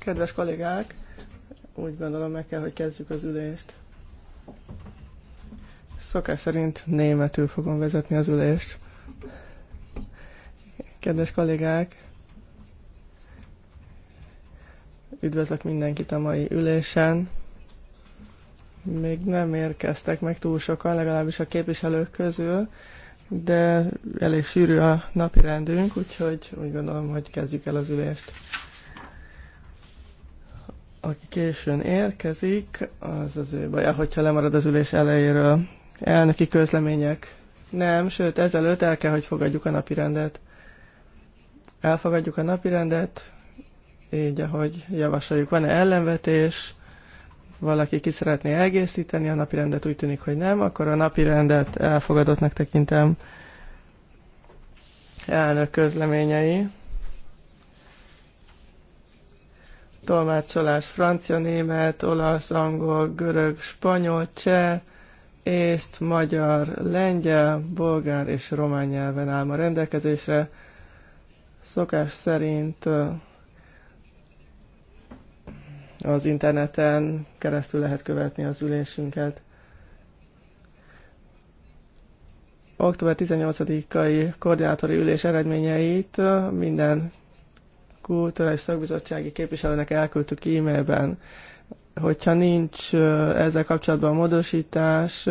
Kedves kollégák, úgy gondolom meg kell, hogy kezdjük az ülést. Szokás szerint németül fogom vezetni az ülést. Kedves kollégák, üdvözlök mindenkit a mai ülésen. Még nem érkeztek meg túl sokan, legalábbis a képviselők közül de elég sűrű a napi rendünk, úgyhogy úgy gondolom, hogy kezdjük el az ülést. Aki későn érkezik, az az ő baja, hogyha lemarad az ülés elejéről. Elnöki közlemények. Nem, sőt, ezelőtt el kell, hogy fogadjuk a napi rendet. Elfogadjuk a napi rendet, így ahogy javasoljuk. Van-e ellenvetés? valaki ki szeretné egészíteni a napi rendet, úgy tűnik, hogy nem, akkor a napi rendet elfogadottnak tekintem elnök közleményei. Tolmácsolás francia, német, olasz, angol, görög, spanyol, cseh, észt, magyar, lengyel, bolgár és román nyelven áll a rendelkezésre. Szokás szerint az interneten keresztül lehet követni az ülésünket. Október 18-ai koordinátori ülés eredményeit minden és szakbizottsági képviselőnek elküldtük e-mailben. Hogyha nincs ezzel kapcsolatban módosítás,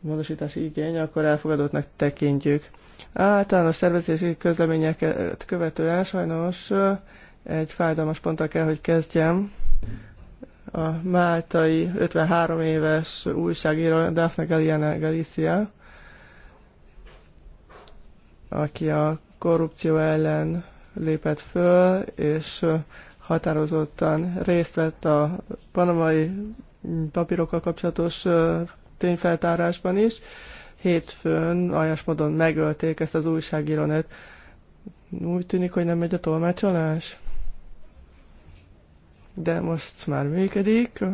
módosítási igény, akkor elfogadottnak tekintjük. Általános szervezési közleményeket követően sajnos egy fájdalmas ponttal kell, hogy kezdjem a máltai 53 éves újságíró Daphne Galiana Galicia, aki a korrupció ellen lépett föl, és határozottan részt vett a panamai papírokkal kapcsolatos tényfeltárásban is. Hétfőn aljas módon megölték ezt az újságírónőt. Úgy tűnik, hogy nem megy a tolmácsolás de most már működik.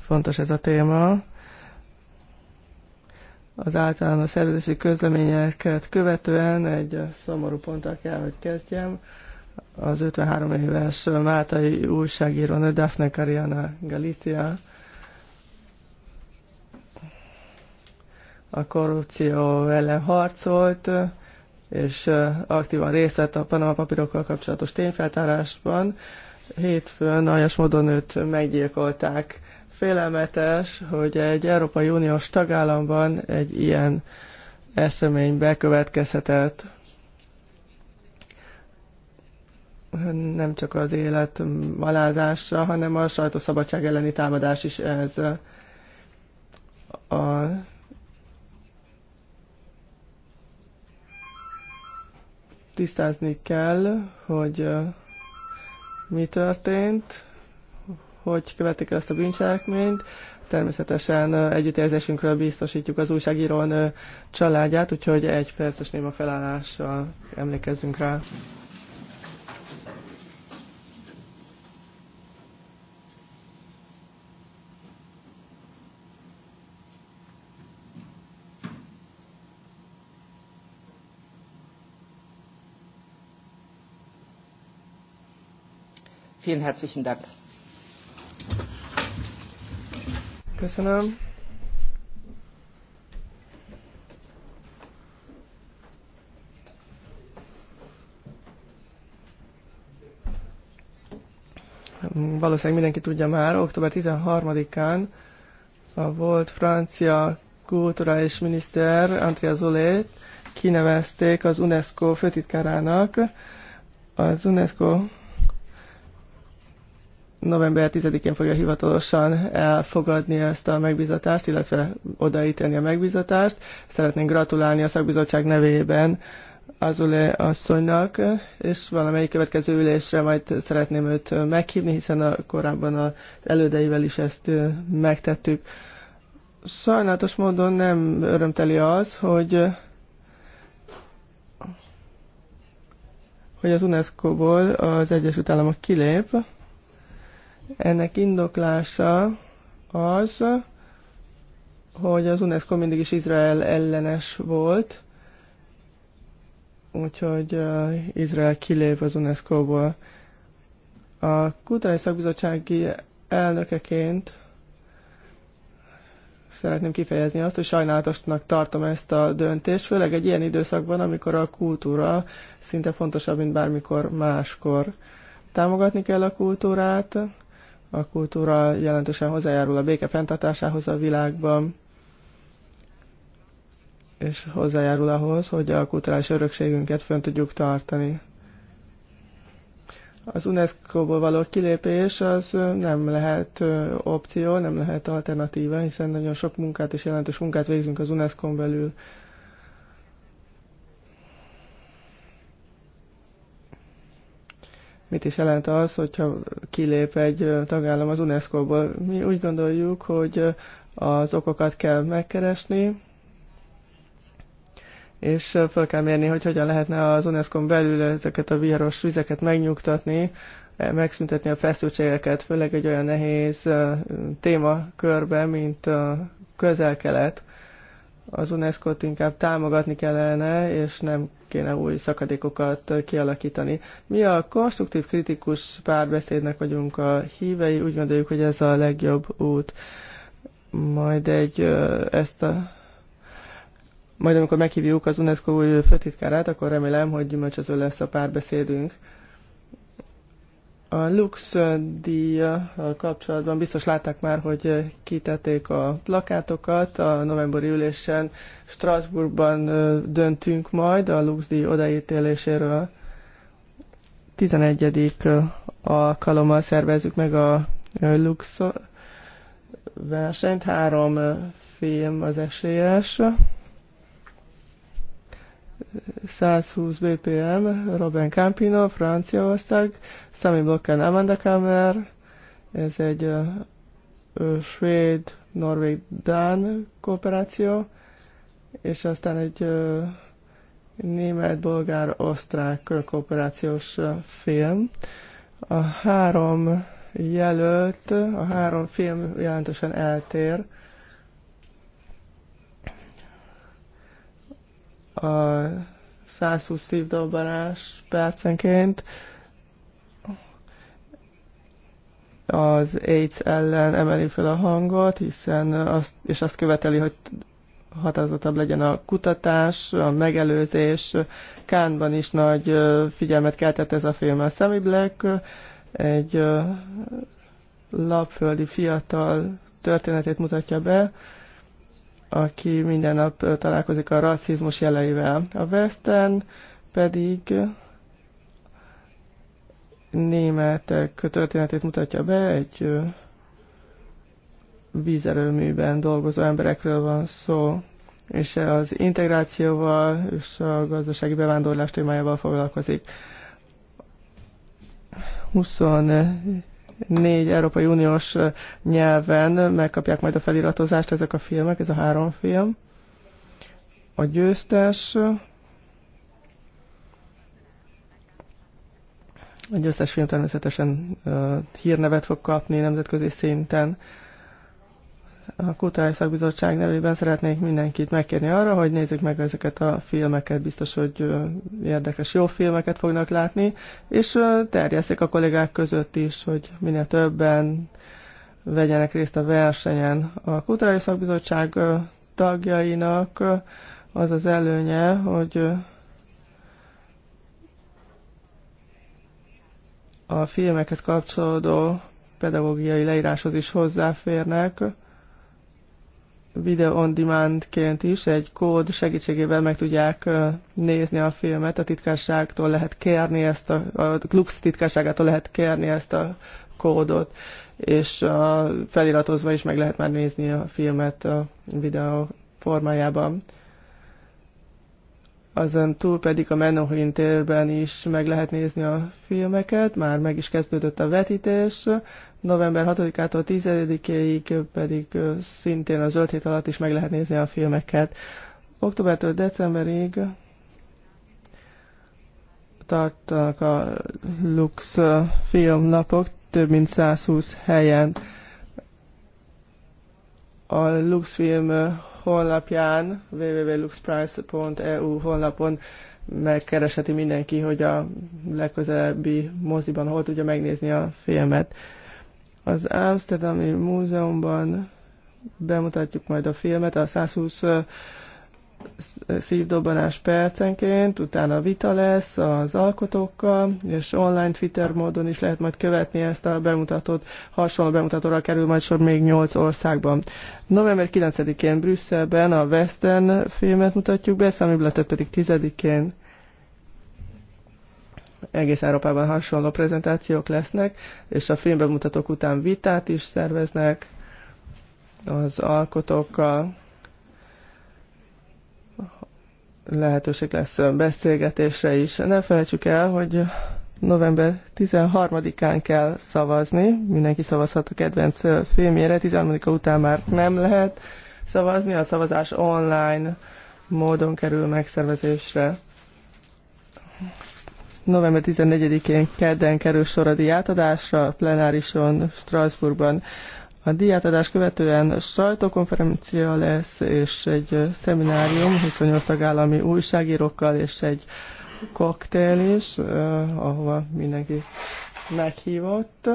Fontos ez a téma. Az általános szervezési közleményeket követően egy szomorú ponttal kell, hogy kezdjem. Az 53 éves Mátai újságírónő Daphne Cariana Galicia a korrupció ellen harcolt, és aktívan részt vett a Panama papírokkal kapcsolatos tényfeltárásban. Hétfőn aljas módon őt meggyilkolták. Félelmetes, hogy egy Európai Uniós tagállamban egy ilyen esemény bekövetkezhetett. Nem csak az élet alázásra, hanem a sajtószabadság elleni támadás is ez a tisztázni kell, hogy mi történt, hogy követik ezt a bűncselekményt. Természetesen együttérzésünkről biztosítjuk az újságírón családját, úgyhogy egy perces néma felállással emlékezzünk rá. Vielen herzlichen Dank. Köszönöm. Valószínűleg mindenki tudja már, október 13-án a volt francia kulturális miniszter Andrea Zolét kinevezték az UNESCO főtitkárának. Az UNESCO november 10-én fogja hivatalosan elfogadni ezt a megbizatást, illetve odaítélni a megbizatást. Szeretnénk gratulálni a szakbizottság nevében Azule asszonynak, és valamelyik következő ülésre majd szeretném őt meghívni, hiszen a, korábban az elődeivel is ezt megtettük. Sajnálatos módon nem örömteli az, hogy hogy az UNESCO-ból az Egyesült Államok kilép, ennek indoklása az, hogy az UNESCO mindig is Izrael ellenes volt, úgyhogy Izrael kilép az UNESCO-ból. A Kulturális Szakbizottsági elnökeként szeretném kifejezni azt, hogy sajnálatosnak tartom ezt a döntést, főleg egy ilyen időszakban, amikor a kultúra szinte fontosabb, mint bármikor máskor. Támogatni kell a kultúrát, a kultúra jelentősen hozzájárul a béke fenntartásához a világban, és hozzájárul ahhoz, hogy a kulturális örökségünket fönn tudjuk tartani. Az UNESCO-ból való kilépés az nem lehet opció, nem lehet alternatíva, hiszen nagyon sok munkát és jelentős munkát végzünk az UNESCO-n belül mit is jelent az, hogyha kilép egy tagállam az UNESCO-ból. Mi úgy gondoljuk, hogy az okokat kell megkeresni, és fel kell mérni, hogy hogyan lehetne az UNESCO-n belül ezeket a viharos vizeket megnyugtatni, eh, megszüntetni a feszültségeket, főleg egy olyan nehéz témakörbe, mint a közel-kelet. Az UNESCO-t inkább támogatni kellene, és nem kéne új szakadékokat kialakítani. Mi a konstruktív kritikus párbeszédnek vagyunk a hívei, úgy gondoljuk, hogy ez a legjobb út. Majd egy ezt a majd amikor meghívjuk az UNESCO új főtitkárát, akkor remélem, hogy gyümölcsöző lesz a párbeszédünk. A Lux díjjal kapcsolatban biztos látták már, hogy kitették a plakátokat. A novemberi ülésen Strasbourgban döntünk majd a Lux díj odaítéléséről. 11. alkalommal szervezzük meg a Lux versenyt. Három film az esélyes. 120 BPM, Robin Campino, Franciaország, Sami Blokken Amanda Kammer, ez egy uh, svéd, norvég, dán kooperáció, és aztán egy uh, német, bolgár, osztrák kooperációs film. A három jelölt, a három film jelentősen eltér, a 120 szívdobbanás percenként az AIDS ellen emeli fel a hangot, hiszen azt, és azt követeli, hogy határozottabb legyen a kutatás, a megelőzés. Kánban is nagy figyelmet keltett ez a film. A Sammy Black egy lapföldi fiatal történetét mutatja be, aki minden nap találkozik a rasszizmus jeleivel. A Western pedig németek történetét mutatja be, egy vízerőműben dolgozó emberekről van szó, és az integrációval és a gazdasági bevándorlás témájával foglalkozik. 20 négy Európai Uniós nyelven megkapják majd a feliratozást ezek a filmek, ez a három film. A győztes, a győztes film természetesen uh, hírnevet fog kapni nemzetközi szinten. Uh, a Kulturális Szakbizottság nevében szeretnék mindenkit megkérni arra, hogy nézzük meg ezeket a filmeket, biztos, hogy érdekes, jó filmeket fognak látni, és terjesztik a kollégák között is, hogy minél többen vegyenek részt a versenyen. A Kulturális Szakbizottság tagjainak az az előnye, hogy a filmekhez kapcsolódó pedagógiai leíráshoz is hozzáférnek, video on demandként is egy kód segítségével meg tudják nézni a filmet. A titkárságtól lehet kérni ezt a, a Klux titkárságától lehet kérni ezt a kódot, és a feliratozva is meg lehet már nézni a filmet a videó formájában. Azon túl pedig a Menohin térben is meg lehet nézni a filmeket, már meg is kezdődött a vetítés, november 6-ától 10-ig pedig szintén a zöld hét alatt is meg lehet nézni a filmeket. Októbertől decemberig tartanak a Lux filmnapok, több mint 120 helyen. A Lux film honlapján, www.luxprice.eu honlapon megkeresheti mindenki, hogy a legközelebbi moziban hol tudja megnézni a filmet. Az Amsterdami Múzeumban bemutatjuk majd a filmet, a 120 szívdobbanás percenként, utána vita lesz az alkotókkal, és online Twitter módon is lehet majd követni ezt a bemutatót. Hasonló bemutatóra kerül majd sor még 8 országban. November 9-én Brüsszelben a Western filmet mutatjuk be, Sami pedig 10-én egész Európában hasonló prezentációk lesznek, és a filmbemutatók után vitát is szerveznek az alkotókkal. Lehetőség lesz beszélgetésre is. Ne felejtsük el, hogy november 13-án kell szavazni, mindenki szavazhat a kedvenc filmjére, 13-a után már nem lehet szavazni, a szavazás online módon kerül megszervezésre november 14-én kedden kerül sor a diátadásra, plenárison Strasbourgban. A diátadás követően sajtókonferencia lesz, és egy szeminárium 28 tagállami újságírókkal, és egy koktél is, ahova mindenki meghívott.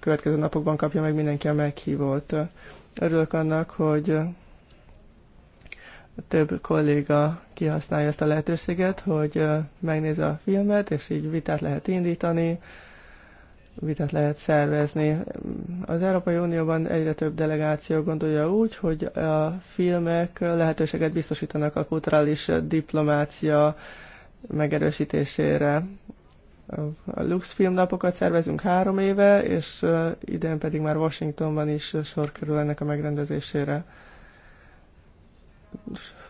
Következő napokban kapja meg mindenki a meghívót. Örülök annak, hogy több kolléga kihasználja ezt a lehetőséget, hogy megnézze a filmet, és így vitát lehet indítani, vitát lehet szervezni. Az Európai Unióban egyre több delegáció gondolja úgy, hogy a filmek lehetőséget biztosítanak a kulturális diplomácia megerősítésére. A Lux filmnapokat szervezünk három éve, és idén pedig már Washingtonban is sor kerül ennek a megrendezésére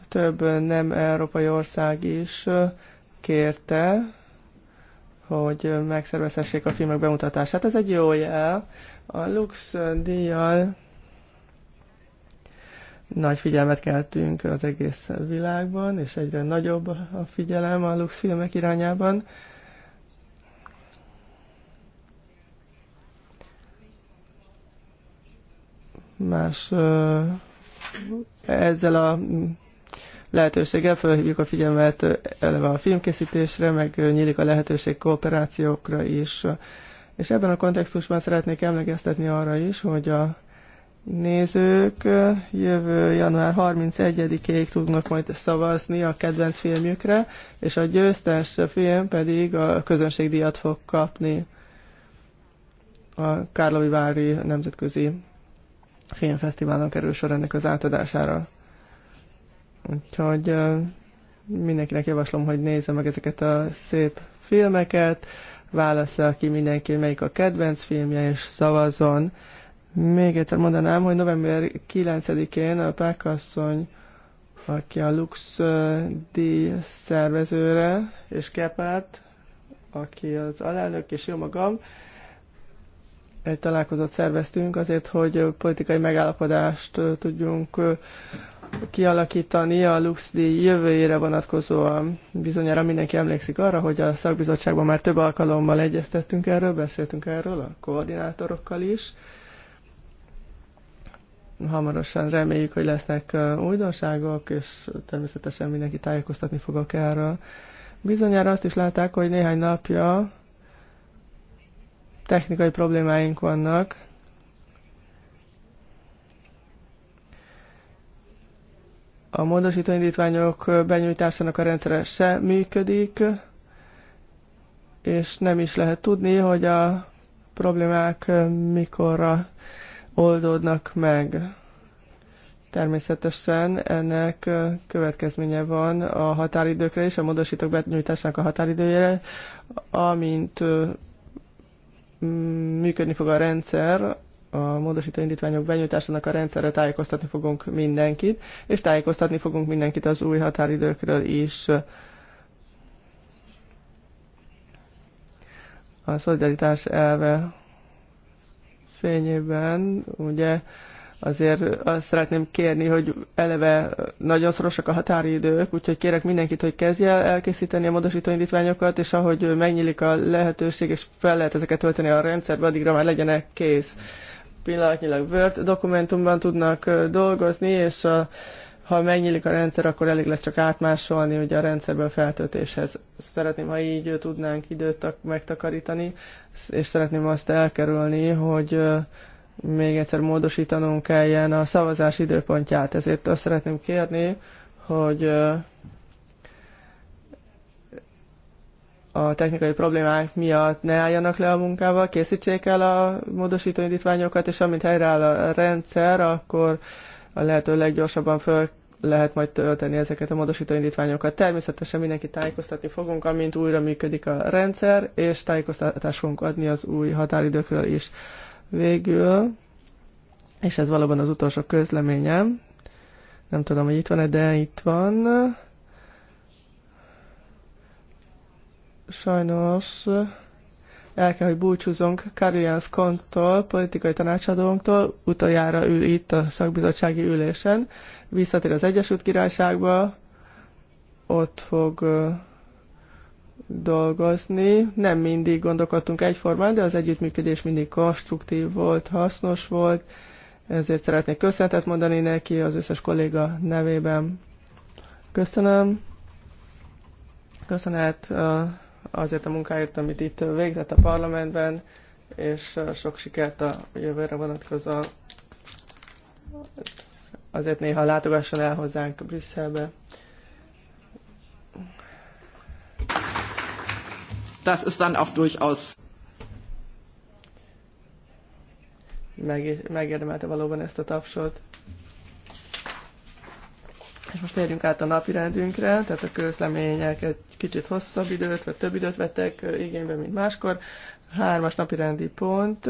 több nem európai ország is kérte, hogy megszervezhessék a filmek bemutatását. Ez egy jó jel. A Lux díjjal nagy figyelmet keltünk az egész világban, és egyre nagyobb a figyelem a Lux filmek irányában. Más ezzel a lehetőséggel felhívjuk a figyelmet eleve a filmkészítésre, meg nyílik a lehetőség kooperációkra is. És ebben a kontextusban szeretnék emlékeztetni arra is, hogy a nézők jövő január 31-ig tudnak majd szavazni a kedvenc filmjükre, és a győztes film pedig a közönségdíjat fog kapni a Kárlovi Vári Nemzetközi filmfesztiválon kerül sor ennek az átadására. Úgyhogy mindenkinek javaslom, hogy nézze meg ezeket a szép filmeket, válassza ki mindenki, melyik a kedvenc filmje, és szavazzon. Még egyszer mondanám, hogy november 9-én a Pákasszony, aki a Lux díj szervezőre, és Kepárt, aki az alelnök, és jó magam, egy találkozót szerveztünk azért, hogy politikai megállapodást tudjunk kialakítani a Luxdi jövőjére vonatkozóan. Bizonyára mindenki emlékszik arra, hogy a szakbizottságban már több alkalommal egyeztettünk erről, beszéltünk erről a koordinátorokkal is. Hamarosan reméljük, hogy lesznek újdonságok, és természetesen mindenki tájékoztatni fogok erről. Bizonyára azt is látták, hogy néhány napja technikai problémáink vannak. A módosítóindítványok indítványok benyújtásának a rendszere se működik, és nem is lehet tudni, hogy a problémák mikorra oldódnak meg. Természetesen ennek következménye van a határidőkre és a módosítók benyújtásának a határidőjére, amint működni fog a rendszer, a módosító indítványok benyújtásának a rendszerre tájékoztatni fogunk mindenkit, és tájékoztatni fogunk mindenkit az új határidőkről is. A szolidaritás elve fényében, ugye Azért azt szeretném kérni, hogy eleve nagyon szorosak a határidők, úgyhogy kérek mindenkit, hogy kezdje el elkészíteni a módosító indítványokat, és ahogy megnyílik a lehetőség, és fel lehet ezeket tölteni a rendszerbe, addigra már legyenek kész. Pillanatnyilag Word dokumentumban tudnak dolgozni, és a, ha megnyílik a rendszer, akkor elég lesz csak átmásolni ugye a rendszerből feltöltéshez. Szeretném, ha így tudnánk időt megtakarítani, és szeretném azt elkerülni, hogy még egyszer módosítanunk kelljen a szavazás időpontját. Ezért azt szeretném kérni, hogy a technikai problémák miatt ne álljanak le a munkával, készítsék el a módosító indítványokat, és amint helyreáll a rendszer, akkor a lehető leggyorsabban föl lehet majd tölteni ezeket a módosító indítványokat. Természetesen mindenki tájékoztatni fogunk, amint újra működik a rendszer, és tájékoztatást fogunk adni az új határidőkről is. Végül, és ez valóban az utolsó közleményem, nem tudom, hogy itt van-e, de itt van. Sajnos el kell, hogy búcsúzunk Karjánsz Konttól, politikai tanácsadónktól, utoljára ül itt a szakbizottsági ülésen, visszatér az Egyesült Királyságba, ott fog dolgozni. Nem mindig gondolkodtunk egyformán, de az együttműködés mindig konstruktív volt, hasznos volt, ezért szeretnék köszönetet mondani neki az összes kolléga nevében. Köszönöm. Köszönet azért a munkáért, amit itt végzett a parlamentben, és sok sikert a jövőre vonatkozó. Azért néha látogasson el hozzánk Brüsszelbe. das ist dann auch durchaus. Meg, megérdemelte valóban ezt a tapsot. És most térjünk át a napirendünkre, tehát a közlemények egy kicsit hosszabb időt, vagy több időt vettek igénybe, mint máskor. Hármas napirendi pont,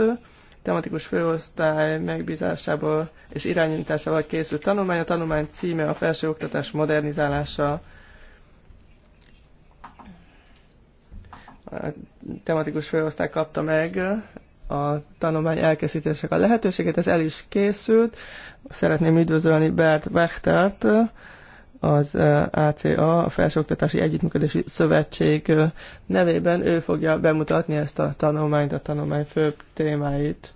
tematikus főosztály megbízásából és irányításával készült tanulmány. A tanulmány címe a felsőoktatás modernizálása tematikus főosztály kapta meg a tanulmány elkészítésnek a lehetőséget, ez el is készült. Szeretném üdvözölni Bert Wechtert, az ACA, eh, a Felsőoktatási Együttműködési Szövetség eh, nevében. Ő fogja bemutatni ezt a tanulmányt, a tanulmány főbb témáit.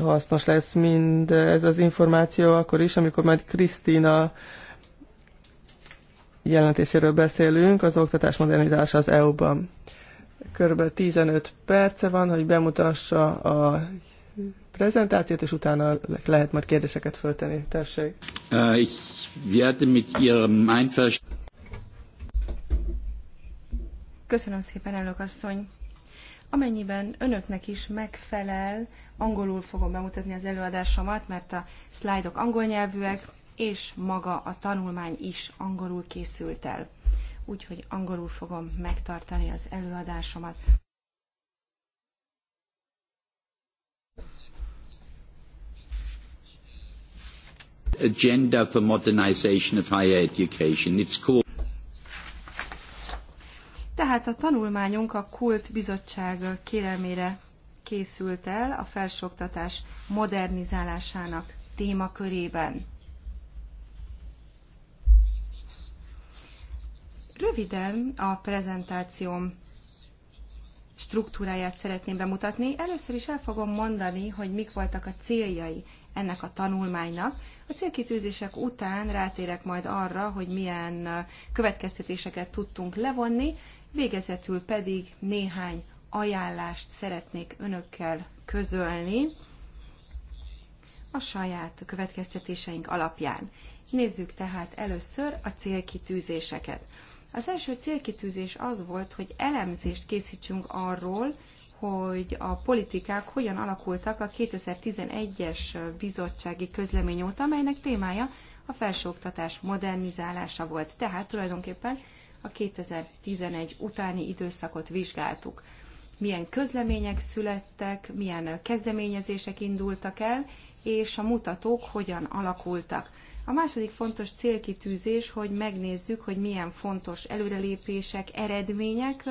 Hasznos lesz mind ez az információ akkor is, amikor majd Krisztina jelentéséről beszélünk, az oktatás modernizása az EU-ban. Körülbelül 15 perce van, hogy bemutassa a prezentációt, és utána lehet majd kérdéseket föltenni. Tessék! Äh, ich werde mit Ihrem Köszönöm szépen, elnök asszony! Amennyiben önöknek is megfelel, angolul fogom bemutatni az előadásomat, mert a szlájdok angol nyelvűek, és maga a tanulmány is angolul készült el. Úgyhogy angolul fogom megtartani az előadásomat. Agenda for Modernization of Higher Education. It's called tehát a tanulmányunk a Kult Bizottság kérelmére készült el a felsőoktatás modernizálásának témakörében. Röviden a prezentációm struktúráját szeretném bemutatni. Először is el fogom mondani, hogy mik voltak a céljai ennek a tanulmánynak. A célkitűzések után rátérek majd arra, hogy milyen következtetéseket tudtunk levonni, végezetül pedig néhány ajánlást szeretnék önökkel közölni a saját következtetéseink alapján. Nézzük tehát először a célkitűzéseket. Az első célkitűzés az volt, hogy elemzést készítsünk arról, hogy a politikák hogyan alakultak a 2011-es bizottsági közlemény óta, amelynek témája a felsőoktatás modernizálása volt. Tehát tulajdonképpen a 2011 utáni időszakot vizsgáltuk. Milyen közlemények születtek, milyen kezdeményezések indultak el, és a mutatók hogyan alakultak. A második fontos célkitűzés, hogy megnézzük, hogy milyen fontos előrelépések, eredmények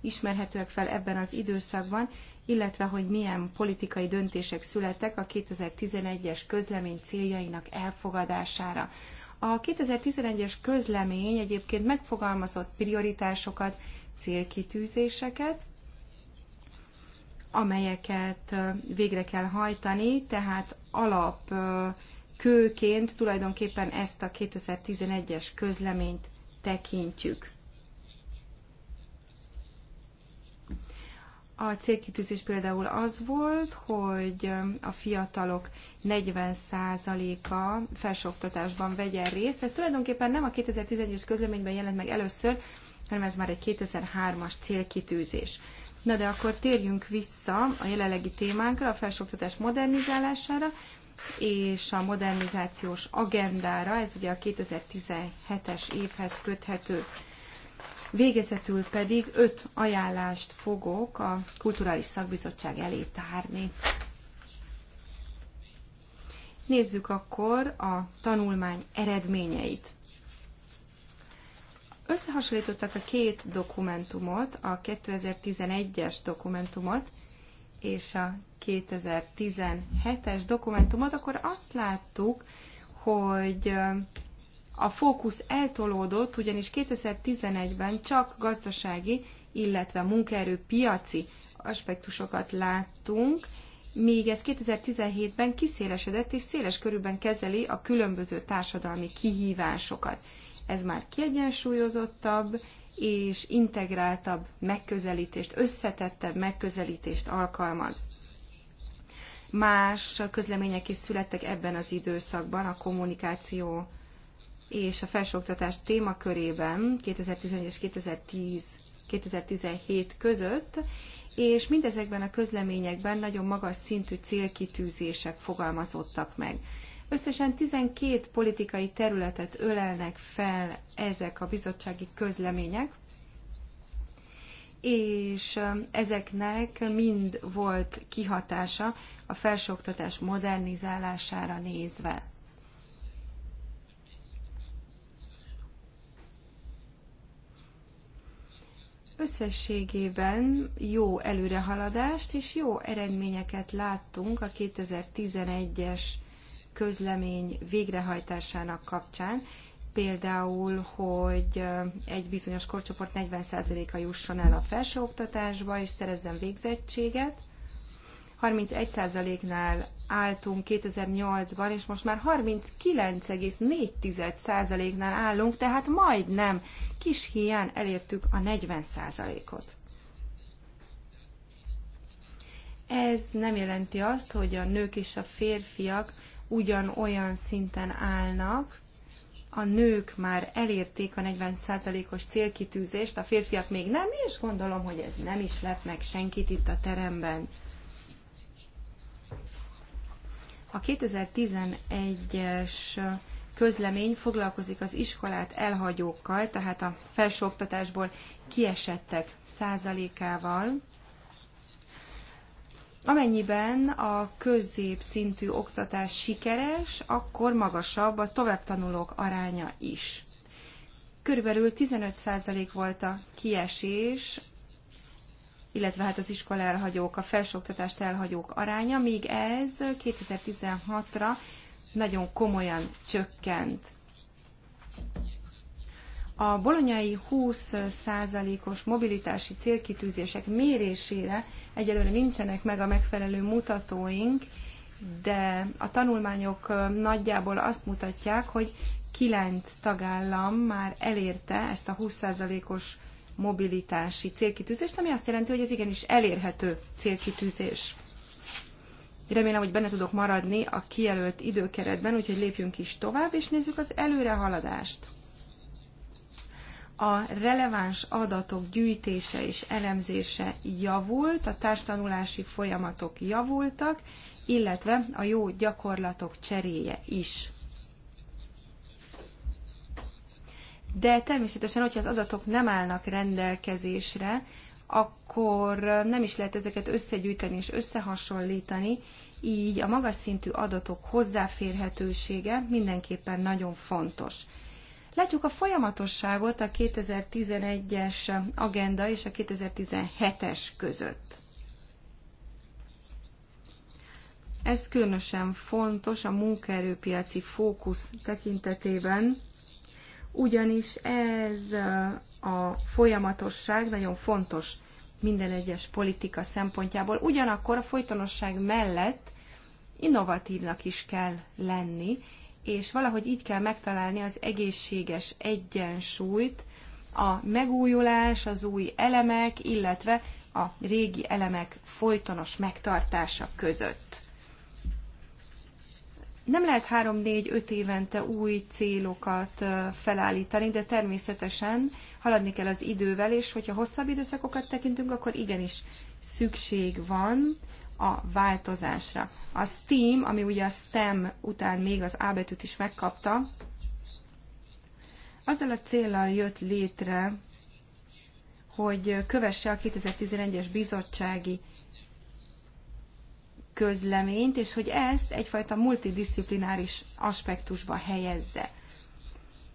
ismerhetőek fel ebben az időszakban, illetve hogy milyen politikai döntések születtek a 2011-es közlemény céljainak elfogadására. A 2011-es közlemény egyébként megfogalmazott prioritásokat, célkitűzéseket, amelyeket végre kell hajtani, tehát alap kőként tulajdonképpen ezt a 2011-es közleményt tekintjük. A célkitűzés például az volt, hogy a fiatalok 40%-a felsőoktatásban vegyen részt. Ez tulajdonképpen nem a 2011-es közleményben jelent meg először, hanem ez már egy 2003-as célkitűzés. Na de akkor térjünk vissza a jelenlegi témánkra, a felsőoktatás modernizálására, és a modernizációs agendára, ez ugye a 2017-es évhez köthető. Végezetül pedig öt ajánlást fogok a Kulturális Szakbizottság elé tárni. Nézzük akkor a tanulmány eredményeit. Összehasonlítottak a két dokumentumot, a 2011-es dokumentumot, és a 2017-es dokumentumot, akkor azt láttuk, hogy a fókusz eltolódott, ugyanis 2011-ben csak gazdasági, illetve munkaerő piaci aspektusokat láttunk, míg ez 2017-ben kiszélesedett és széles körülben kezeli a különböző társadalmi kihívásokat. Ez már kiegyensúlyozottabb, és integráltabb megközelítést, összetettebb megközelítést alkalmaz. Más közlemények is születtek ebben az időszakban a kommunikáció és a felsőoktatás témakörében 2011 és 2010 2017 között, és mindezekben a közleményekben nagyon magas szintű célkitűzések fogalmazódtak meg. Összesen 12 politikai területet ölelnek fel ezek a bizottsági közlemények, és ezeknek mind volt kihatása a felsőoktatás modernizálására nézve. Összességében jó előrehaladást és jó eredményeket láttunk a 2011-es közlemény végrehajtásának kapcsán, például, hogy egy bizonyos korcsoport 40%-a jusson el a felsőoktatásba, és szerezzen végzettséget. 31%-nál álltunk 2008-ban, és most már 39,4%-nál állunk, tehát majdnem kis hiány elértük a 40%-ot. Ez nem jelenti azt, hogy a nők és a férfiak ugyanolyan szinten állnak, a nők már elérték a 40%-os célkitűzést, a férfiak még nem, és gondolom, hogy ez nem is lep meg senkit itt a teremben. A 2011-es közlemény foglalkozik az iskolát elhagyókkal, tehát a felsőoktatásból kiesettek százalékával. Amennyiben a középszintű oktatás sikeres, akkor magasabb a továbbtanulók aránya is. Körülbelül 15% volt a kiesés, illetve hát az iskola elhagyók, a felsőoktatást elhagyók aránya, míg ez 2016-ra nagyon komolyan csökkent a bolonyai 20%-os mobilitási célkitűzések mérésére egyelőre nincsenek meg a megfelelő mutatóink, de a tanulmányok nagyjából azt mutatják, hogy kilenc tagállam már elérte ezt a 20%-os mobilitási célkitűzést, ami azt jelenti, hogy ez igenis elérhető célkitűzés. Remélem, hogy benne tudok maradni a kijelölt időkeretben, úgyhogy lépjünk is tovább, és nézzük az előrehaladást a releváns adatok gyűjtése és elemzése javult, a társtanulási folyamatok javultak, illetve a jó gyakorlatok cseréje is. De természetesen, hogyha az adatok nem állnak rendelkezésre, akkor nem is lehet ezeket összegyűjteni és összehasonlítani, így a magas szintű adatok hozzáférhetősége mindenképpen nagyon fontos. Látjuk a folyamatosságot a 2011-es agenda és a 2017-es között. Ez különösen fontos a munkaerőpiaci fókusz tekintetében, ugyanis ez a folyamatosság nagyon fontos minden egyes politika szempontjából. Ugyanakkor a folytonosság mellett innovatívnak is kell lenni, és valahogy így kell megtalálni az egészséges egyensúlyt, a megújulás, az új elemek, illetve a régi elemek folytonos megtartása között. Nem lehet 3-4-5 évente új célokat felállítani, de természetesen haladni kell az idővel, és hogyha hosszabb időszakokat tekintünk, akkor igenis szükség van a változásra. A STEAM, ami ugye a STEM után még az A betűt is megkapta, azzal a célral jött létre, hogy kövesse a 2011-es bizottsági közleményt, és hogy ezt egyfajta multidisziplináris aspektusba helyezze.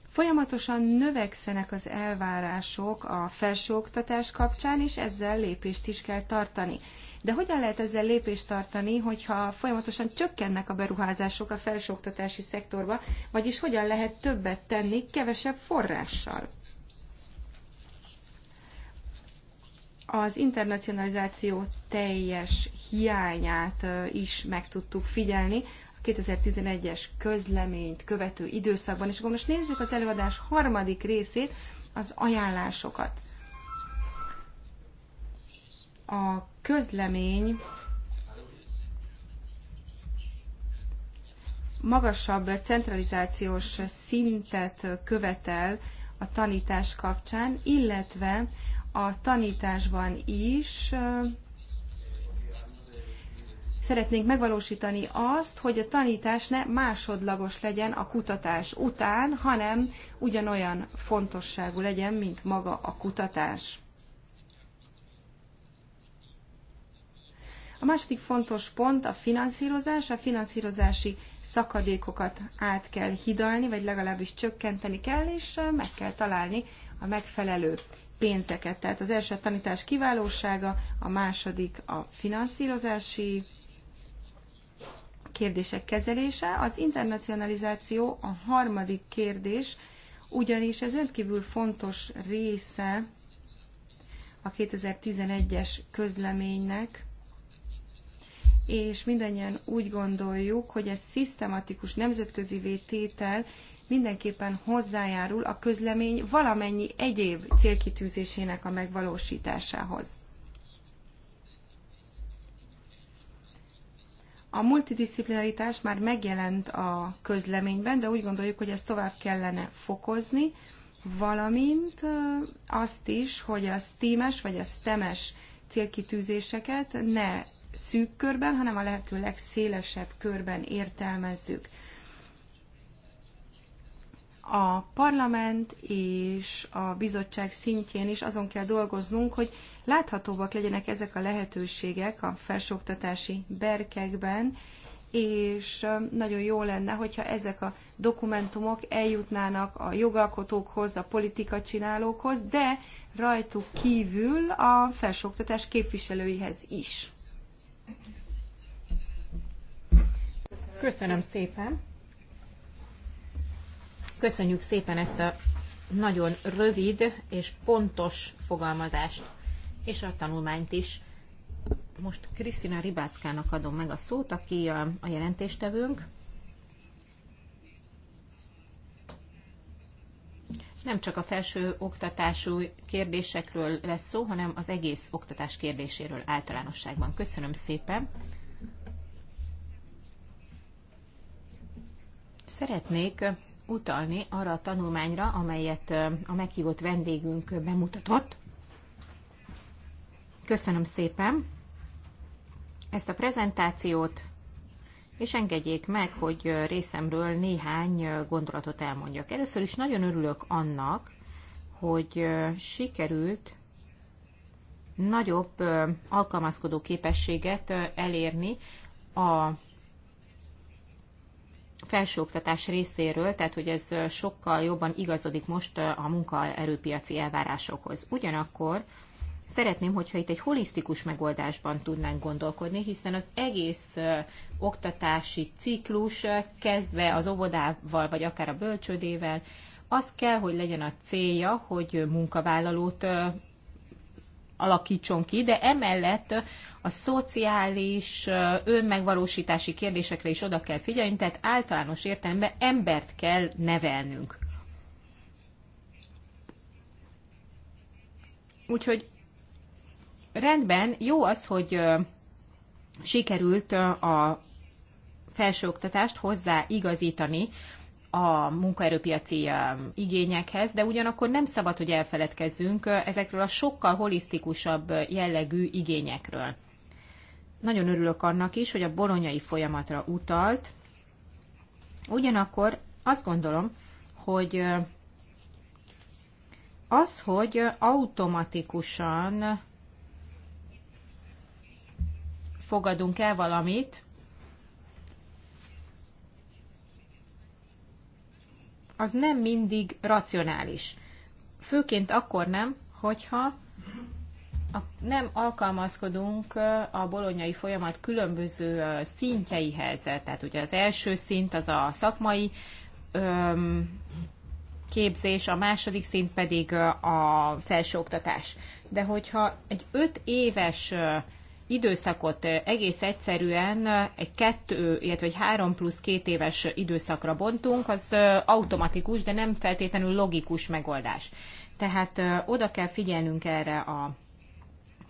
Folyamatosan növekszenek az elvárások a felsőoktatás kapcsán, és ezzel lépést is kell tartani. De hogyan lehet ezzel lépést tartani, hogyha folyamatosan csökkennek a beruházások a felsőoktatási szektorba, vagyis hogyan lehet többet tenni kevesebb forrással? az internacionalizáció teljes hiányát is meg tudtuk figyelni a 2011-es közleményt követő időszakban. És akkor most nézzük az előadás harmadik részét, az ajánlásokat a közlemény magasabb centralizációs szintet követel a tanítás kapcsán, illetve a tanításban is szeretnénk megvalósítani azt, hogy a tanítás ne másodlagos legyen a kutatás után, hanem ugyanolyan fontosságú legyen, mint maga a kutatás. A második fontos pont a finanszírozás. A finanszírozási szakadékokat át kell hidalni, vagy legalábbis csökkenteni kell, és meg kell találni a megfelelő pénzeket. Tehát az első a tanítás kiválósága, a második a finanszírozási kérdések kezelése, az internacionalizáció a harmadik kérdés, ugyanis ez rendkívül fontos része a 2011-es közleménynek, és mindannyian úgy gondoljuk, hogy ez szisztematikus nemzetközi vététel mindenképpen hozzájárul a közlemény valamennyi egyéb célkitűzésének a megvalósításához. A multidisziplinaritás már megjelent a közleményben, de úgy gondoljuk, hogy ezt tovább kellene fokozni, valamint azt is, hogy a steam vagy a STEM-es célkitűzéseket ne szűk körben, hanem a lehető legszélesebb körben értelmezzük. A parlament és a bizottság szintjén is azon kell dolgoznunk, hogy láthatóbbak legyenek ezek a lehetőségek a felsőoktatási berkekben, és nagyon jó lenne, hogyha ezek a dokumentumok eljutnának a jogalkotókhoz, a politika csinálókhoz, de rajtuk kívül a felsőoktatás képviselőihez is. Köszönöm szépen. Köszönjük szépen ezt a nagyon rövid és pontos fogalmazást, és a tanulmányt is. Most Krisztina Ribáckának adom meg a szót, aki a, a jelentéstevőnk. nem csak a felső oktatású kérdésekről lesz szó, hanem az egész oktatás kérdéséről általánosságban. Köszönöm szépen! Szeretnék utalni arra a tanulmányra, amelyet a meghívott vendégünk bemutatott. Köszönöm szépen ezt a prezentációt és engedjék meg, hogy részemről néhány gondolatot elmondjak. Először is nagyon örülök annak, hogy sikerült nagyobb alkalmazkodó képességet elérni a felsőoktatás részéről, tehát hogy ez sokkal jobban igazodik most a munkaerőpiaci elvárásokhoz. Ugyanakkor Szeretném, hogyha itt egy holisztikus megoldásban tudnánk gondolkodni, hiszen az egész oktatási ciklus kezdve az óvodával, vagy akár a bölcsödével, az kell, hogy legyen a célja, hogy munkavállalót alakítson ki, de emellett a szociális önmegvalósítási kérdésekre is oda kell figyelni, tehát általános értelemben embert kell nevelnünk. Úgyhogy rendben, jó az, hogy sikerült a felsőoktatást hozzáigazítani a munkaerőpiaci igényekhez, de ugyanakkor nem szabad, hogy elfeledkezzünk ezekről a sokkal holisztikusabb jellegű igényekről. Nagyon örülök annak is, hogy a bolonyai folyamatra utalt. Ugyanakkor azt gondolom, hogy az, hogy automatikusan fogadunk el valamit, az nem mindig racionális. Főként akkor nem, hogyha nem alkalmazkodunk a bolonyai folyamat különböző szintjeihez. Tehát ugye az első szint az a szakmai képzés, a második szint pedig a felsőoktatás. De hogyha egy öt éves időszakot egész egyszerűen egy kettő, illetve egy három plusz két éves időszakra bontunk, az automatikus, de nem feltétlenül logikus megoldás. Tehát oda kell figyelnünk erre a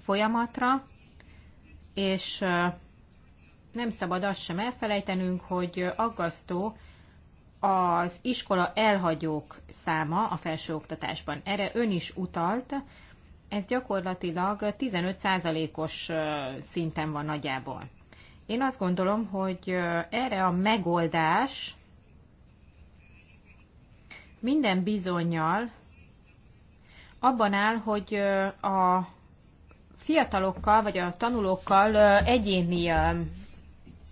folyamatra, és nem szabad azt sem elfelejtenünk, hogy aggasztó az iskola elhagyók száma a felsőoktatásban. Erre ön is utalt, ez gyakorlatilag 15%-os szinten van nagyjából. Én azt gondolom, hogy erre a megoldás minden bizonyal abban áll, hogy a fiatalokkal vagy a tanulókkal egyéni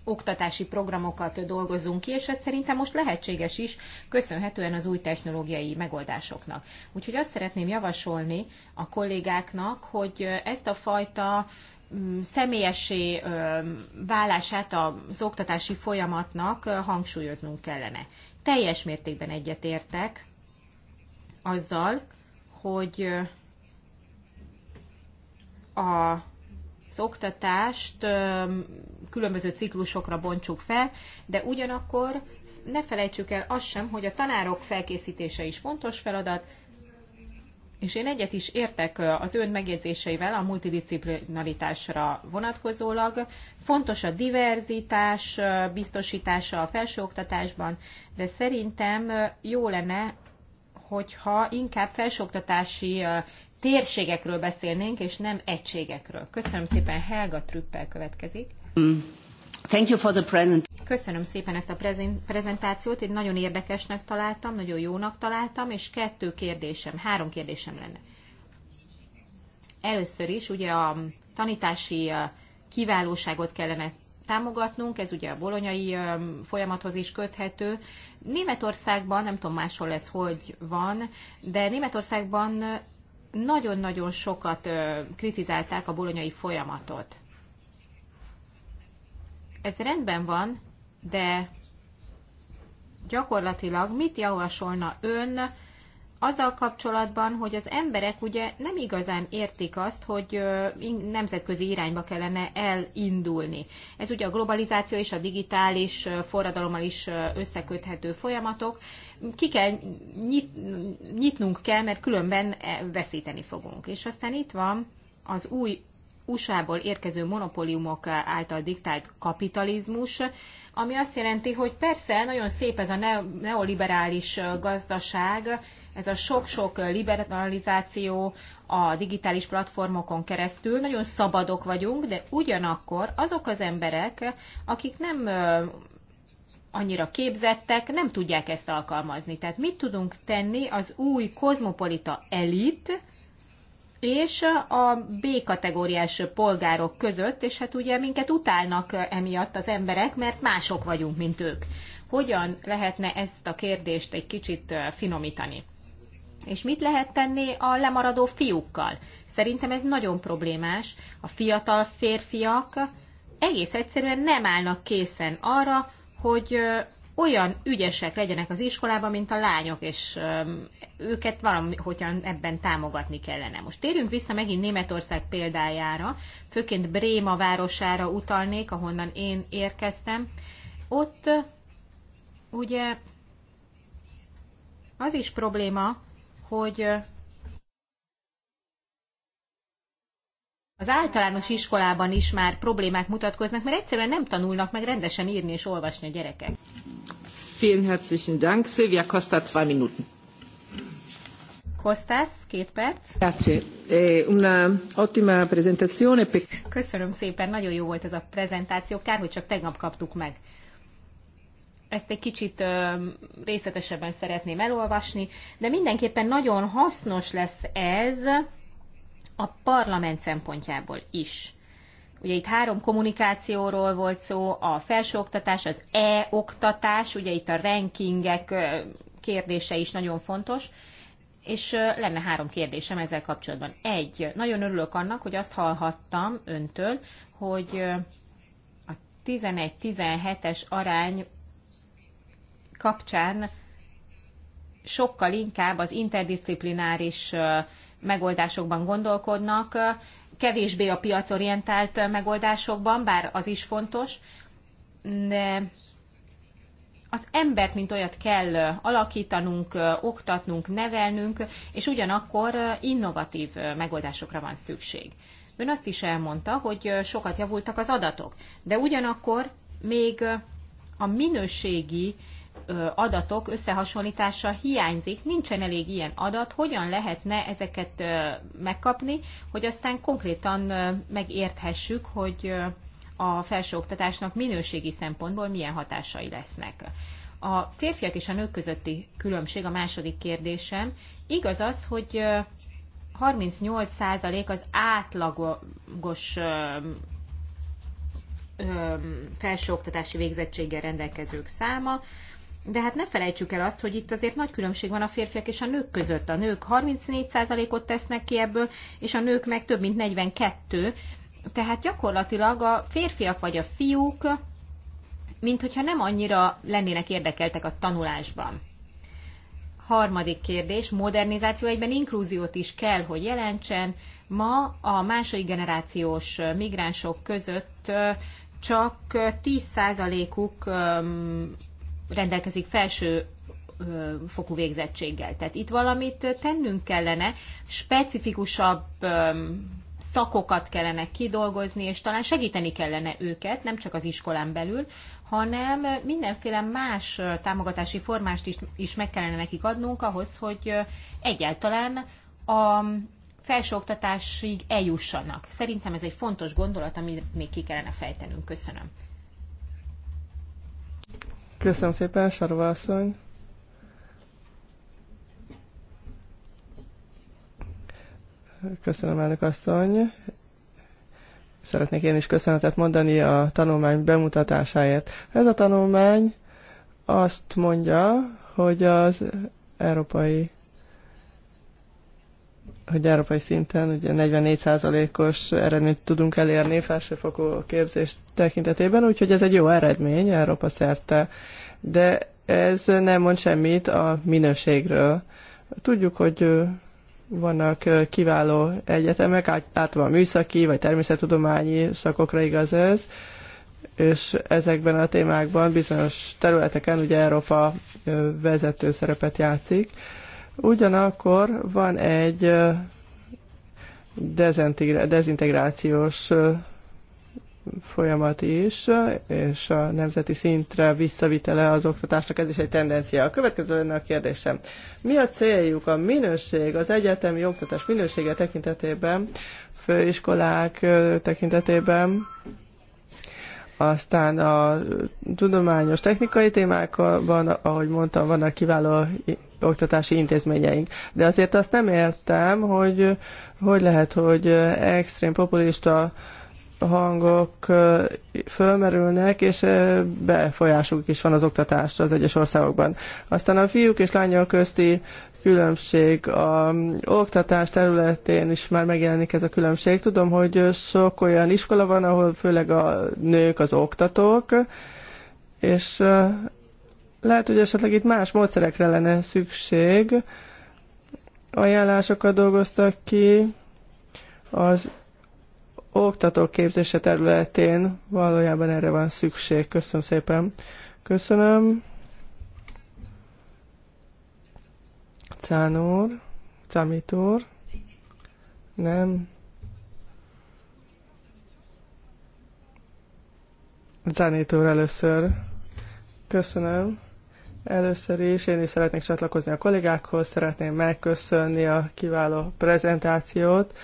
oktatási programokat dolgozunk ki, és ez szerintem most lehetséges is, köszönhetően az új technológiai megoldásoknak. Úgyhogy azt szeretném javasolni a kollégáknak, hogy ezt a fajta mm, személyessé válását az oktatási folyamatnak hangsúlyoznunk kellene. Teljes mértékben egyetértek azzal, hogy a oktatást különböző ciklusokra bontsuk fel, de ugyanakkor ne felejtsük el azt sem, hogy a tanárok felkészítése is fontos feladat, és én egyet is értek az ön megjegyzéseivel a multidisciplinaritásra vonatkozólag. Fontos a diverzitás biztosítása a felsőoktatásban, de szerintem jó lenne, hogyha inkább felsőoktatási térségekről beszélnénk, és nem egységekről. Köszönöm szépen, Helga Trüppel következik. Thank you for the present. Köszönöm szépen ezt a prezentációt, én nagyon érdekesnek találtam, nagyon jónak találtam, és kettő kérdésem, három kérdésem lenne. Először is ugye a tanítási kiválóságot kellene támogatnunk, ez ugye a bolonyai folyamathoz is köthető. Németországban, nem tudom máshol ez hogy van, de Németországban nagyon-nagyon sokat kritizálták a bolonyai folyamatot. Ez rendben van, de gyakorlatilag mit javasolna ön azzal kapcsolatban, hogy az emberek ugye nem igazán értik azt, hogy nemzetközi irányba kellene elindulni. Ez ugye a globalizáció és a digitális forradalommal is összeköthető folyamatok. Ki kell nyit, nyitnunk kell, mert különben e, veszíteni fogunk. És aztán itt van az új USA-ból érkező monopóliumok által diktált kapitalizmus, ami azt jelenti, hogy persze nagyon szép ez a neoliberális gazdaság, ez a sok-sok liberalizáció a digitális platformokon keresztül, nagyon szabadok vagyunk, de ugyanakkor azok az emberek, akik nem annyira képzettek, nem tudják ezt alkalmazni. Tehát mit tudunk tenni az új kozmopolita elit, és a B kategóriás polgárok között, és hát ugye minket utálnak emiatt az emberek, mert mások vagyunk, mint ők. Hogyan lehetne ezt a kérdést egy kicsit finomítani? És mit lehet tenni a lemaradó fiúkkal? Szerintem ez nagyon problémás. A fiatal férfiak egész egyszerűen nem állnak készen arra, hogy olyan ügyesek legyenek az iskolában, mint a lányok, és őket valahogyan ebben támogatni kellene. Most térjünk vissza megint Németország példájára, főként Bréma városára utalnék, ahonnan én érkeztem. Ott ugye az is probléma, hogy az általános iskolában is már problémák mutatkoznak, mert egyszerűen nem tanulnak meg rendesen írni és olvasni a gyerekek. Vielen herzlichen Dank, Silvia Costa, zwei Minuten. Kostas, két perc. Grazie. Una ottima presentazione. Köszönöm szépen, nagyon jó volt ez a prezentáció. Kár, hogy csak tegnap kaptuk meg ezt egy kicsit részletesebben szeretném elolvasni, de mindenképpen nagyon hasznos lesz ez a parlament szempontjából is. Ugye itt három kommunikációról volt szó, a felsőoktatás, az e-oktatás, ugye itt a rankingek kérdése is nagyon fontos, és lenne három kérdésem ezzel kapcsolatban. Egy, nagyon örülök annak, hogy azt hallhattam öntől, hogy a 11-17-es arány kapcsán sokkal inkább az interdisziplináris megoldásokban gondolkodnak, kevésbé a piacorientált megoldásokban, bár az is fontos, de az embert, mint olyat kell alakítanunk, oktatnunk, nevelnünk, és ugyanakkor innovatív megoldásokra van szükség. Ön azt is elmondta, hogy sokat javultak az adatok, de ugyanakkor még a minőségi adatok összehasonlítása hiányzik, nincsen elég ilyen adat, hogyan lehetne ezeket megkapni, hogy aztán konkrétan megérthessük, hogy a felsőoktatásnak minőségi szempontból milyen hatásai lesznek. A férfiak és a nők közötti különbség a második kérdésem. Igaz az, hogy 38% az átlagos felsőoktatási végzettséggel rendelkezők száma, de hát ne felejtsük el azt, hogy itt azért nagy különbség van a férfiak és a nők között. A nők 34%-ot tesznek ki ebből, és a nők meg több mint 42. Tehát gyakorlatilag a férfiak vagy a fiúk, mint hogyha nem annyira lennének érdekeltek a tanulásban. Harmadik kérdés, modernizáció egyben inkluziót is kell, hogy jelentsen. Ma a második generációs migránsok között csak 10%-uk rendelkezik felső fokú végzettséggel. Tehát itt valamit tennünk kellene, specifikusabb szakokat kellene kidolgozni, és talán segíteni kellene őket, nem csak az iskolán belül, hanem mindenféle más támogatási formást is, is meg kellene nekik adnunk ahhoz, hogy egyáltalán a felsőoktatásig eljussanak. Szerintem ez egy fontos gondolat, amit még ki kellene fejtenünk. Köszönöm. Köszönöm szépen, Sarva asszony. Köszönöm, elnök asszony. Szeretnék én is köszönetet mondani a tanulmány bemutatásáért. Ez a tanulmány azt mondja, hogy az Európai hogy európai szinten ugye 44%-os eredményt tudunk elérni felsőfokú képzés tekintetében, úgyhogy ez egy jó eredmény Európa szerte, de ez nem mond semmit a minőségről. Tudjuk, hogy vannak kiváló egyetemek, általában műszaki vagy természettudományi szakokra igaz ez, és ezekben a témákban bizonyos területeken ugye Európa vezető szerepet játszik, Ugyanakkor van egy dezintegrációs folyamat is, és a nemzeti szintre visszavitele az oktatásnak, ez is egy tendencia. A következő lenne a kérdésem. Mi a céljuk a minőség, az egyetemi oktatás minősége tekintetében, főiskolák tekintetében, aztán a tudományos technikai témákban, ahogy mondtam, vannak kiváló oktatási intézményeink. De azért azt nem értem, hogy hogy lehet, hogy extrém populista hangok fölmerülnek, és befolyásuk is van az oktatásra az egyes országokban. Aztán a fiúk és lányok közti különbség. A oktatás területén is már megjelenik ez a különbség. Tudom, hogy sok olyan iskola van, ahol főleg a nők az oktatók, és lehet, hogy esetleg itt más módszerekre lenne szükség. Ajánlásokat dolgoztak ki az oktatóképzése területén. Valójában erre van szükség. Köszönöm szépen. Köszönöm. Cánor, Camitor, nem. Zanitor először. Köszönöm. Először is én is szeretnék csatlakozni a kollégákhoz, szeretném megköszönni a kiváló prezentációt.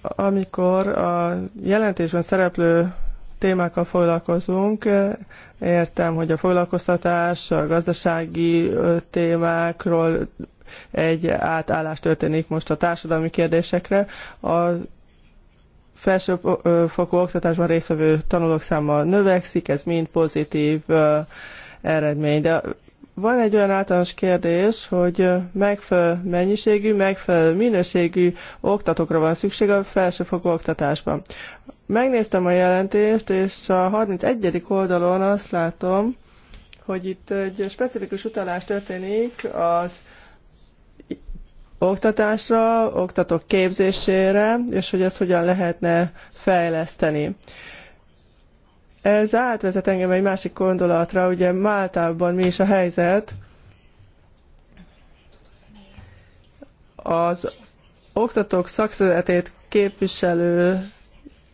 Amikor a jelentésben szereplő témákkal foglalkozunk, értem, hogy a foglalkoztatás, a gazdasági témákról egy átállás történik most a társadalmi kérdésekre. A felsőfokú oktatásban résztvevő tanulók száma növekszik, ez mind pozitív eredmény. De van egy olyan általános kérdés, hogy megfelelő mennyiségű, megfelelő minőségű oktatókra van szükség a felsőfokú oktatásban. Megnéztem a jelentést, és a 31. oldalon azt látom, hogy itt egy specifikus utalás történik az oktatásra, oktatók képzésére, és hogy ezt hogyan lehetne fejleszteni. Ez átvezet engem egy másik gondolatra, ugye Máltában mi is a helyzet, az oktatók szakszeretét képviselő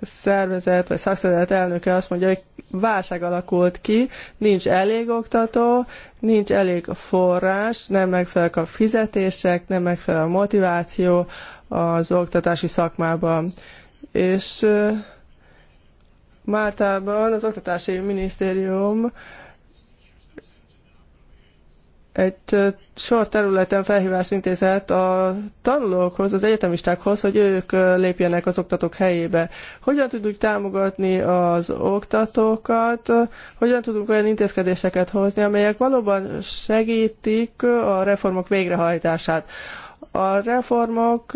szervezet vagy szakszervezet elnöke azt mondja, hogy válság alakult ki, nincs elég oktató, nincs elég forrás, nem megfelel a fizetések, nem megfelel a motiváció az oktatási szakmában. És Mártában az Oktatási Minisztérium egy sor területen felhívást intézett a tanulókhoz, az egyetemistákhoz, hogy ők lépjenek az oktatók helyébe. Hogyan tudjuk támogatni az oktatókat, hogyan tudunk olyan intézkedéseket hozni, amelyek valóban segítik a reformok végrehajtását. A reformok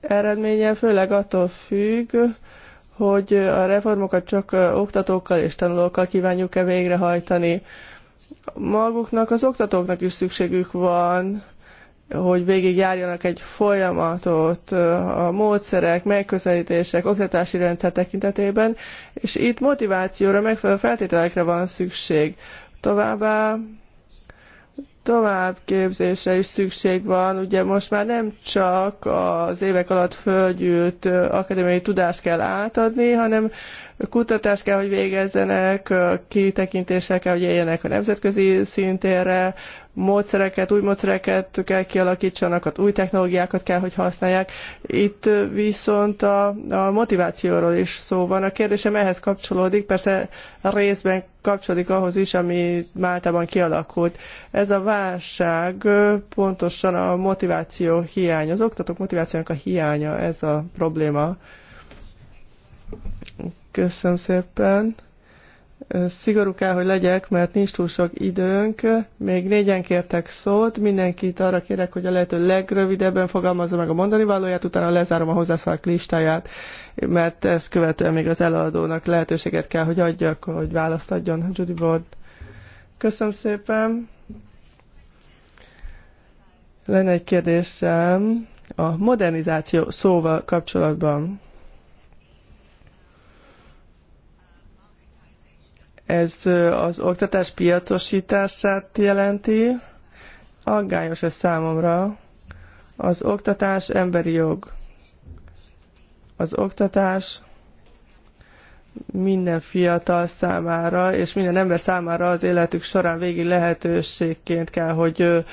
eredménye főleg attól függ, hogy a reformokat csak oktatókkal és tanulókkal kívánjuk-e végrehajtani maguknak, az oktatóknak is szükségük van, hogy végigjárjanak egy folyamatot a módszerek, megközelítések, oktatási rendszer tekintetében, és itt motivációra, megfelelő feltételekre van szükség. Továbbá továbbképzésre is szükség van. Ugye most már nem csak az évek alatt földgyűlt akadémiai tudást kell átadni, hanem kutatást kell, hogy végezzenek, kitekintéssel kell, hogy éljenek a nemzetközi szintérre, módszereket, új módszereket kell kialakítsanak, új technológiákat kell, hogy használják. Itt viszont a, a motivációról is szó van. A kérdésem ehhez kapcsolódik, persze részben kapcsolódik ahhoz is, ami Máltában kialakult. Ez a válság pontosan a motiváció hiánya, az oktatók motivációnak a hiánya, ez a probléma. Köszönöm szépen. Szigorú kell, hogy legyek, mert nincs túl sok időnk. Még négyen kértek szót. Mindenkit arra kérek, hogy a lehető legrövidebben fogalmazza meg a mondani valóját, utána lezárom a hozzászólók listáját, mert ezt követően még az eladónak lehetőséget kell, hogy adjak, hogy választ adjon Judy Ward. Köszönöm szépen. Lenne egy kérdésem a modernizáció szóval kapcsolatban. Ez az oktatás piacosítását jelenti. Aggályos ez számomra. Az oktatás emberi jog. Az oktatás minden fiatal számára, és minden ember számára az életük során végig lehetőségként kell, hogy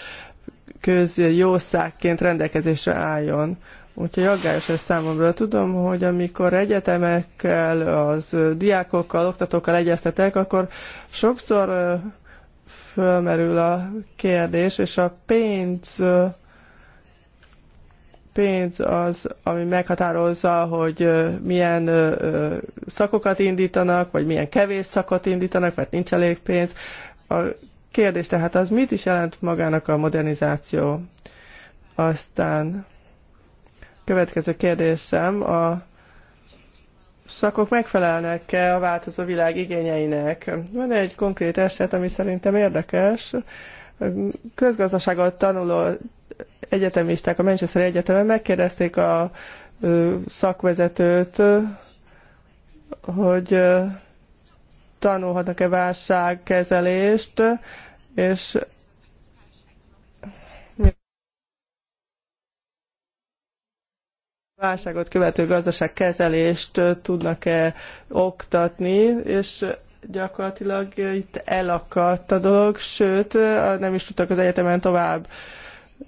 közjószágként rendelkezésre álljon. Úgyhogy aggályos ez számomra. Tudom, hogy amikor egyetemekkel, az diákokkal, oktatókkal egyeztetek, akkor sokszor fölmerül a kérdés, és a pénz pénz az, ami meghatározza, hogy milyen szakokat indítanak, vagy milyen kevés szakot indítanak, mert nincs elég pénz. A kérdés tehát az, mit is jelent magának a modernizáció. Aztán Következő kérdésem, a szakok megfelelnek-e a változó világ igényeinek? Van egy konkrét eset, ami szerintem érdekes. Közgazdaságot tanuló egyetemisták a Manchester Egyetemen megkérdezték a szakvezetőt, hogy tanulhatnak-e válságkezelést, és válságot követő gazdaságkezelést tudnak-e oktatni, és gyakorlatilag itt elakadt a dolog, sőt, nem is tudtak az egyetemen tovább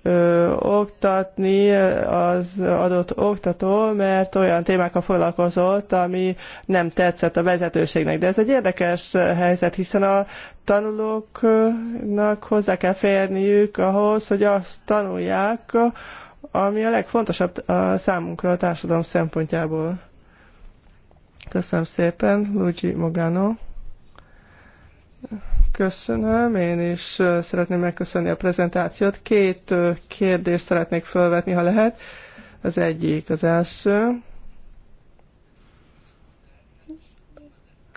ö, oktatni az adott oktató, mert olyan témákkal foglalkozott, ami nem tetszett a vezetőségnek. De ez egy érdekes helyzet, hiszen a tanulóknak hozzá kell férniük ahhoz, hogy azt tanulják, ami a legfontosabb a számunkra a társadalom szempontjából. Köszönöm szépen, Luigi Mogano. Köszönöm, én is szeretném megköszönni a prezentációt. Két kérdést szeretnék felvetni, ha lehet. Az egyik, az első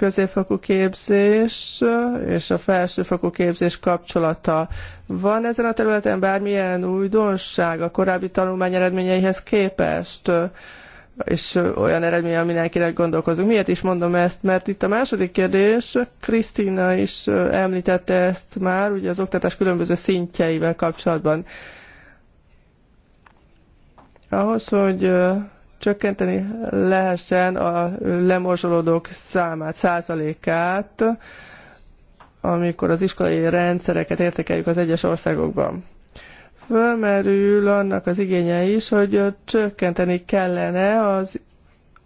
középfokú képzés és a felsőfokú képzés kapcsolata. Van ezen a területen bármilyen újdonság a korábbi tanulmány eredményeihez képest? és olyan eredmény, aminek gondolkozunk. Miért is mondom ezt? Mert itt a második kérdés, Krisztina is említette ezt már, ugye az oktatás különböző szintjeivel kapcsolatban. Ahhoz, hogy csökkenteni lehessen a lemorzsolódók számát, százalékát, amikor az iskolai rendszereket értékeljük az egyes országokban. Fölmerül annak az igénye is, hogy csökkenteni kellene az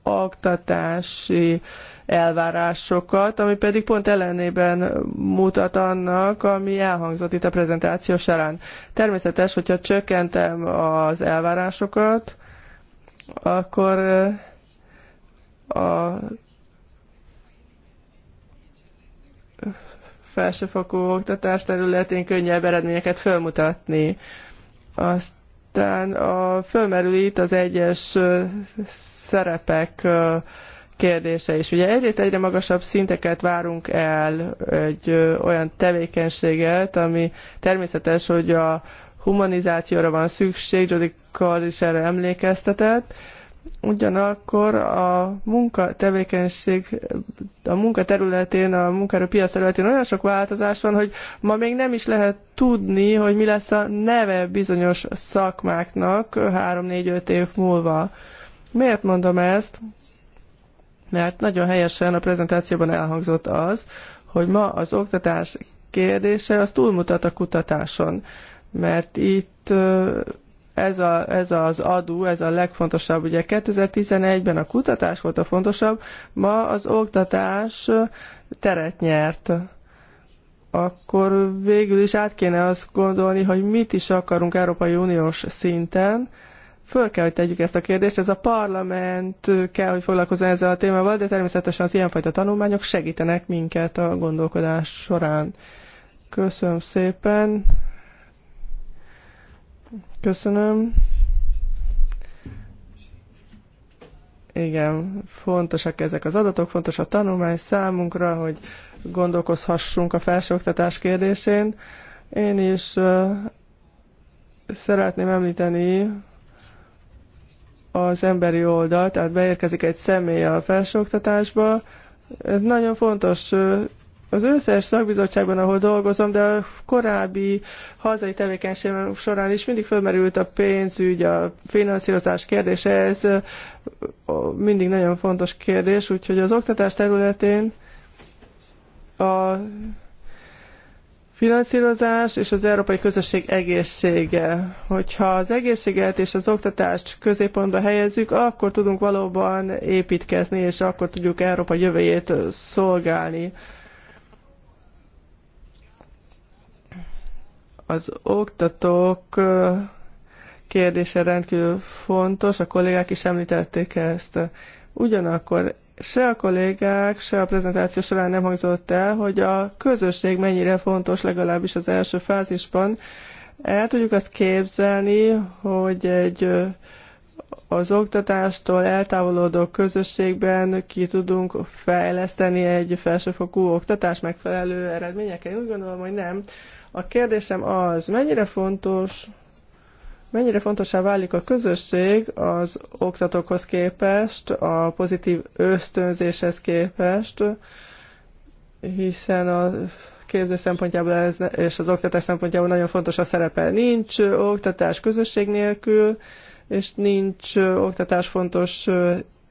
oktatási elvárásokat, ami pedig pont ellenében mutat annak, ami elhangzott itt a prezentáció során. Természetes, hogyha csökkentem az elvárásokat, akkor a felsőfokú oktatás területén könnyebb eredményeket fölmutatni. Aztán a, fölmerül itt az egyes szerepek kérdése is. Ugye egyrészt egyre magasabb szinteket várunk el, egy olyan tevékenységet, ami természetes, hogy a humanizációra van szükség, Jodikal is erre emlékeztetett, ugyanakkor a munka tevékenység, a munka területén, a piac területén olyan sok változás van, hogy ma még nem is lehet tudni, hogy mi lesz a neve bizonyos szakmáknak 3-4-5 év múlva. Miért mondom ezt? Mert nagyon helyesen a prezentációban elhangzott az, hogy ma az oktatás kérdése az túlmutat a kutatáson mert itt ez, a, ez az adó, ez a legfontosabb. Ugye 2011-ben a kutatás volt a fontosabb, ma az oktatás teret nyert. Akkor végül is át kéne azt gondolni, hogy mit is akarunk Európai Uniós szinten, föl kell, hogy tegyük ezt a kérdést. Ez a parlament kell, hogy foglalkozzon ezzel a témával, de természetesen az ilyenfajta tanulmányok segítenek minket a gondolkodás során. Köszönöm szépen. Köszönöm. Igen, fontosak ezek az adatok, fontos a tanulmány számunkra, hogy gondolkozhassunk a felsőoktatás kérdésén. Én is uh, szeretném említeni az emberi oldalt, tehát beérkezik egy személy a felsőoktatásba. Ez nagyon fontos az összes szakbizottságban, ahol dolgozom, de a korábbi hazai tevékenységem során is mindig felmerült a pénzügy, a finanszírozás kérdése, ez mindig nagyon fontos kérdés, úgyhogy az oktatás területén a finanszírozás és az európai közösség egészsége. Hogyha az egészséget és az oktatást középpontba helyezzük, akkor tudunk valóban építkezni, és akkor tudjuk Európa jövőjét szolgálni. Az oktatók kérdése rendkívül fontos, a kollégák is említették ezt. Ugyanakkor se a kollégák, se a prezentáció során nem hangzott el, hogy a közösség mennyire fontos, legalábbis az első fázisban. El tudjuk azt képzelni, hogy egy az oktatástól eltávolodó közösségben ki tudunk fejleszteni egy felsőfokú oktatás megfelelő eredményekkel? Én úgy gondolom, hogy nem. A kérdésem az, mennyire fontos, mennyire fontosá válik a közösség az oktatókhoz képest, a pozitív ösztönzéshez képest, hiszen a képző szempontjából ez, és az oktatás szempontjából nagyon fontos a szerepe. Nincs oktatás közösség nélkül, és nincs oktatás fontos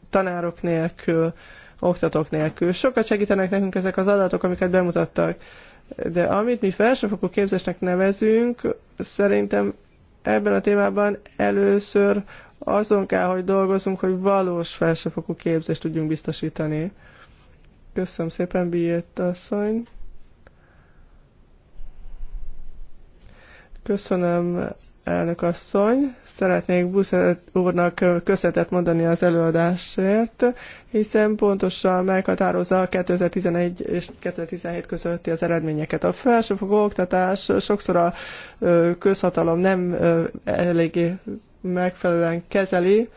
tanárok nélkül, oktatók nélkül. Sokat segítenek nekünk ezek az adatok, amiket bemutattak. De amit mi felsőfokú képzésnek nevezünk, szerintem ebben a témában először azon kell, hogy dolgozunk, hogy valós felsőfokú képzést tudjunk biztosítani. Köszönöm szépen, Biét asszony. Köszönöm, elnök asszony. Szeretnék Buszet úrnak köszönetet mondani az előadásért, hiszen pontosan meghatározza a 2011 és 2017 közötti az eredményeket. A felsőfokú oktatás sokszor a közhatalom nem eléggé megfelelően kezeli.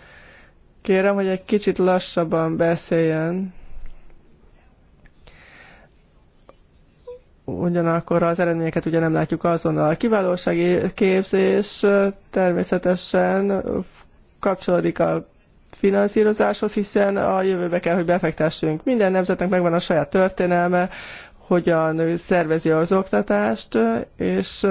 Kérem, hogy egy kicsit lassabban beszéljen. ugyanakkor az eredményeket ugye nem látjuk azonnal. A kiválósági képzés természetesen kapcsolódik a finanszírozáshoz, hiszen a jövőbe kell, hogy befektessünk. Minden nemzetnek megvan a saját történelme, hogyan szervezi az oktatást, és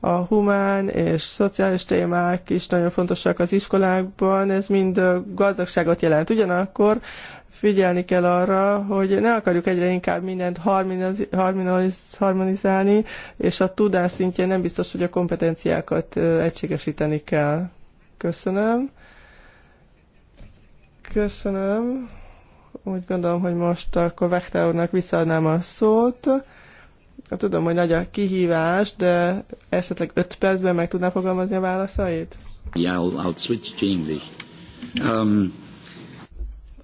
a humán és szociális témák is nagyon fontosak az iskolákban, ez mind gazdagságot jelent. Ugyanakkor figyelni kell arra, hogy ne akarjuk egyre inkább mindent harmonizálni, és a tudás szintjén nem biztos, hogy a kompetenciákat egységesíteni kell. Köszönöm. Köszönöm. Úgy gondolom, hogy most akkor Vechte úrnak visszaadnám a szót. Hát tudom, hogy nagy a kihívás, de esetleg öt percben meg tudná fogalmazni a válaszait? Yeah, I'll, I'll switch to English. Um,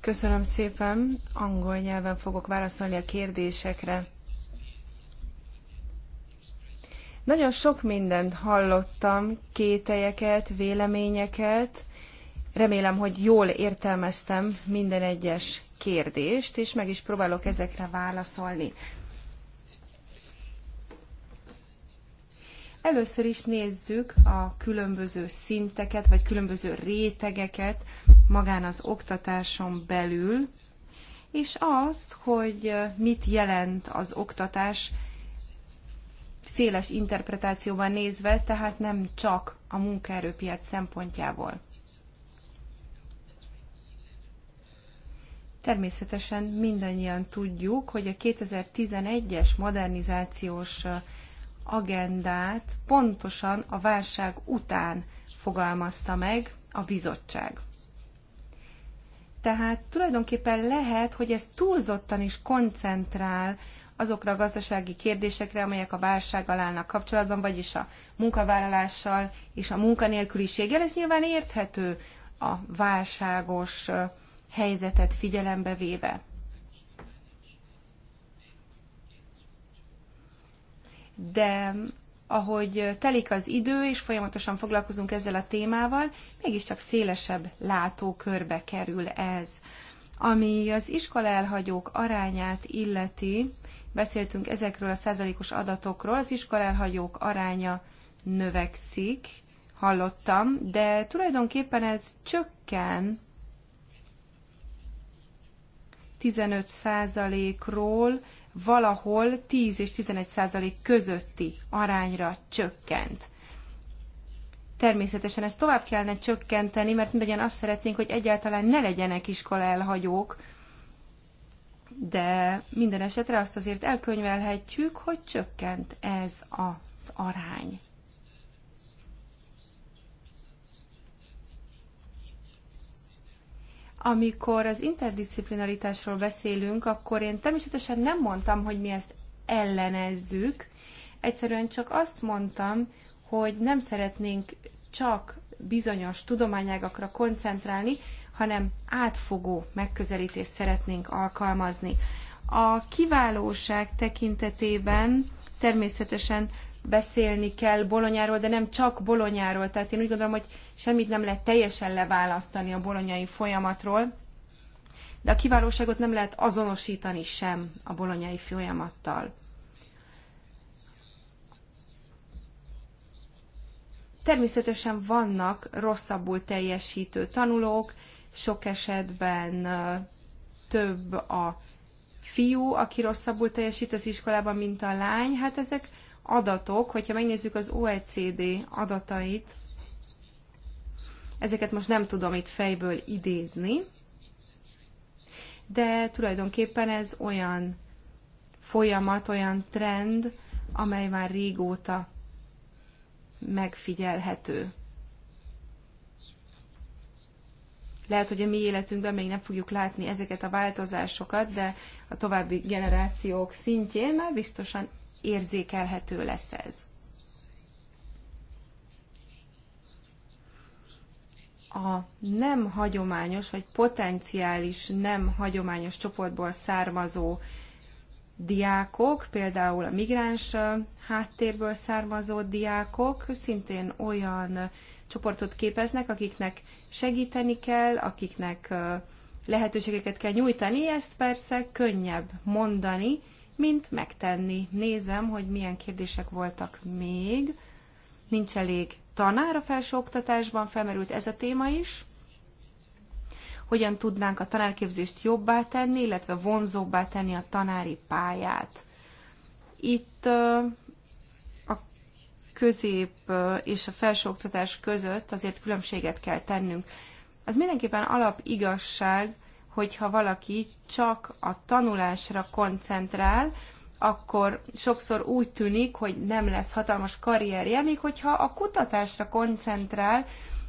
Köszönöm szépen. Angol nyelven fogok válaszolni a kérdésekre. Nagyon sok mindent hallottam, kételyeket, véleményeket. Remélem, hogy jól értelmeztem minden egyes kérdést, és meg is próbálok ezekre válaszolni. Először is nézzük a különböző szinteket, vagy különböző rétegeket magán az oktatáson belül, és azt, hogy mit jelent az oktatás széles interpretációban nézve, tehát nem csak a munkaerőpiac szempontjából. Természetesen mindannyian tudjuk, hogy a 2011-es modernizációs agendát pontosan a válság után fogalmazta meg a bizottság. Tehát tulajdonképpen lehet, hogy ez túlzottan is koncentrál azokra a gazdasági kérdésekre, amelyek a válsággal állnak kapcsolatban, vagyis a munkavállalással és a munkanélküliséggel. Ez nyilván érthető a válságos helyzetet figyelembe véve. de ahogy telik az idő, és folyamatosan foglalkozunk ezzel a témával, mégiscsak szélesebb látókörbe kerül ez. Ami az iskola elhagyók arányát illeti, beszéltünk ezekről a százalékos adatokról, az iskola elhagyók aránya növekszik, hallottam, de tulajdonképpen ez csökken 15 százalékról valahol 10 és 11 százalék közötti arányra csökkent. Természetesen ezt tovább kellene csökkenteni, mert mindannyian azt szeretnénk, hogy egyáltalán ne legyenek iskola elhagyók, de minden esetre azt azért elkönyvelhetjük, hogy csökkent ez az arány. Amikor az interdisziplinaritásról beszélünk, akkor én természetesen nem mondtam, hogy mi ezt ellenezzük, egyszerűen csak azt mondtam, hogy nem szeretnénk csak bizonyos tudományágakra koncentrálni, hanem átfogó megközelítést szeretnénk alkalmazni. A kiválóság tekintetében természetesen beszélni kell Bolonyáról, de nem csak Bolonyáról. Tehát én úgy gondolom, hogy semmit nem lehet teljesen leválasztani a bolonyai folyamatról, de a kiválóságot nem lehet azonosítani sem a bolonyai folyamattal. Természetesen vannak rosszabbul teljesítő tanulók, sok esetben több a fiú, aki rosszabbul teljesít az iskolában, mint a lány. Hát ezek adatok, hogyha megnézzük az OECD adatait, ezeket most nem tudom itt fejből idézni, de tulajdonképpen ez olyan folyamat, olyan trend, amely már régóta megfigyelhető. Lehet, hogy a mi életünkben még nem fogjuk látni ezeket a változásokat, de a további generációk szintjén már biztosan érzékelhető lesz ez. a nem hagyományos, vagy potenciális nem hagyományos csoportból származó diákok, például a migráns háttérből származó diákok szintén olyan csoportot képeznek, akiknek segíteni kell, akiknek lehetőségeket kell nyújtani, ezt persze könnyebb mondani, mint megtenni. Nézem, hogy milyen kérdések voltak még. Nincs elég tanár a felsőoktatásban, felmerült ez a téma is. Hogyan tudnánk a tanárképzést jobbá tenni, illetve vonzóbbá tenni a tanári pályát. Itt a közép és a felsőoktatás között azért különbséget kell tennünk. Az mindenképpen alapigazság, hogyha valaki csak a tanulásra koncentrál, akkor sokszor úgy tűnik, hogy nem lesz hatalmas karrierje, míg hogyha a kutatásra koncentrál,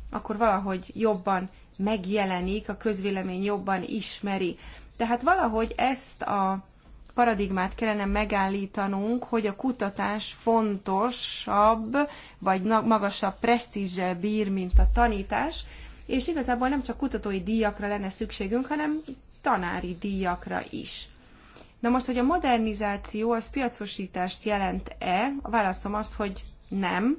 akkor valahogy jobban megjelenik, a közvélemény jobban ismeri. Tehát valahogy ezt a paradigmát kellene megállítanunk, hogy a kutatás fontosabb, vagy magasabb presztízsel bír, mint a tanítás, és igazából nem csak kutatói díjakra lenne szükségünk, hanem tanári díjakra is. Na most, hogy a modernizáció az piacosítást jelent-e, a válaszom azt, hogy nem.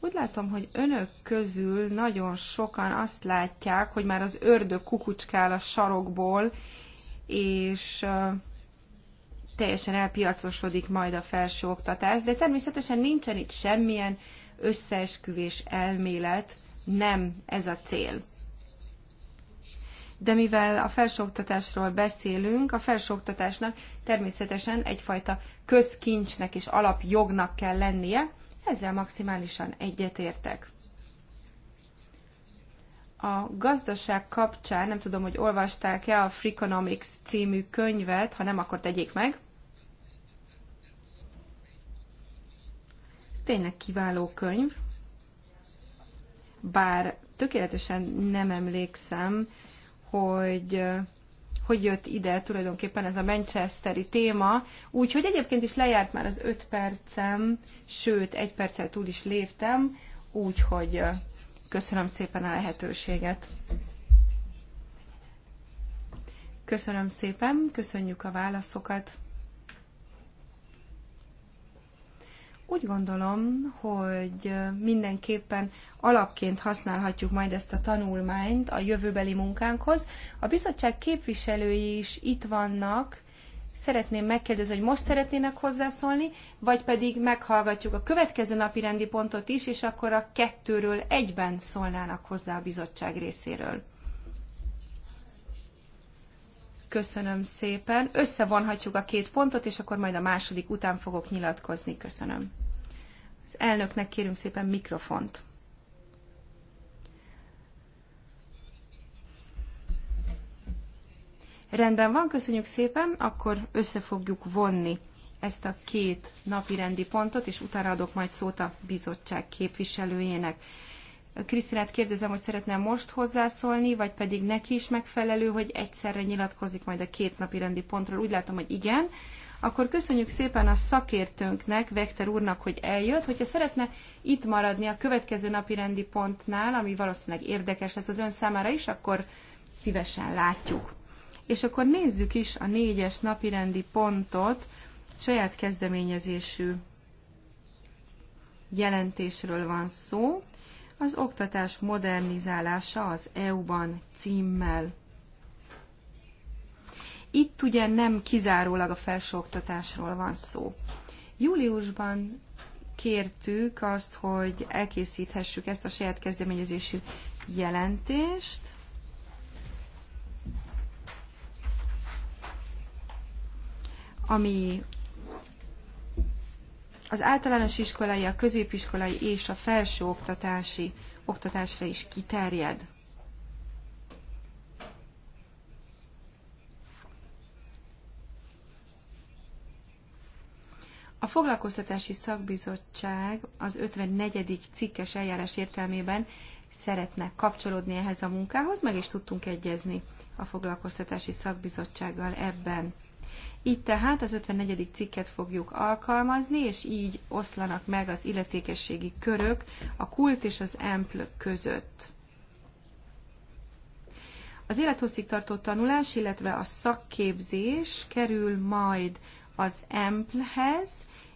Úgy látom, hogy önök közül nagyon sokan azt látják, hogy már az ördög kukucskál a sarokból, és teljesen elpiacosodik majd a felsőoktatás, de természetesen nincsen itt semmilyen összeesküvés elmélet nem ez a cél. De mivel a felsőoktatásról beszélünk, a felsőoktatásnak természetesen egyfajta közkincsnek és alapjognak kell lennie, ezzel maximálisan egyetértek. A gazdaság kapcsán, nem tudom, hogy olvasták-e a Freakonomics című könyvet, ha nem, akkor tegyék meg. tényleg kiváló könyv, bár tökéletesen nem emlékszem, hogy hogy jött ide tulajdonképpen ez a Manchesteri téma, úgyhogy egyébként is lejárt már az öt percem, sőt, egy perccel túl is léptem, úgyhogy köszönöm szépen a lehetőséget. Köszönöm szépen, köszönjük a válaszokat. Úgy gondolom, hogy mindenképpen alapként használhatjuk majd ezt a tanulmányt a jövőbeli munkánkhoz. A bizottság képviselői is itt vannak, szeretném megkérdezni, hogy most szeretnének hozzászólni, vagy pedig meghallgatjuk a következő napi rendi pontot is, és akkor a kettőről egyben szólnának hozzá a bizottság részéről. Köszönöm szépen. Összevonhatjuk a két pontot, és akkor majd a második után fogok nyilatkozni. Köszönöm. Az elnöknek kérünk szépen mikrofont. Rendben van, köszönjük szépen, akkor össze fogjuk vonni ezt a két napi rendi pontot, és utána adok majd szót a bizottság képviselőjének. Krisztinát kérdezem, hogy szeretne most hozzászólni, vagy pedig neki is megfelelő, hogy egyszerre nyilatkozik majd a két napi rendi pontról. Úgy látom, hogy igen. Akkor köszönjük szépen a szakértőnknek, Vekter úrnak, hogy eljött. Hogyha szeretne itt maradni a következő napi rendi pontnál, ami valószínűleg érdekes lesz az ön számára is, akkor szívesen látjuk. És akkor nézzük is a négyes napi rendi pontot, saját kezdeményezésű jelentésről van szó az oktatás modernizálása az EU-ban címmel. Itt ugye nem kizárólag a felsőoktatásról van szó. Júliusban kértük azt, hogy elkészíthessük ezt a saját kezdeményezésű jelentést, ami az általános iskolai, a középiskolai és a felső oktatási oktatásra is kiterjed. A foglalkoztatási szakbizottság az 54. cikkes eljárás értelmében szeretne kapcsolódni ehhez a munkához, meg is tudtunk egyezni a foglalkoztatási szakbizottsággal ebben. Itt tehát az 54. cikket fogjuk alkalmazni, és így oszlanak meg az illetékességi körök a kult és az empl között. Az élethosszig tartó tanulás, illetve a szakképzés kerül majd az emplhez,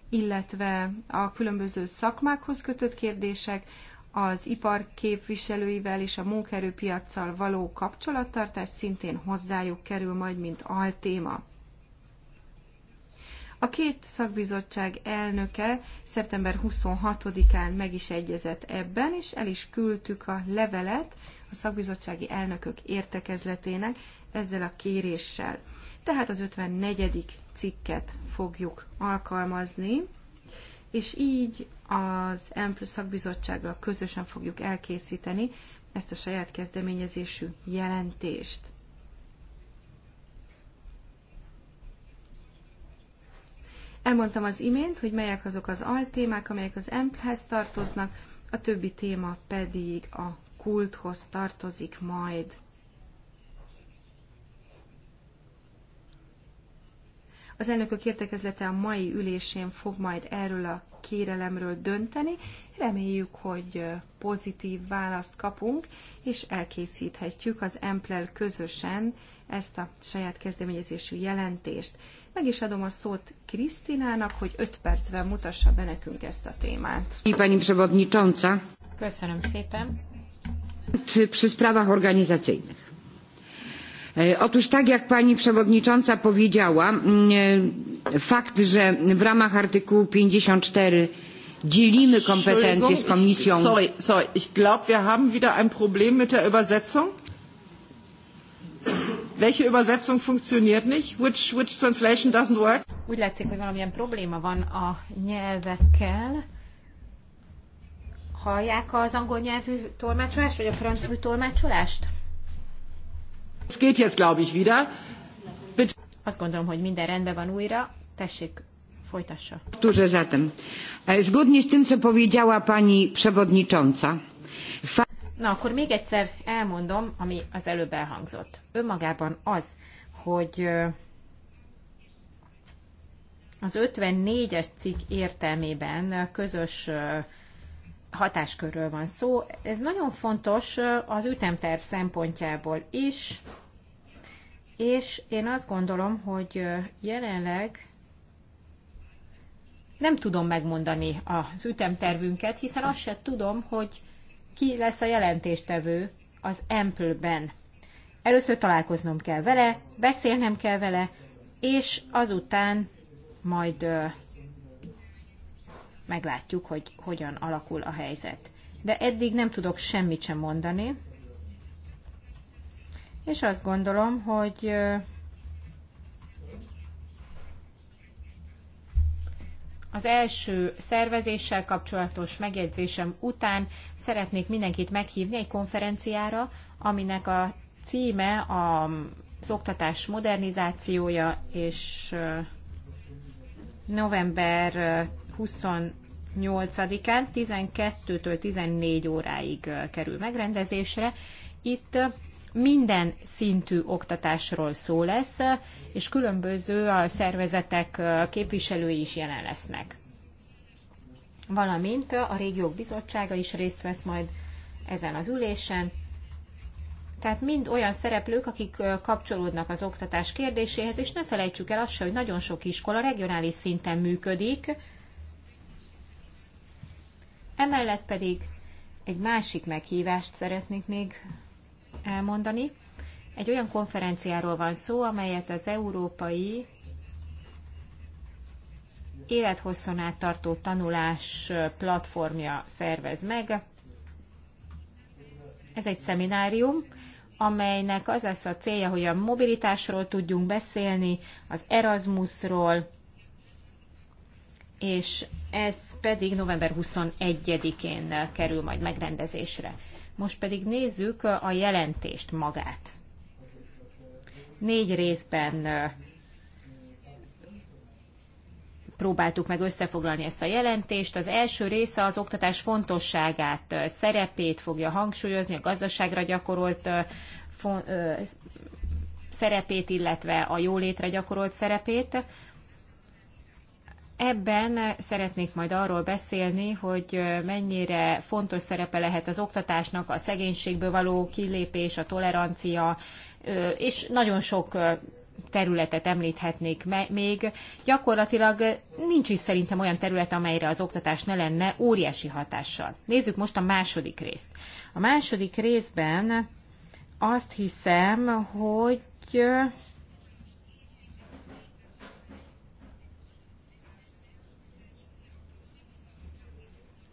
illetve a különböző szakmákhoz kötött kérdések, az ipar képviselőivel és a munkaerőpiacsal való kapcsolattartás szintén hozzájuk kerül majd, mint altéma. A két szakbizottság elnöke szeptember 26-án meg is egyezett ebben, és el is küldtük a levelet a szakbizottsági elnökök értekezletének ezzel a kéréssel. Tehát az 54. cikket fogjuk alkalmazni, és így az EMPL szakbizottsággal közösen fogjuk elkészíteni ezt a saját kezdeményezésű jelentést. Elmondtam az imént, hogy melyek azok az altémák, amelyek az emphez tartoznak, a többi téma pedig a kulthoz tartozik majd. Az elnökök értekezlete a mai ülésén fog majd erről a kérelemről dönteni. Reméljük, hogy pozitív választ kapunk, és elkészíthetjük az Emplel közösen ezt a saját kezdeményezésű jelentést. Meg is adom a szót Krisztinának, hogy 5 percben mutassa be nekünk ezt a témát. Pani Przewodnicząca. Köszönöm szépen. Przy sprawach organizacyjnych. E, otóż tak jak pani przewodnicząca powiedziała, e, fakt, że w ramach artykułu 54 dzielimy kompetencje z komisją. Sorry, sorry, ich glaube, wir haben wieder ein Problem mit der Übersetzung. Welche Übersetzung funktioniert nicht? Which, which translation doesn't work? Úgy látszik, hogy valamilyen probléma van a nyelvekkel. Hallják az angol nyelvű tolmácsolást, vagy a francia tolmácsolást? Ez geht jetzt, glaube ich, wieder. Bitte. Azt gondolom, hogy minden rendben van újra. Tessék, folytassa. Tudja, zatem. E, zgodnie z tym, co powiedziała pani przewodnicząca, Na, akkor még egyszer elmondom, ami az előbb elhangzott. Önmagában az, hogy az 54-es cikk értelmében közös hatáskörről van szó. Ez nagyon fontos az ütemterv szempontjából is, és én azt gondolom, hogy jelenleg nem tudom megmondani az ütemtervünket, hiszen azt se tudom, hogy ki lesz a jelentéstevő az Ample-ben. Először találkoznom kell vele, beszélnem kell vele, és azután majd ö, meglátjuk, hogy hogyan alakul a helyzet. De eddig nem tudok semmit sem mondani, és azt gondolom, hogy Az első szervezéssel kapcsolatos megjegyzésem után szeretnék mindenkit meghívni egy konferenciára, aminek a címe a oktatás modernizációja, és november 28-án 12-től 14 óráig kerül megrendezésre. Itt minden szintű oktatásról szó lesz, és különböző a szervezetek képviselői is jelen lesznek. Valamint a régiók bizottsága is részt vesz majd ezen az ülésen. Tehát mind olyan szereplők, akik kapcsolódnak az oktatás kérdéséhez, és ne felejtsük el azt se, hogy nagyon sok iskola regionális szinten működik. Emellett pedig egy másik meghívást szeretnék még elmondani. Egy olyan konferenciáról van szó, amelyet az Európai Élethosszon át tartó tanulás platformja szervez meg. Ez egy szeminárium, amelynek az lesz a célja, hogy a mobilitásról tudjunk beszélni, az Erasmusról, és ez pedig november 21-én kerül majd megrendezésre. Most pedig nézzük a jelentést magát. Négy részben próbáltuk meg összefoglalni ezt a jelentést. Az első része az oktatás fontosságát, szerepét fogja hangsúlyozni, a gazdaságra gyakorolt szerepét, illetve a jólétre gyakorolt szerepét. Ebben szeretnék majd arról beszélni, hogy mennyire fontos szerepe lehet az oktatásnak, a szegénységből való kilépés, a tolerancia, és nagyon sok területet említhetnék még. Gyakorlatilag nincs is szerintem olyan terület, amelyre az oktatás ne lenne óriási hatással. Nézzük most a második részt. A második részben azt hiszem, hogy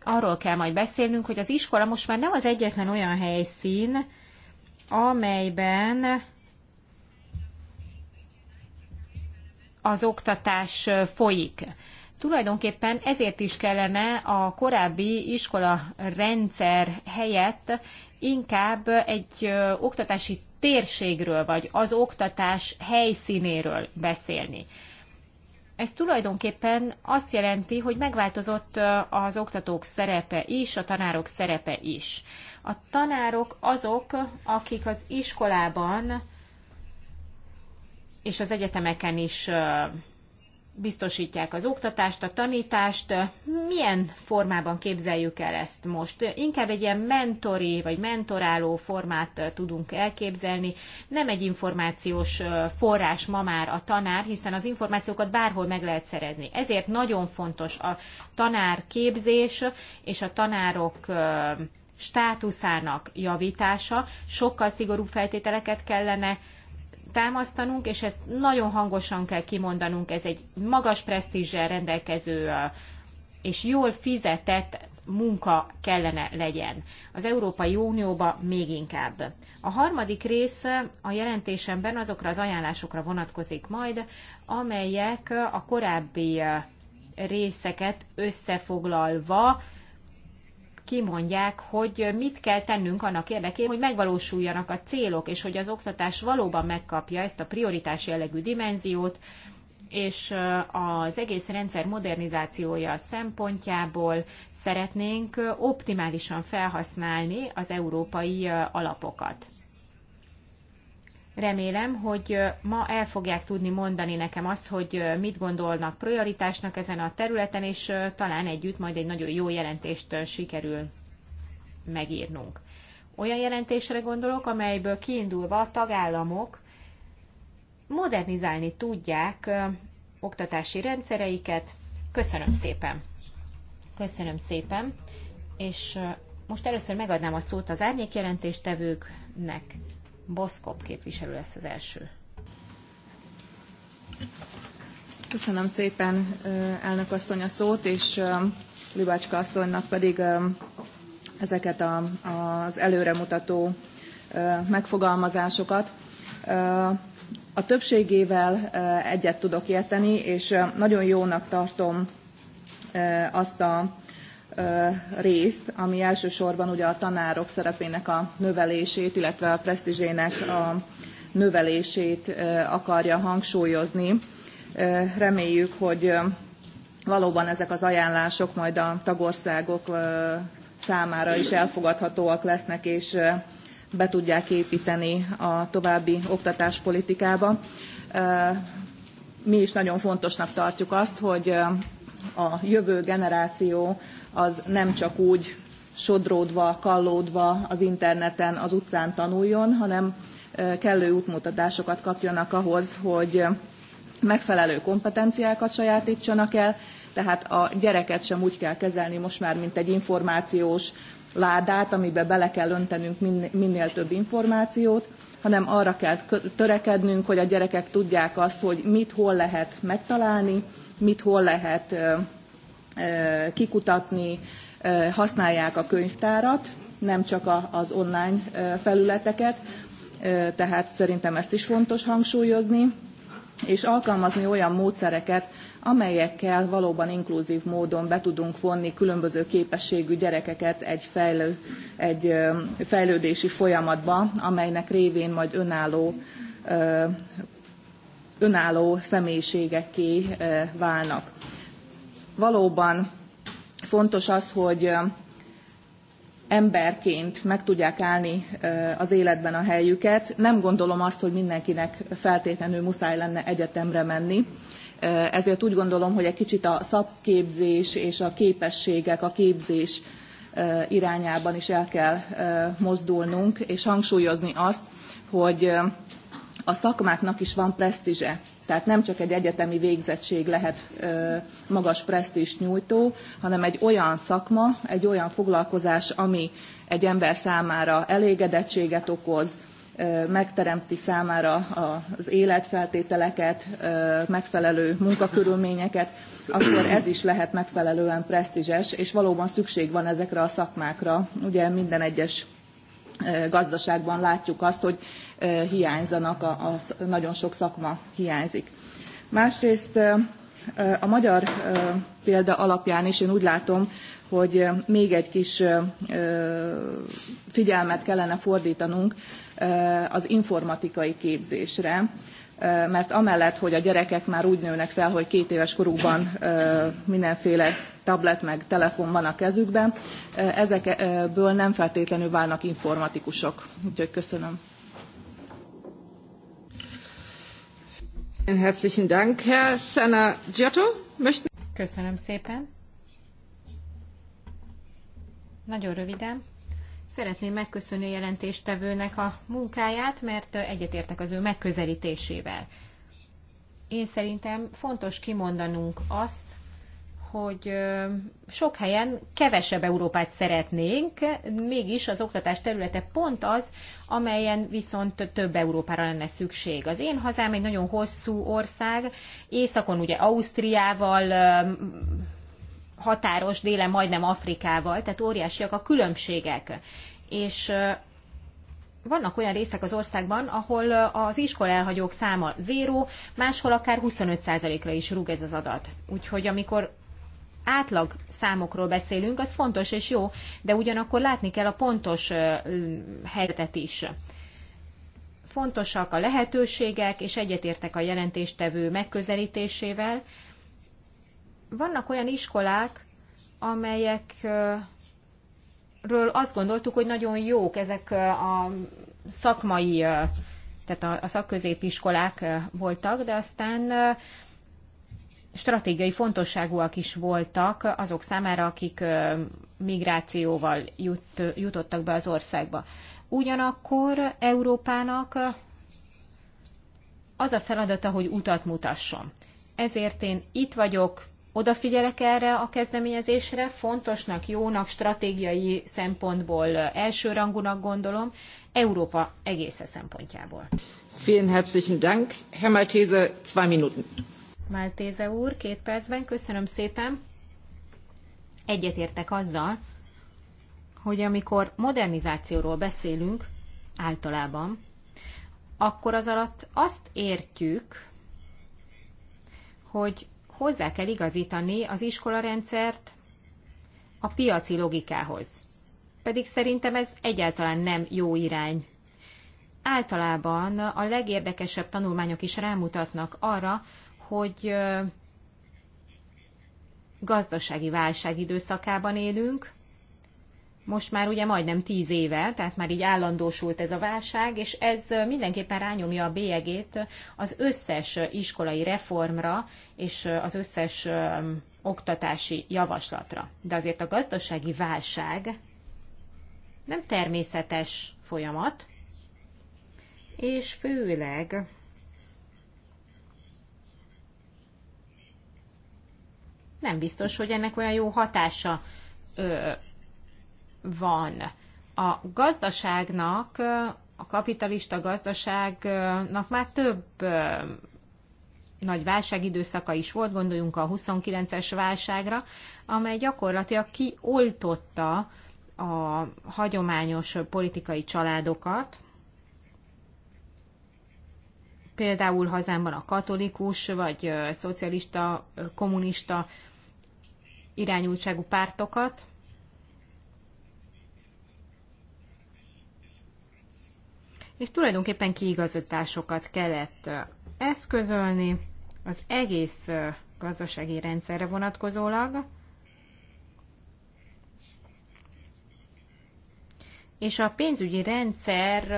arról kell majd beszélnünk, hogy az iskola most már nem az egyetlen olyan helyszín, amelyben az oktatás folyik. Tulajdonképpen ezért is kellene a korábbi iskola rendszer helyett inkább egy oktatási térségről, vagy az oktatás helyszínéről beszélni. Ez tulajdonképpen azt jelenti, hogy megváltozott az oktatók szerepe is, a tanárok szerepe is. A tanárok azok, akik az iskolában és az egyetemeken is biztosítják az oktatást, a tanítást. Milyen formában képzeljük el ezt most? Inkább egy ilyen mentori vagy mentoráló formát tudunk elképzelni, nem egy információs forrás ma már a tanár, hiszen az információkat bárhol meg lehet szerezni. Ezért nagyon fontos a tanár képzés és a tanárok státuszának javítása, sokkal szigorúbb feltételeket kellene támasztanunk, és ezt nagyon hangosan kell kimondanunk, ez egy magas presztízsel rendelkező és jól fizetett munka kellene legyen. Az Európai Unióba még inkább. A harmadik rész a jelentésemben azokra az ajánlásokra vonatkozik majd, amelyek a korábbi részeket összefoglalva kimondják, hogy mit kell tennünk annak érdekében, hogy megvalósuljanak a célok, és hogy az oktatás valóban megkapja ezt a prioritás jellegű dimenziót, és az egész rendszer modernizációja szempontjából szeretnénk optimálisan felhasználni az európai alapokat. Remélem, hogy ma el fogják tudni mondani nekem azt, hogy mit gondolnak prioritásnak ezen a területen, és talán együtt majd egy nagyon jó jelentést sikerül megírnunk. Olyan jelentésre gondolok, amelyből kiindulva a tagállamok modernizálni tudják oktatási rendszereiket. Köszönöm szépen! Köszönöm szépen, és most először megadnám a szót az árnyékjelentéstevőknek. Boszkop képviselő lesz az első. Köszönöm szépen elnök asszony a szót, és Libácska asszonynak pedig ezeket a, az előremutató megfogalmazásokat. A többségével egyet tudok érteni, és nagyon jónak tartom azt a részt, ami elsősorban ugye a tanárok szerepének a növelését, illetve a presztizsének a növelését akarja hangsúlyozni. Reméljük, hogy valóban ezek az ajánlások majd a tagországok számára is elfogadhatóak lesznek, és be tudják építeni a további oktatáspolitikába. Mi is nagyon fontosnak tartjuk azt, hogy a jövő generáció az nem csak úgy sodródva, kallódva az interneten, az utcán tanuljon, hanem kellő útmutatásokat kapjanak ahhoz, hogy megfelelő kompetenciákat sajátítsanak el, tehát a gyereket sem úgy kell kezelni most már, mint egy információs ládát, amibe bele kell öntenünk minél több információt, hanem arra kell törekednünk, hogy a gyerekek tudják azt, hogy mit hol lehet megtalálni, mit hol lehet kikutatni, használják a könyvtárat, nem csak az online felületeket, tehát szerintem ezt is fontos hangsúlyozni, és alkalmazni olyan módszereket, amelyekkel valóban inkluzív módon be tudunk vonni különböző képességű gyerekeket egy, fejlő, egy fejlődési folyamatba, amelynek révén majd önálló, önálló személyiségekké válnak valóban fontos az, hogy emberként meg tudják állni az életben a helyüket. Nem gondolom azt, hogy mindenkinek feltétlenül muszáj lenne egyetemre menni. Ezért úgy gondolom, hogy egy kicsit a szakképzés és a képességek, a képzés irányában is el kell mozdulnunk, és hangsúlyozni azt, hogy a szakmáknak is van presztízse tehát nem csak egy egyetemi végzettség lehet magas presztist nyújtó, hanem egy olyan szakma, egy olyan foglalkozás, ami egy ember számára elégedettséget okoz, megteremti számára az életfeltételeket, megfelelő munkakörülményeket, akkor ez is lehet megfelelően presztízses, és valóban szükség van ezekre a szakmákra. Ugye minden egyes gazdaságban látjuk azt, hogy hiányzanak, a, a, nagyon sok szakma hiányzik. Másrészt a magyar példa alapján is én úgy látom, hogy még egy kis figyelmet kellene fordítanunk az informatikai képzésre, mert amellett, hogy a gyerekek már úgy nőnek fel, hogy két éves korukban mindenféle tablet meg telefon van a kezükben, ezekből nem feltétlenül válnak informatikusok. Úgyhogy köszönöm. Herzlichen Dank, Herr Sana Giotto. Möchten... Köszönöm szépen. Nagyon röviden. Szeretném megköszönni a jelentéstevőnek a munkáját, mert egyetértek az ő megközelítésével. Én szerintem fontos kimondanunk azt, hogy sok helyen kevesebb Európát szeretnénk, mégis az oktatás területe pont az, amelyen viszont több Európára lenne szükség. Az én hazám egy nagyon hosszú ország, északon ugye Ausztriával határos, délen majdnem Afrikával, tehát óriásiak a különbségek. És vannak olyan részek az országban, ahol az iskola elhagyók száma zéró, máshol akár 25%-ra is rúg ez az adat. Úgyhogy amikor átlag számokról beszélünk, az fontos és jó, de ugyanakkor látni kell a pontos helyzetet is. Fontosak a lehetőségek, és egyetértek a jelentéstevő megközelítésével. Vannak olyan iskolák, amelyekről azt gondoltuk, hogy nagyon jók ezek a szakmai tehát a, szakközépiskolák voltak, de aztán stratégiai fontosságúak is voltak azok számára, akik migrációval jut, jutottak be az országba. Ugyanakkor Európának az a feladata, hogy utat mutasson. Ezért én itt vagyok, odafigyelek erre a kezdeményezésre, fontosnak, jónak, stratégiai szempontból elsőrangúnak gondolom, Európa egésze szempontjából. Vielen herzlichen Dank. Herr Maltese, zwei Minuten. Máltéze úr, két percben. Köszönöm szépen. Egyetértek azzal, hogy amikor modernizációról beszélünk általában, akkor az alatt azt értjük, hogy hozzá kell igazítani az iskolarendszert a piaci logikához. Pedig szerintem ez egyáltalán nem jó irány. Általában a legérdekesebb tanulmányok is rámutatnak arra, hogy gazdasági válság időszakában élünk. Most már ugye majdnem tíz éve, tehát már így állandósult ez a válság, és ez mindenképpen rányomja a bélyegét az összes iskolai reformra és az összes oktatási javaslatra. De azért a gazdasági válság nem természetes folyamat, és főleg nem biztos, hogy ennek olyan jó hatása ö, van. A gazdaságnak, a kapitalista gazdaságnak már több ö, nagy válságidőszaka is volt, gondoljunk a 29-es válságra, amely gyakorlatilag kioltotta a hagyományos politikai családokat, például hazámban a katolikus, vagy szocialista, kommunista irányultságú pártokat, és tulajdonképpen kiigazításokat kellett eszközölni az egész gazdasági rendszerre vonatkozólag, és a pénzügyi rendszer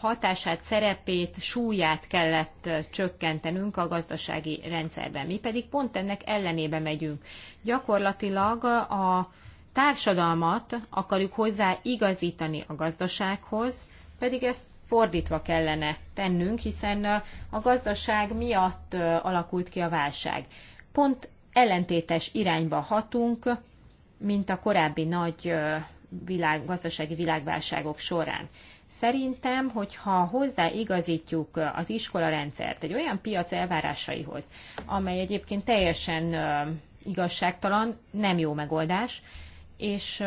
hatását, szerepét, súlyát kellett csökkentenünk a gazdasági rendszerben. Mi pedig pont ennek ellenébe megyünk. Gyakorlatilag a társadalmat akarjuk hozzá igazítani a gazdasághoz, pedig ezt fordítva kellene tennünk, hiszen a gazdaság miatt alakult ki a válság. Pont ellentétes irányba hatunk, mint a korábbi nagy világ, gazdasági világválságok során. Szerintem, hogyha hozzáigazítjuk az iskolarendszert egy olyan piac elvárásaihoz, amely egyébként teljesen igazságtalan, nem jó megoldás, és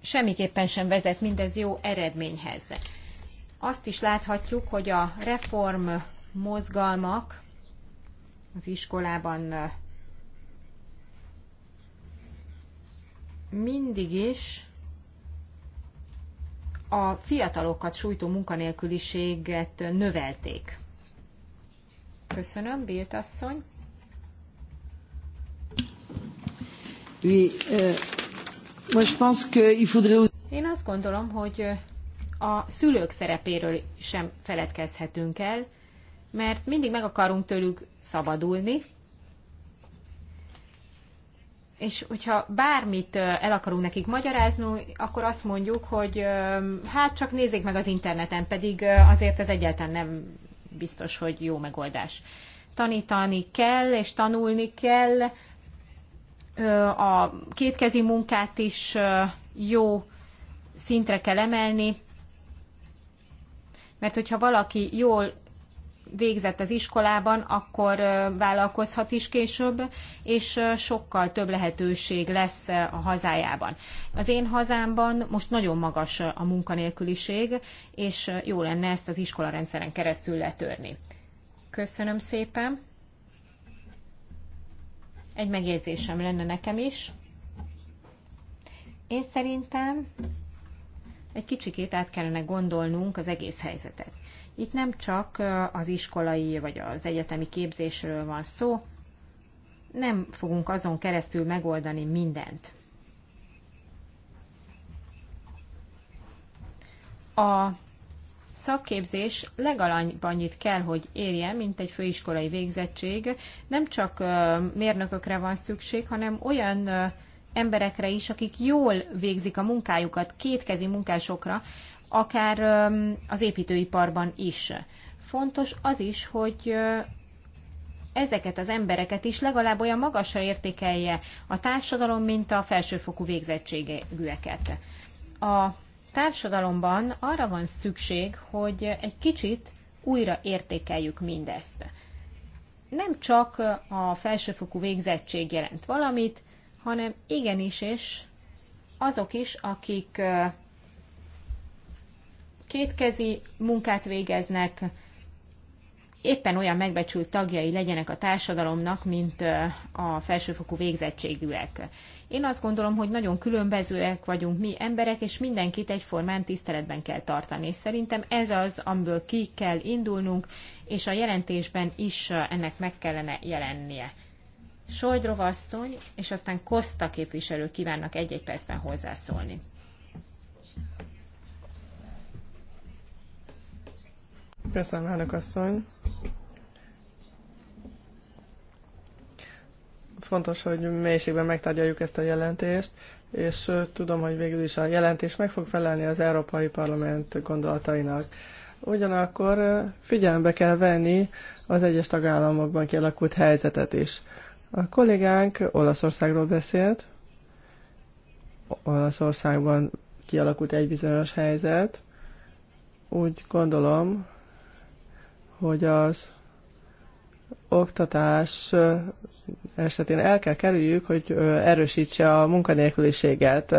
semmiképpen sem vezet mindez jó eredményhez. Azt is láthatjuk, hogy a reform mozgalmak az iskolában mindig is a fiatalokat sújtó munkanélküliséget növelték. Köszönöm, Bilt asszony. Euh, Én azt gondolom, hogy euh, a szülők szerepéről sem feledkezhetünk el, mert mindig meg akarunk tőlük szabadulni, és hogyha bármit el akarunk nekik magyarázni, akkor azt mondjuk, hogy hát csak nézzék meg az interneten, pedig azért ez egyáltalán nem biztos, hogy jó megoldás. Tanítani kell, és tanulni kell. A kétkezi munkát is jó szintre kell emelni, mert hogyha valaki jól végzett az iskolában, akkor vállalkozhat is később, és sokkal több lehetőség lesz a hazájában. Az én hazámban most nagyon magas a munkanélküliség, és jó lenne ezt az iskolarendszeren keresztül letörni. Köszönöm szépen! Egy megjegyzésem lenne nekem is. Én szerintem egy kicsikét át kellene gondolnunk az egész helyzetet. Itt nem csak az iskolai vagy az egyetemi képzésről van szó, nem fogunk azon keresztül megoldani mindent. A szakképzés legalább annyit kell, hogy érjen, mint egy főiskolai végzettség. Nem csak mérnökökre van szükség, hanem olyan emberekre is, akik jól végzik a munkájukat, kétkezi munkásokra, akár az építőiparban is. Fontos az is, hogy ezeket az embereket is legalább olyan magasra értékelje a társadalom, mint a felsőfokú végzettségűeket. A társadalomban arra van szükség, hogy egy kicsit újra értékeljük mindezt. Nem csak a felsőfokú végzettség jelent valamit, hanem igenis, és azok is, akik kétkezi munkát végeznek, éppen olyan megbecsült tagjai legyenek a társadalomnak, mint a felsőfokú végzettségűek. Én azt gondolom, hogy nagyon különbözőek vagyunk mi emberek, és mindenkit egyformán tiszteletben kell tartani. És szerintem ez az, amiből ki kell indulnunk, és a jelentésben is ennek meg kellene jelennie. Sojdrov asszony, és aztán Koszta képviselő kívánnak egy-egy percben hozzászólni. Köszönöm, elnök asszony. Fontos, hogy mélységben megtárgyaljuk ezt a jelentést, és tudom, hogy végül is a jelentés meg fog felelni az Európai Parlament gondolatainak. Ugyanakkor figyelembe kell venni az egyes tagállamokban kialakult helyzetet is. A kollégánk Olaszországról beszélt, Olaszországban kialakult egy bizonyos helyzet. Úgy gondolom, hogy az oktatás eh, esetén el kell kerüljük, hogy eh, erősítse a munkanélküliséget.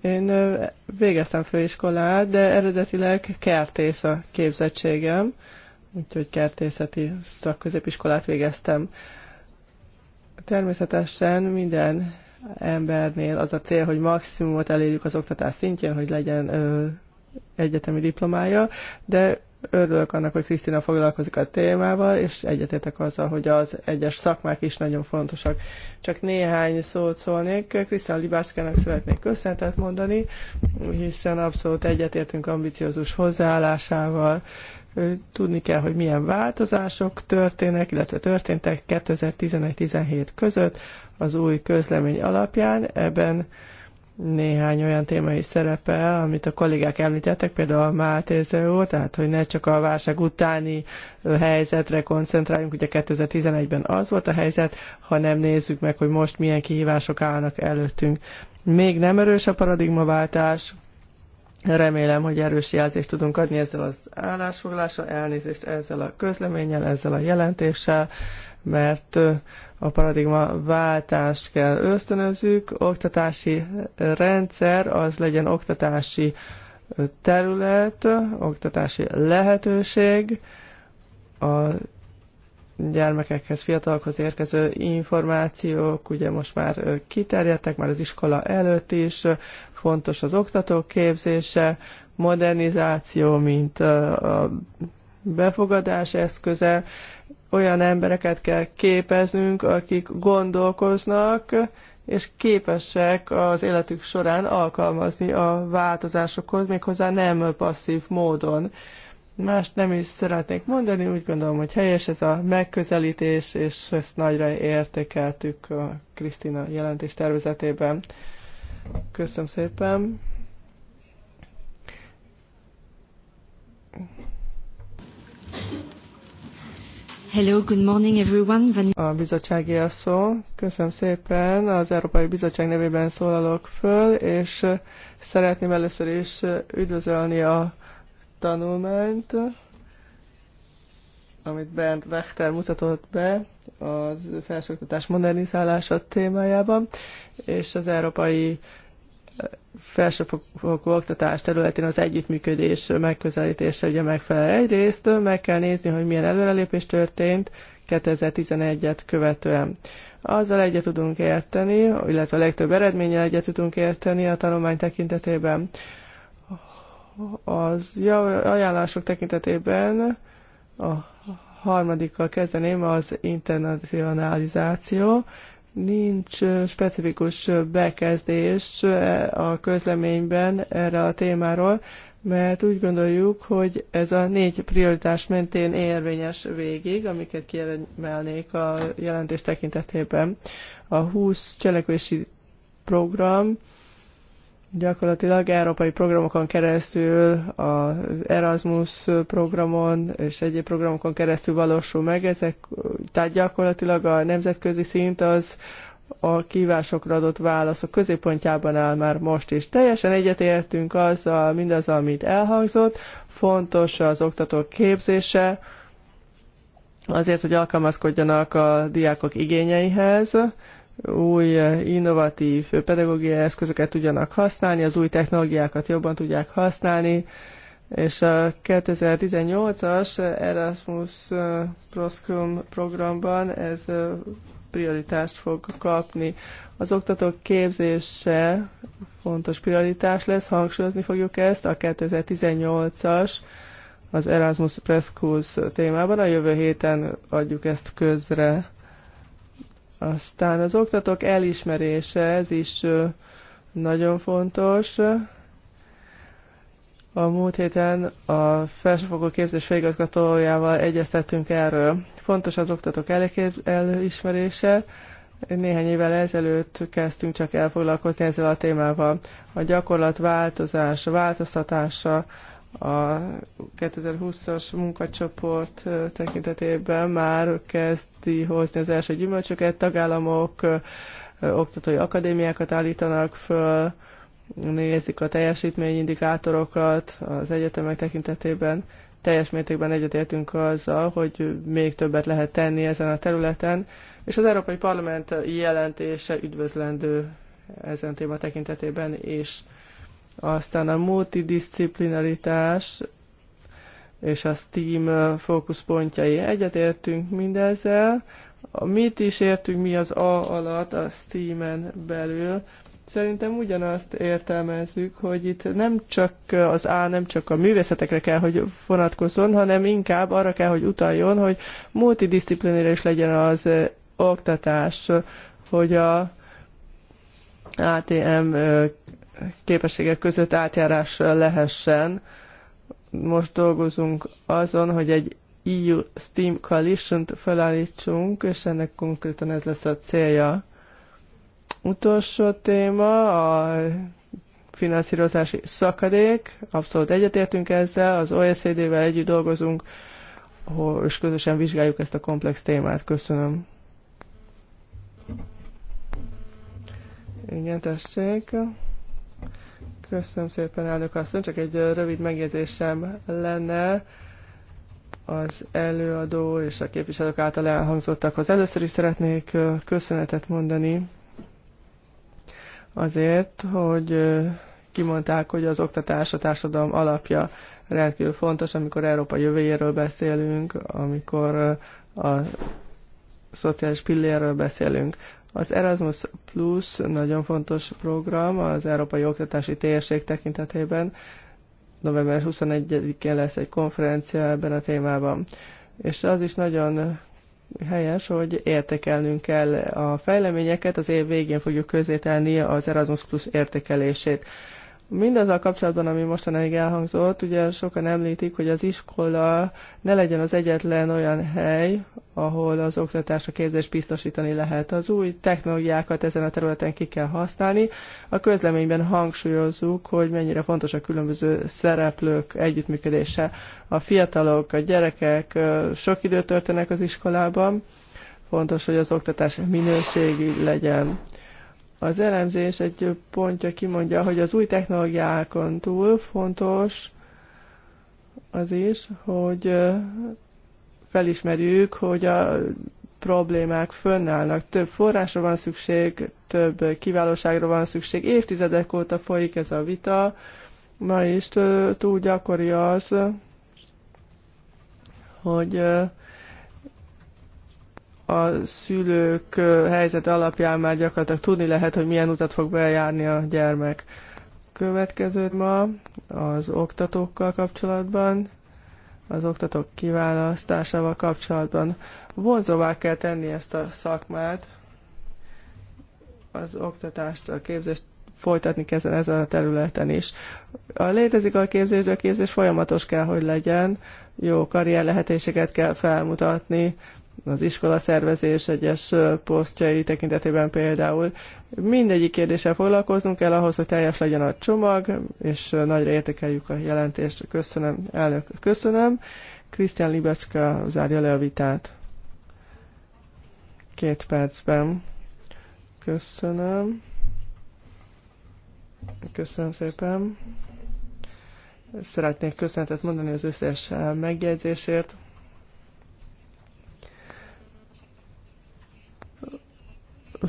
Én eh, végeztem főiskolát, de eredetileg kertész a képzettségem, úgyhogy kertészeti szakközépiskolát végeztem. Természetesen minden embernél az a cél, hogy maximumot elérjük az oktatás szintjén, hogy legyen egyetemi diplomája, de örülök annak, hogy Krisztina foglalkozik a témával, és egyetértek azzal, hogy az egyes szakmák is nagyon fontosak. Csak néhány szót szólnék. Krisztina Libászkának szeretnék köszöntet mondani, hiszen abszolút egyetértünk ambiciózus hozzáállásával. Tudni kell, hogy milyen változások történnek, illetve történtek 2011-17 között az új közlemény alapján. Ebben néhány olyan téma is szerepel, amit a kollégák említettek, például a Máltéze úr, tehát hogy ne csak a válság utáni helyzetre koncentráljunk, ugye 2011-ben az volt a helyzet, hanem nézzük meg, hogy most milyen kihívások állnak előttünk. Még nem erős a paradigmaváltás, Remélem, hogy erős jelzést tudunk adni ezzel az állásfoglalással, elnézést ezzel a közleménnyel, ezzel a jelentéssel, mert a paradigma váltást kell ösztönözzük, oktatási rendszer az legyen oktatási terület, oktatási lehetőség, a gyermekekhez, fiatalokhoz érkező információk ugye most már kiterjedtek, már az iskola előtt is, fontos az oktatók képzése, modernizáció, mint a befogadás eszköze, olyan embereket kell képeznünk, akik gondolkoznak, és képesek az életük során alkalmazni a változásokhoz, méghozzá nem passzív módon. Mást nem is szeretnék mondani, úgy gondolom, hogy helyes ez a megközelítés, és ezt nagyra értékeltük a Krisztina jelentés tervezetében. Köszönöm szépen! Hello, good morning everyone. Van... A bizottsági a szó. Köszönöm szépen. Az Európai Bizottság nevében szólalok föl, és szeretném először is üdvözölni a tanulmányt, amit Bernd Wechter mutatott be az felsőoktatás modernizálása témájában, és az Európai felsőfokú oktatás területén az együttműködés megközelítése ugye megfelel. Egyrészt meg kell nézni, hogy milyen előrelépés történt 2011-et követően. Azzal egyet tudunk érteni, illetve a legtöbb eredménnyel egyet tudunk érteni a tanulmány tekintetében. Az ajánlások tekintetében a harmadikkal kezdeném, az internacionalizáció nincs specifikus bekezdés a közleményben erre a témáról, mert úgy gondoljuk, hogy ez a négy prioritás mentén érvényes végig, amiket kiemelnék a jelentés tekintetében. A 20 cselekvési program gyakorlatilag európai programokon keresztül, az Erasmus programon és egyéb programokon keresztül valósul meg. Ezek, tehát gyakorlatilag a nemzetközi szint az a kívásokra adott válaszok középpontjában áll már most is. Teljesen egyetértünk azzal, mindaz, amit elhangzott. Fontos az oktatók képzése, azért, hogy alkalmazkodjanak a diákok igényeihez, új eh, innovatív pedagógiai eszközöket tudjanak használni, az új technológiákat jobban tudják használni, és a 2018-as Erasmus eh, Proscrum programban ez eh, prioritást fog kapni. Az oktatók képzése fontos prioritás lesz, hangsúlyozni fogjuk ezt a 2018-as az Erasmus Prescus témában. A jövő héten adjuk ezt közre. Aztán az oktatók elismerése, ez is nagyon fontos. A múlt héten a felsőfokú képzés főigazgatójával egyeztettünk erről. Fontos az oktatók elismerése. Néhány évvel ezelőtt kezdtünk csak elfoglalkozni ezzel a témával. A gyakorlat változása változtatása, a 2020-as munkacsoport tekintetében már kezdi hozni az első gyümölcsöket, tagállamok oktatói akadémiákat állítanak föl, nézik a teljesítményindikátorokat az egyetemek tekintetében. Teljes mértékben egyetértünk azzal, hogy még többet lehet tenni ezen a területen, és az Európai Parlament jelentése üdvözlendő ezen téma tekintetében is. És aztán a multidisciplinaritás és a STEAM fókuszpontjai. Egyetértünk mindezzel. Mit is értünk mi az A alatt a STEAM-en belül? Szerintem ugyanazt értelmezzük, hogy itt nem csak az A nem csak a művészetekre kell, hogy vonatkozzon, hanem inkább arra kell, hogy utaljon, hogy multidisciplinére is legyen az oktatás, hogy a ATM képességek között átjárás lehessen. Most dolgozunk azon, hogy egy EU Steam Coalition-t felállítsunk, és ennek konkrétan ez lesz a célja. Utolsó téma a finanszírozási szakadék. Abszolút egyetértünk ezzel, az OECD-vel együtt dolgozunk, és közösen vizsgáljuk ezt a komplex témát. Köszönöm. Igen, tessék. Köszönöm szépen, elnök asszony. Csak egy rövid megjegyzésem lenne az előadó és a képviselők által elhangzottakhoz. Először is szeretnék köszönetet mondani azért, hogy kimondták, hogy az oktatás a társadalom alapja rendkívül fontos, amikor Európa jövőjéről beszélünk, amikor a szociális pillérről beszélünk. Az Erasmus Plus nagyon fontos program az Európai Oktatási Térség tekintetében. November 21-én lesz egy konferencia ebben a témában. És az is nagyon helyes, hogy értékelnünk kell a fejleményeket, az év végén fogjuk közzétenni az Erasmus Plus értékelését. Mindazzal kapcsolatban, ami mostanáig elhangzott, ugye sokan említik, hogy az iskola ne legyen az egyetlen olyan hely, ahol az oktatásra képzést biztosítani lehet. Az új technológiákat ezen a területen ki kell használni. A közleményben hangsúlyozzuk, hogy mennyire fontos a különböző szereplők együttműködése. A fiatalok, a gyerekek sok időt töltenek az iskolában, fontos, hogy az oktatás minőségi legyen az elemzés egy pontja kimondja, hogy az új technológiákon túl fontos az is, hogy felismerjük, hogy a problémák fönnállnak. Több forrásra van szükség, több kiválóságra van szükség. Évtizedek óta folyik ez a vita. Ma is túl gyakori az, hogy a szülők helyzete alapján már gyakorlatilag tudni lehet, hogy milyen utat fog bejárni a gyermek. Következő ma az oktatókkal kapcsolatban, az oktatók kiválasztásával kapcsolatban. Vonzóvá kell tenni ezt a szakmát, az oktatást, a képzést folytatni kezden ezen a területen is. A létezik a képzés, de a képzés folyamatos kell, hogy legyen, jó karrier lehetőséget kell felmutatni, az iskola szervezés egyes posztjai tekintetében például. Mindegyik kérdéssel foglalkoznunk kell ahhoz, hogy teljes legyen a csomag, és nagyra értékeljük a jelentést. Köszönöm, elnök, köszönöm. Krisztián Libecka zárja le a vitát. Két percben. Köszönöm. Köszönöm szépen. Szeretnék köszönetet mondani az összes megjegyzésért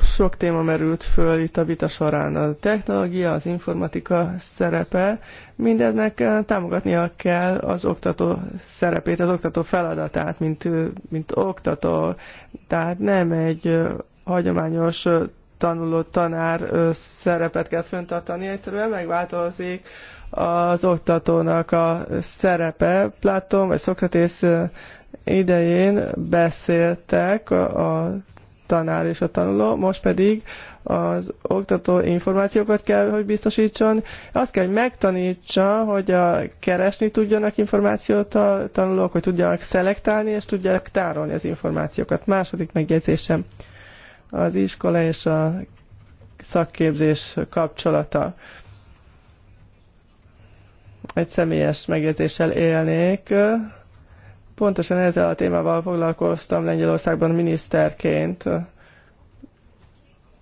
sok téma merült föl itt a vita során. A technológia, az informatika szerepe, mindennek eh, támogatnia kell az oktató szerepét, az oktató feladatát, mint, eh, mint oktató. Tehát nem egy eh, hagyományos tanuló tanár szerepet kell föntartani, egyszerűen megváltozik az oktatónak a szerepe. Platon vagy Szokratész idején beszéltek a tanár és a tanuló, most pedig az oktató információkat kell, hogy biztosítson. Azt kell, hogy megtanítsa, hogy a keresni tudjanak információt a tanulók, hogy tudjanak szelektálni, és tudjanak tárolni az információkat. Második megjegyzésem az iskola és a szakképzés kapcsolata. Egy személyes megjegyzéssel élnék. Pontosan ezzel a témával foglalkoztam Lengyelországban miniszterként.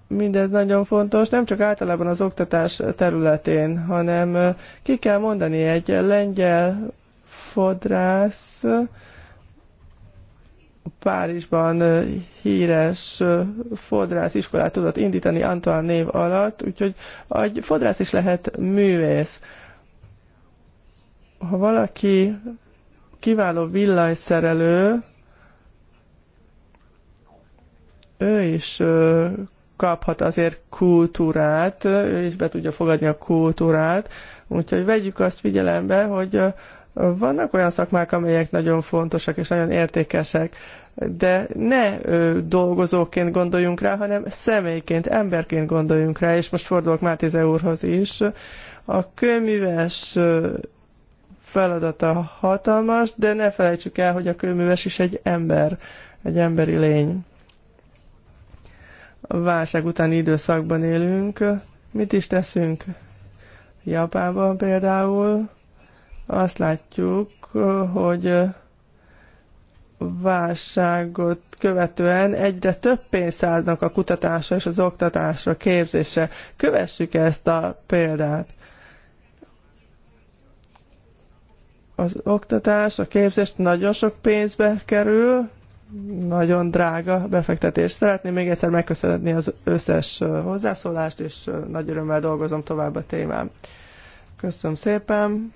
Mindez nagyon fontos, nem csak általában az oktatás területén, hanem ki kell mondani egy lengyel fodrász, Párizsban híres fodrász iskolát tudott indítani Antoine név alatt, úgyhogy egy fodrász is lehet művész. Ha valaki kiváló villanyszerelő, ő is kaphat azért kultúrát, ő is be tudja fogadni a kultúrát, úgyhogy vegyük azt figyelembe, hogy vannak olyan szakmák, amelyek nagyon fontosak és nagyon értékesek, de ne ö, dolgozóként gondoljunk rá, hanem személyként, emberként gondoljunk rá, és most fordulok Máté úrhoz is. A kőműves feladata hatalmas, de ne felejtsük el, hogy a kőműves is egy ember, egy emberi lény. A válság utáni időszakban élünk. Mit is teszünk? Japánban például azt látjuk, hogy válságot követően egyre több pénzt szállnak a kutatásra és az oktatásra, képzésre. Kövessük ezt a példát. az oktatás, a képzés nagyon sok pénzbe kerül, nagyon drága befektetés. Szeretném még egyszer megköszönni az összes hozzászólást, és nagy örömmel dolgozom tovább a témám. Köszönöm szépen.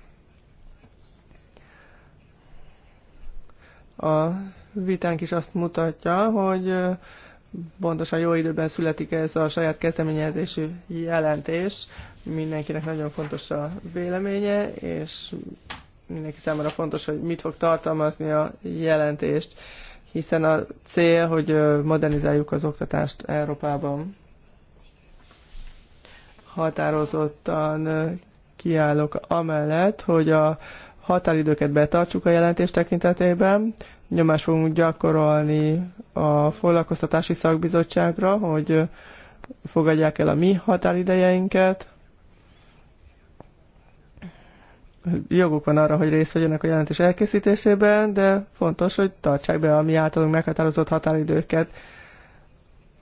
A vitánk is azt mutatja, hogy pontosan jó időben születik ez a saját kezdeményezésű jelentés. Mindenkinek nagyon fontos a véleménye, és mindenki számára fontos, hogy mit fog tartalmazni a jelentést, hiszen a cél, hogy modernizáljuk az oktatást Európában. Határozottan kiállok amellett, hogy a határidőket betartsuk a jelentés tekintetében, nyomást fogunk gyakorolni a foglalkoztatási szakbizottságra, hogy fogadják el a mi határidejeinket, joguk van arra, hogy részt vegyenek a jelentés elkészítésében, de fontos, hogy tartsák be a mi általunk meghatározott határidőket.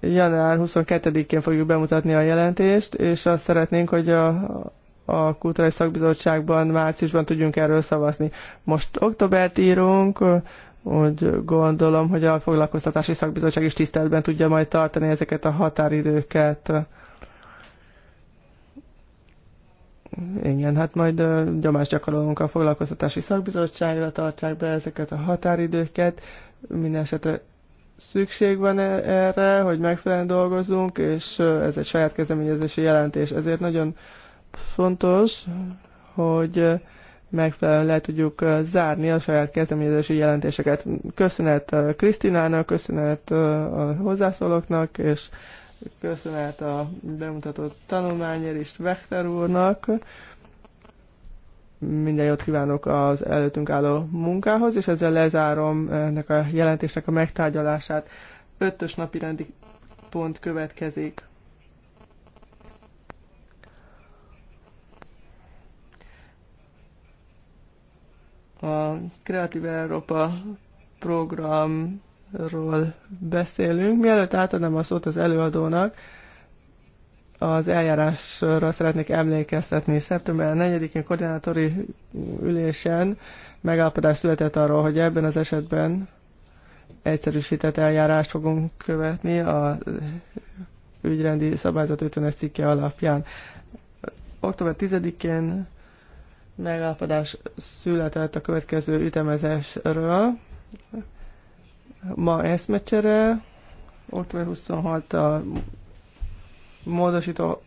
Január 22-én fogjuk bemutatni a jelentést, és azt szeretnénk, hogy a, a Kulturális Szakbizottságban márciusban tudjunk erről szavazni. Most októbert írunk, úgy gondolom, hogy a foglalkoztatási szakbizottság is tiszteletben tudja majd tartani ezeket a határidőket. Igen, hát majd gyomás gyakorolunk a foglalkoztatási szakbizottságra, tartsák be ezeket a határidőket. Minden esetre szükség van e- erre, hogy megfelelően dolgozunk, és ez egy saját kezdeményezési jelentés. Ezért nagyon fontos, hogy megfelelően le tudjuk zárni a saját kezdeményezési jelentéseket. Köszönet Krisztinának, köszönet a hozzászólóknak, és Köszönet a bemutatott tanulmányért Vechter úrnak. Minden jót kívánok az előttünk álló munkához, és ezzel lezárom ennek a jelentésnek a megtárgyalását. Ötös napi rendi pont következik. A Kreatív Európa program ról beszélünk. Mielőtt átadnám a szót az előadónak, az eljárásra szeretnék emlékeztetni. Szeptember 4-én koordinátori ülésen megállapodás született arról, hogy ebben az esetben egyszerűsített eljárást fogunk követni a ügyrendi szabályzat 50 cikke alapján. Október 10-én megállapodás született a következő ütemezésről Ma eszmecsere, október 26 a módosító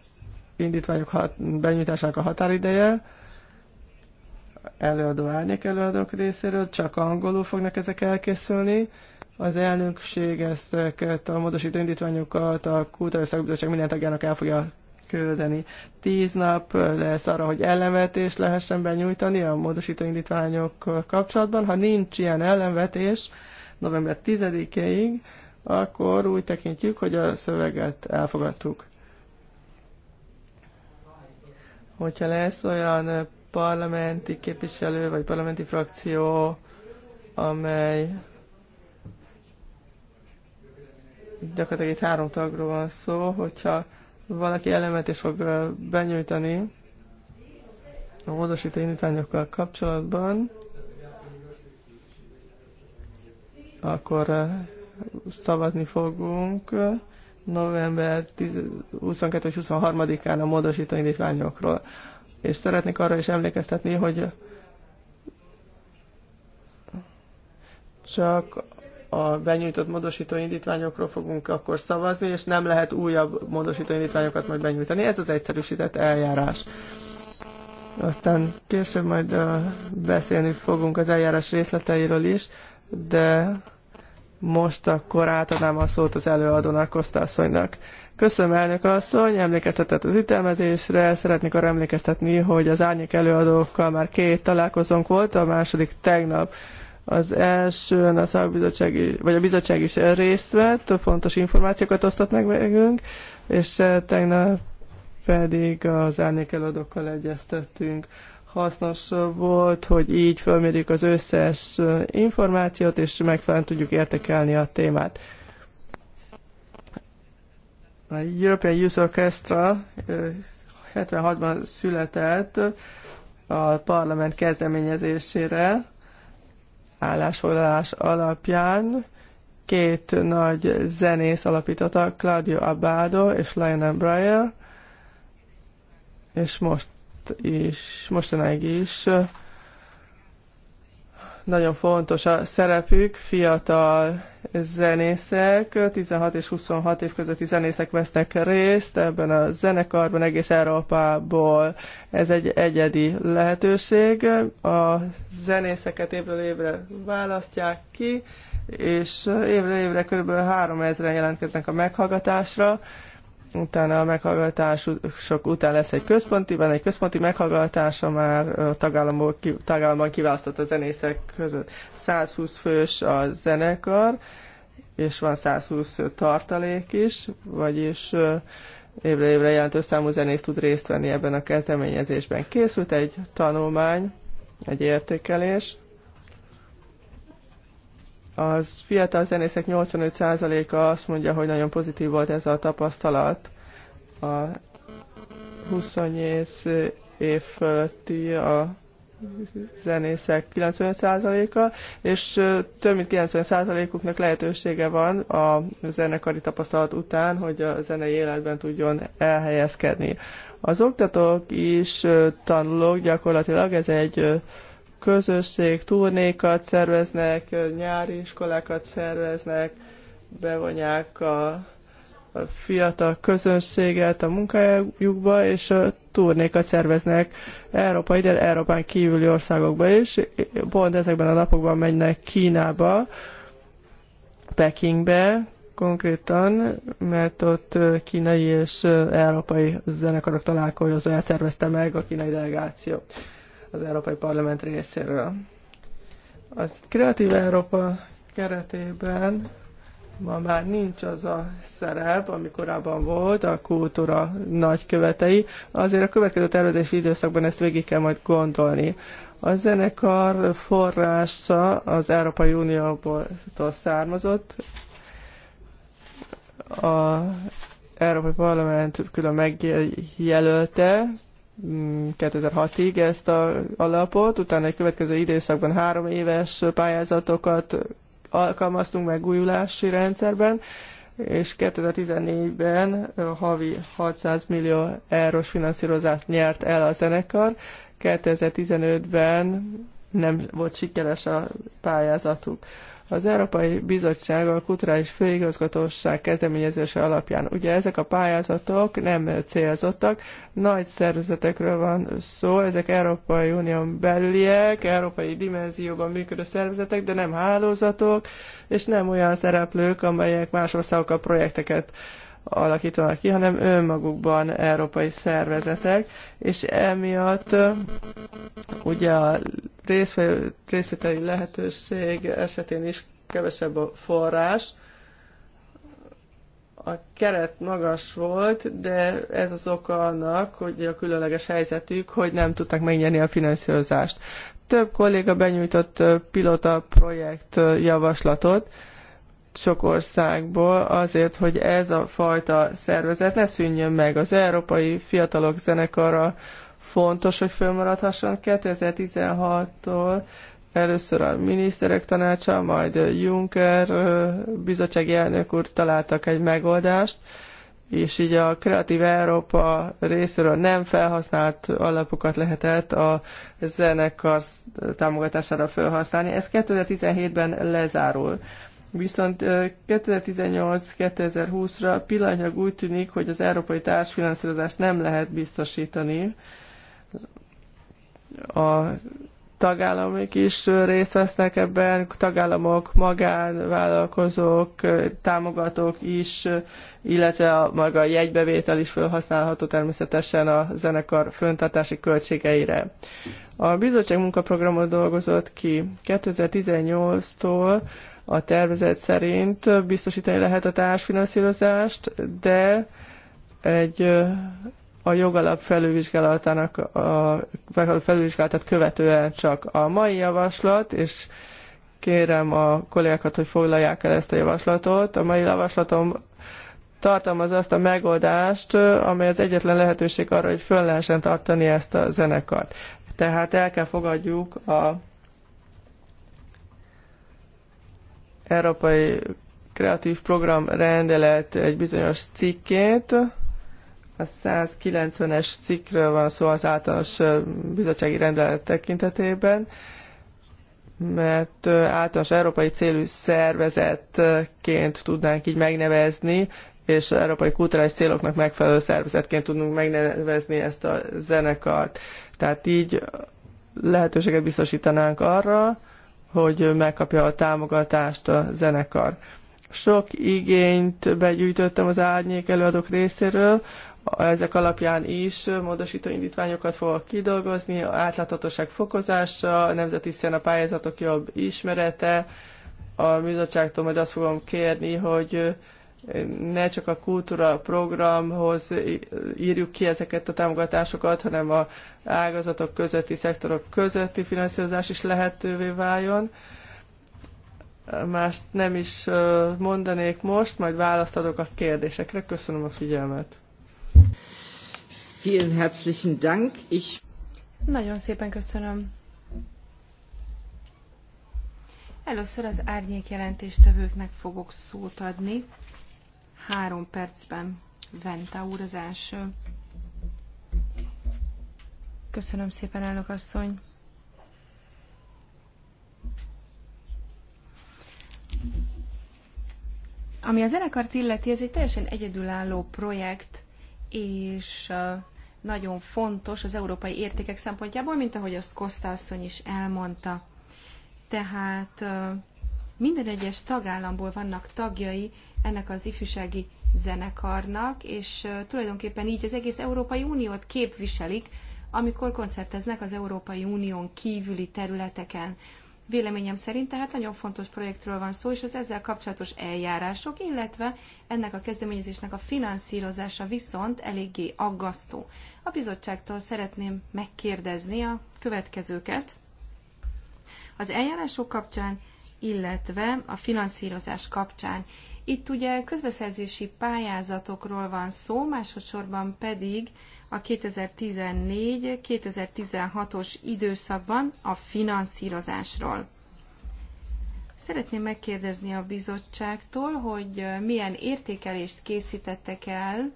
indítványok hat, benyújtásának a határideje, előadó árnyék előadók részéről, csak angolul fognak ezek elkészülni. Az elnökség ezeket a módosító indítványokat a Kultúra Szakbizottság minden tagjának el fogja küldeni. Tíz nap lesz arra, hogy ellenvetés lehessen benyújtani a módosító indítványok kapcsolatban. Ha nincs ilyen ellenvetés, november 10-ig, akkor úgy tekintjük, hogy a szöveget elfogadtuk. Hogyha lesz olyan parlamenti képviselő vagy parlamenti frakció, amely gyakorlatilag itt három tagról van szó, hogyha valaki elemet is fog benyújtani a módosító indítványokkal kapcsolatban, akkor eh, szavazni fogunk november 22-23-án a módosító indítványokról. És szeretnék arra is emlékeztetni, hogy csak a benyújtott módosító indítványokról fogunk akkor szavazni, és nem lehet újabb módosító indítványokat majd benyújtani. Ez az egyszerűsített eljárás. Aztán később majd eh, beszélni fogunk az eljárás részleteiről is de most akkor átadnám a szót az előadónak, Kosztászonynak. Köszönöm, elnök asszony, emlékeztetett az ütemezésre. Szeretnék arra emlékeztetni, hogy az árnyék előadókkal már két találkozónk volt, a második tegnap. Az elsőn a szakbizottság, vagy a bizottság is részt vett, fontos információkat osztott meg velünk, és tegnap pedig az árnyék előadókkal egyeztettünk hasznos volt, hogy így fölmérjük az összes információt, és megfelelően tudjuk értékelni a témát. A European Youth Orchestra 76-ban született a parlament kezdeményezésére állásfoglalás alapján. Két nagy zenész alapította, Claudio Abbado és Lionel Breyer, és most és mostanáig is nagyon fontos a szerepük, fiatal zenészek, 16 és 26 év közötti zenészek vesznek részt ebben a zenekarban egész Európából. Ez egy egyedi lehetőség. A zenészeket évről évre választják ki, és évről évre kb. 3000-en jelentkeznek a meghallgatásra utána a meghallgatások után lesz egy központi, van egy központi meghallgatása már tagállamból, tagállamban kiválasztott a zenészek között. 120 fős a zenekar, és van 120 tartalék is, vagyis évre évre jelentős számú zenész tud részt venni ebben a kezdeményezésben. Készült egy tanulmány, egy értékelés, az fiatal zenészek 85%-a azt mondja, hogy nagyon pozitív volt ez a tapasztalat. A 28 év fölötti a zenészek 95%-a, és több mint 90%-uknak lehetősége van a zenekari tapasztalat után, hogy a zenei életben tudjon elhelyezkedni. Az oktatók is tanulók, gyakorlatilag ez egy közösség, turnékat szerveznek, nyári iskolákat szerveznek, bevonják a a fiatal közönséget a munkájukba, és a turnékat szerveznek Európai, ide Európán kívüli országokba is. Pont ezekben a napokban mennek Kínába, Pekingbe konkrétan, mert ott kínai és európai zenekarok találkozóját szervezte meg a kínai delegáció az Európai Parlament részéről. A Kreatív Európa keretében ma már nincs az a szerep, ami korábban volt, a kultúra nagykövetei. Azért a következő tervezési időszakban ezt végig kell majd gondolni. A zenekar forrása az Európai Unióból származott. A Európai Parlament külön megjelölte 2006-ig ezt a alapot, utána egy következő időszakban három éves pályázatokat alkalmaztunk megújulási rendszerben, és 2014-ben havi 600 millió eurós finanszírozást nyert el a zenekar, 2015-ben nem volt sikeres a pályázatuk. Az Európai Bizottság a Kulturális Főigazgatóság kezdeményezése alapján. Ugye ezek a pályázatok nem célzottak, nagy szervezetekről van szó, ezek Európai Unión belüliek, európai dimenzióban működő szervezetek, de nem hálózatok, és nem olyan szereplők, amelyek más országokkal projekteket alakítanak ki, hanem önmagukban európai szervezetek, és emiatt ugye a részvételi lehetőség esetén is kevesebb a forrás, a keret magas volt, de ez az oka annak, hogy a különleges helyzetük, hogy nem tudták megnyerni a finanszírozást. Több kolléga benyújtott pilota projekt javaslatot, sok országból azért, hogy ez a fajta szervezet ne szűnjön meg. Az Európai Fiatalok Zenekara fontos, hogy fölmaradhasson 2016-tól először a miniszterek tanácsa, majd Juncker bizottsági elnök úr találtak egy megoldást, és így a Kreatív Európa részéről nem felhasznált alapokat lehetett a zenekar támogatására felhasználni. Ez 2017-ben lezárul. Viszont 2018-2020-ra pillanatnyilag úgy tűnik, hogy az európai társfinanszírozást nem lehet biztosítani. A tagállamok is részt vesznek ebben, tagállamok, magánvállalkozók, támogatók is, illetve a maga a jegybevétel is felhasználható természetesen a zenekar föntartási költségeire. A bizottság munkaprogramot dolgozott ki 2018-tól a tervezet szerint biztosítani lehet a társfinanszírozást, de egy a jogalap felülvizsgálatának a felülvizsgálatát követően csak a mai javaslat, és kérem a kollégákat, hogy foglalják el ezt a javaslatot. A mai javaslatom tartalmaz azt a megoldást, amely az egyetlen lehetőség arra, hogy föl lehessen tartani ezt a zenekart. Tehát el kell fogadjuk a Európai Kreatív Program rendelet egy bizonyos cikkét, a 190-es cikkről van szó az általános bizottsági rendelet tekintetében, mert általános európai célú szervezetként tudnánk így megnevezni, és európai kulturális céloknak megfelelő szervezetként tudnunk megnevezni ezt a zenekart. Tehát így lehetőséget biztosítanánk arra, hogy megkapja a támogatást a zenekar. Sok igényt begyűjtöttem az árnyék előadók részéről, ezek alapján is módosító indítványokat fogok kidolgozni, átláthatóság fokozása, nemzeti szen a pályázatok jobb ismerete, a bizottságtól majd azt fogom kérni, hogy ne csak a kultúra programhoz írjuk ki ezeket a támogatásokat, hanem a ágazatok közötti, szektorok közötti finanszírozás is lehetővé váljon. Mást nem is mondanék most, majd választ adok a kérdésekre. Köszönöm a figyelmet. Vielen herzlichen Dank. Ich... Nagyon szépen köszönöm. Először az árnyék jelentéstevőknek fogok szót adni három percben Venta úr az első. Köszönöm szépen, elnök asszony. Ami a zenekart illeti, ez egy teljesen egyedülálló projekt, és nagyon fontos az európai értékek szempontjából, mint ahogy azt Koszta asszony is elmondta. Tehát minden egyes tagállamból vannak tagjai, ennek az ifjúsági zenekarnak, és tulajdonképpen így az egész Európai Uniót képviselik, amikor koncerteznek az Európai Unión kívüli területeken. Véleményem szerint tehát nagyon fontos projektről van szó, és az ezzel kapcsolatos eljárások, illetve ennek a kezdeményezésnek a finanszírozása viszont eléggé aggasztó. A bizottságtól szeretném megkérdezni a következőket. Az eljárások kapcsán, illetve a finanszírozás kapcsán itt ugye közbeszerzési pályázatokról van szó, másodszorban pedig a 2014-2016-os időszakban a finanszírozásról. Szeretném megkérdezni a bizottságtól, hogy milyen értékelést készítettek el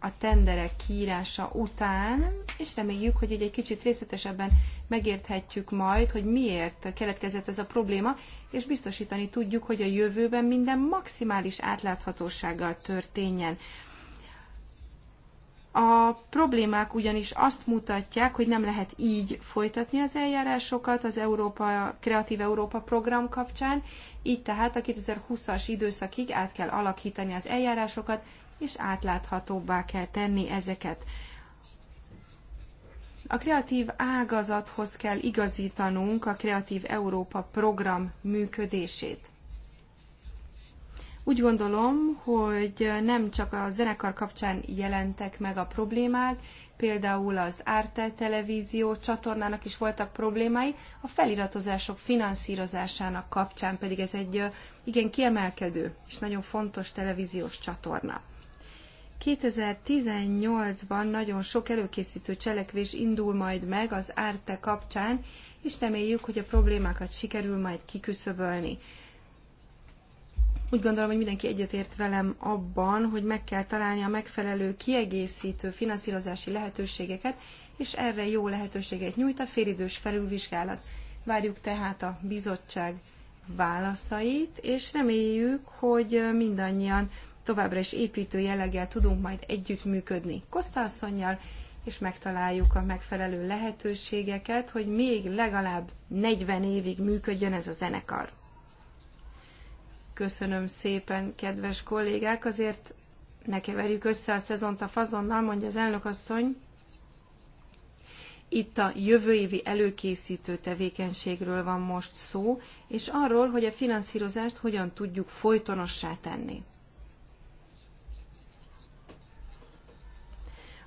a tenderek kiírása után, és reméljük, hogy egy kicsit részletesebben megérthetjük majd, hogy miért keletkezett ez a probléma, és biztosítani tudjuk, hogy a jövőben minden maximális átláthatósággal történjen. A problémák ugyanis azt mutatják, hogy nem lehet így folytatni az eljárásokat az Európa, Kreatív Európa program kapcsán, így tehát a 2020-as időszakig át kell alakítani az eljárásokat, és átláthatóbbá kell tenni ezeket. A kreatív ágazathoz kell igazítanunk a Kreatív Európa program működését. Úgy gondolom, hogy nem csak a zenekar kapcsán jelentek meg a problémák, például az Arte televízió csatornának is voltak problémái, a feliratozások finanszírozásának kapcsán pedig ez egy igen kiemelkedő és nagyon fontos televíziós csatorna. 2018-ban nagyon sok előkészítő cselekvés indul majd meg az Árte kapcsán, és reméljük, hogy a problémákat sikerül majd kiküszöbölni. Úgy gondolom, hogy mindenki egyetért velem abban, hogy meg kell találni a megfelelő kiegészítő finanszírozási lehetőségeket, és erre jó lehetőséget nyújt a félidős felülvizsgálat. Várjuk tehát a bizottság válaszait, és reméljük, hogy mindannyian továbbra is építő jelleggel tudunk majd együttműködni Koszta asszonynal, és megtaláljuk a megfelelő lehetőségeket, hogy még legalább 40 évig működjön ez a zenekar. Köszönöm szépen, kedves kollégák, azért ne keverjük össze a szezont a fazonnal, mondja az elnökasszony. Itt a jövő évi előkészítő tevékenységről van most szó, és arról, hogy a finanszírozást hogyan tudjuk folytonossá tenni.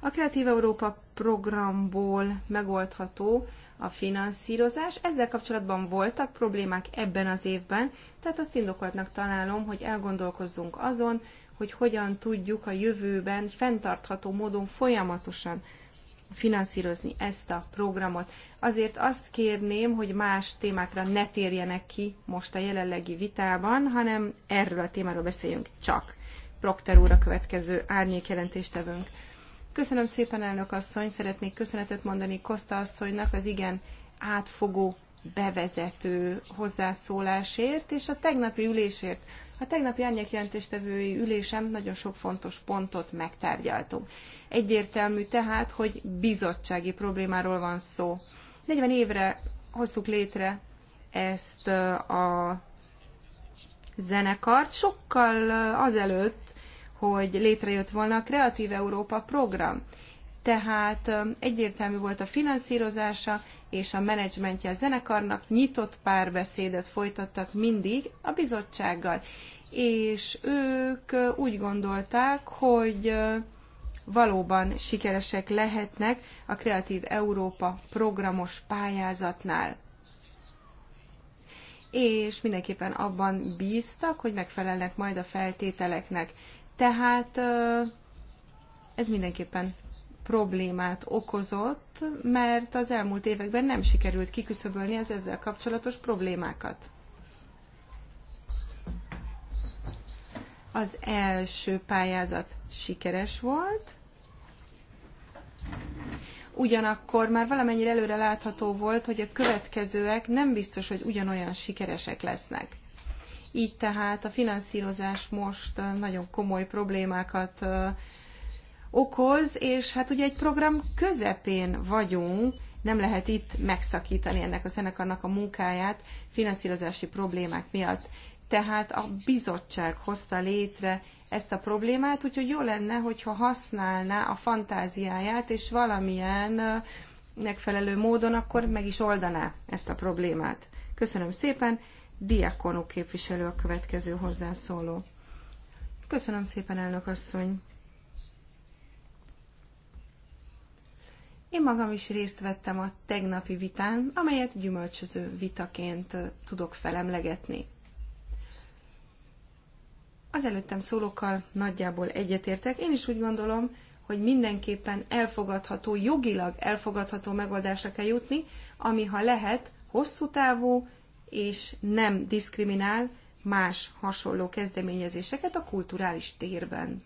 A Kreatív Európa programból megoldható a finanszírozás. Ezzel kapcsolatban voltak problémák ebben az évben, tehát azt indokoltnak találom, hogy elgondolkozzunk azon, hogy hogyan tudjuk a jövőben fenntartható módon folyamatosan finanszírozni ezt a programot. Azért azt kérném, hogy más témákra ne térjenek ki most a jelenlegi vitában, hanem erről a témáról beszéljünk csak. Prokter úr a következő árnyékjelentéstevőnk. Köszönöm szépen, elnök asszony, szeretnék köszönetet mondani Kosta asszonynak az igen átfogó bevezető hozzászólásért és a tegnapi ülésért. A tegnapi árnyékjelentéstevői ülésem nagyon sok fontos pontot megtárgyaltunk. Egyértelmű tehát, hogy bizottsági problémáról van szó. 40 évre hoztuk létre ezt a zenekart, sokkal azelőtt, hogy létrejött volna a Kreatív Európa program. Tehát egyértelmű volt a finanszírozása és a menedzsmentje a zenekarnak, nyitott párbeszédet folytattak mindig a bizottsággal. És ők úgy gondolták, hogy valóban sikeresek lehetnek a Kreatív Európa programos pályázatnál. És mindenképpen abban bíztak, hogy megfelelnek majd a feltételeknek. Tehát ez mindenképpen problémát okozott, mert az elmúlt években nem sikerült kiküszöbölni az ezzel kapcsolatos problémákat. Az első pályázat sikeres volt, ugyanakkor már valamennyire előre látható volt, hogy a következőek nem biztos, hogy ugyanolyan sikeresek lesznek. Így tehát a finanszírozás most nagyon komoly problémákat okoz, és hát ugye egy program közepén vagyunk, nem lehet itt megszakítani ennek a zenekarnak a munkáját finanszírozási problémák miatt. Tehát a bizottság hozta létre ezt a problémát, úgyhogy jó lenne, hogyha használná a fantáziáját, és valamilyen megfelelő módon akkor meg is oldaná ezt a problémát. Köszönöm szépen, Diakonú képviselő a következő hozzászóló. Köszönöm szépen, elnök asszony! Én magam is részt vettem a tegnapi vitán, amelyet gyümölcsöző vitaként tudok felemlegetni. Az előttem szólókkal nagyjából egyetértek. Én is úgy gondolom, hogy mindenképpen elfogadható, jogilag elfogadható megoldásra kell jutni, ami ha lehet, hosszú távú, és nem diszkriminál más hasonló kezdeményezéseket a kulturális térben.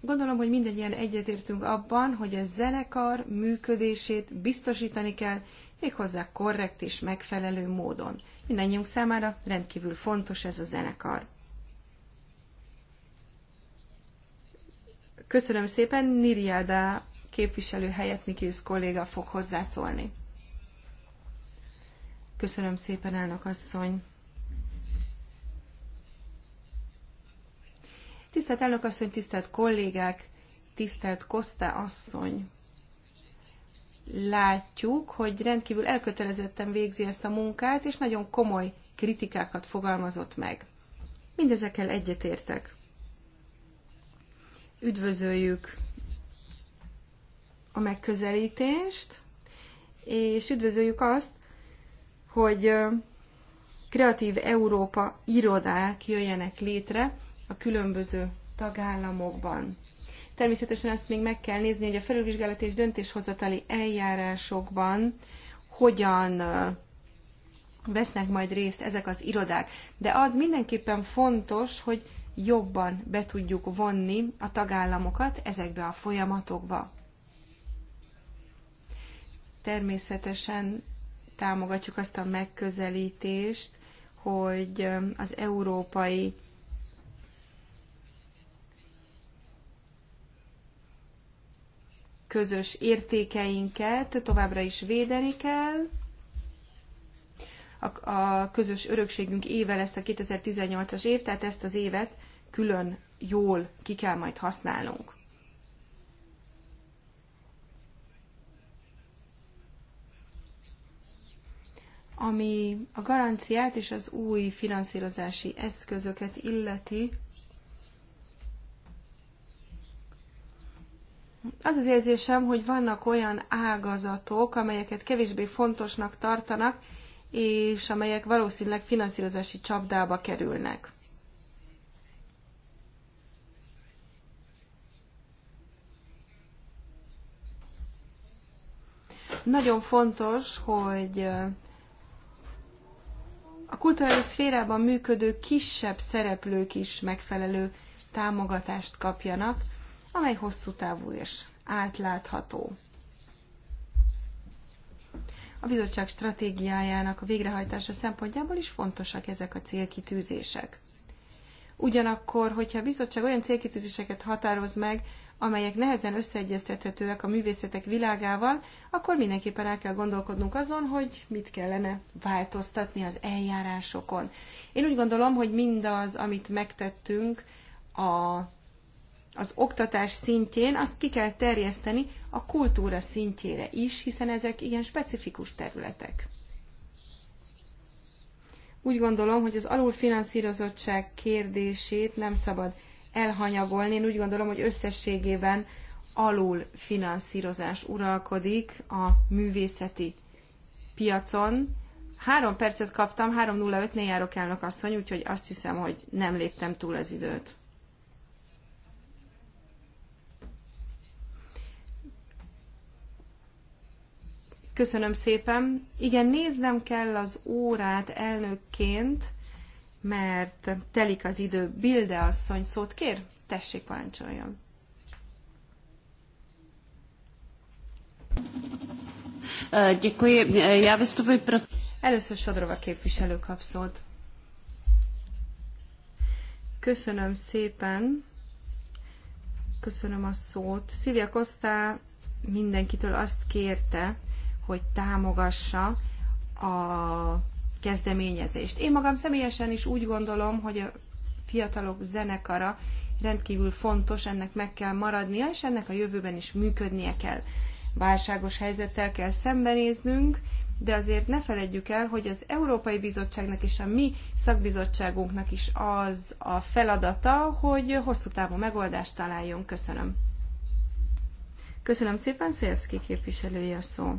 Gondolom, hogy ilyen egyetértünk abban, hogy a zenekar működését biztosítani kell, méghozzá korrekt és megfelelő módon. Mindennyiunk számára rendkívül fontos ez a zenekar. Köszönöm szépen, Niriada képviselő helyett Nikius kolléga fog hozzászólni. Köszönöm szépen, elnök asszony. Tisztelt elnök asszony, tisztelt kollégák, tisztelt Koszta asszony. Látjuk, hogy rendkívül elkötelezetten végzi ezt a munkát, és nagyon komoly kritikákat fogalmazott meg. Mindezekkel egyetértek. Üdvözöljük a megközelítést, és üdvözöljük azt, hogy Kreatív Európa irodák jöjjenek létre a különböző tagállamokban. Természetesen ezt még meg kell nézni, hogy a felülvizsgálati és döntéshozatali eljárásokban hogyan vesznek majd részt ezek az irodák. De az mindenképpen fontos, hogy jobban be tudjuk vonni a tagállamokat ezekbe a folyamatokba. Természetesen támogatjuk azt a megközelítést, hogy az európai közös értékeinket továbbra is védeni kell. A, a közös örökségünk éve lesz a 2018-as év, tehát ezt az évet külön jól ki kell majd használnunk. Ami a garanciát és az új finanszírozási eszközöket illeti, az az érzésem, hogy vannak olyan ágazatok, amelyeket kevésbé fontosnak tartanak, és amelyek valószínűleg finanszírozási csapdába kerülnek. Nagyon fontos, hogy a kulturális szférában működő kisebb szereplők is megfelelő támogatást kapjanak, amely hosszú távú és átlátható. A bizottság stratégiájának a végrehajtása szempontjából is fontosak ezek a célkitűzések. Ugyanakkor, hogyha a bizottság olyan célkitűzéseket határoz meg, amelyek nehezen összeegyeztethetőek a művészetek világával, akkor mindenképpen el kell gondolkodnunk azon, hogy mit kellene változtatni az eljárásokon. Én úgy gondolom, hogy mindaz, amit megtettünk a, az oktatás szintjén, azt ki kell terjeszteni a kultúra szintjére is, hiszen ezek ilyen specifikus területek. Úgy gondolom, hogy az alulfinanszírozottság kérdését nem szabad elhanyagolni. Én úgy gondolom, hogy összességében alul finanszírozás uralkodik a művészeti piacon. Három percet kaptam, 3.05-nél járok elnök asszony, úgyhogy azt hiszem, hogy nem léptem túl az időt. Köszönöm szépen. Igen, néznem kell az órát elnökként, mert telik az idő. Bilde asszony szót kér? Tessék, parancsoljon. Először Sodrova képviselő kap szót. Köszönöm szépen. Köszönöm a szót. Szilvia Kosztá mindenkitől azt kérte, hogy támogassa a kezdeményezést. Én magam személyesen is úgy gondolom, hogy a fiatalok zenekara rendkívül fontos, ennek meg kell maradnia, és ennek a jövőben is működnie kell. Válságos helyzettel kell szembenéznünk, de azért ne feledjük el, hogy az Európai Bizottságnak és a mi szakbizottságunknak is az a feladata, hogy hosszú távú megoldást találjon. Köszönöm. Köszönöm szépen, Szujevszki képviselője a szó.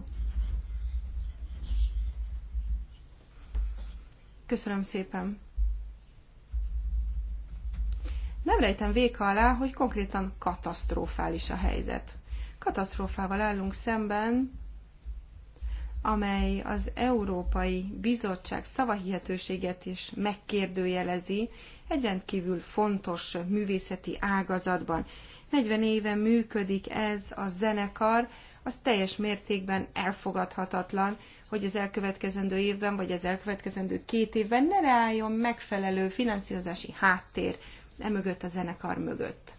Köszönöm szépen. Nem rejtem véka alá, hogy konkrétan katasztrofális a helyzet. Katasztrófával állunk szemben, amely az Európai Bizottság szavahihetőséget is megkérdőjelezi egy rendkívül fontos művészeti ágazatban. 40 éve működik ez a zenekar, az teljes mértékben elfogadhatatlan, hogy az elkövetkezendő évben, vagy az elkövetkezendő két évben ne reálljon megfelelő finanszírozási háttér emögött a zenekar mögött.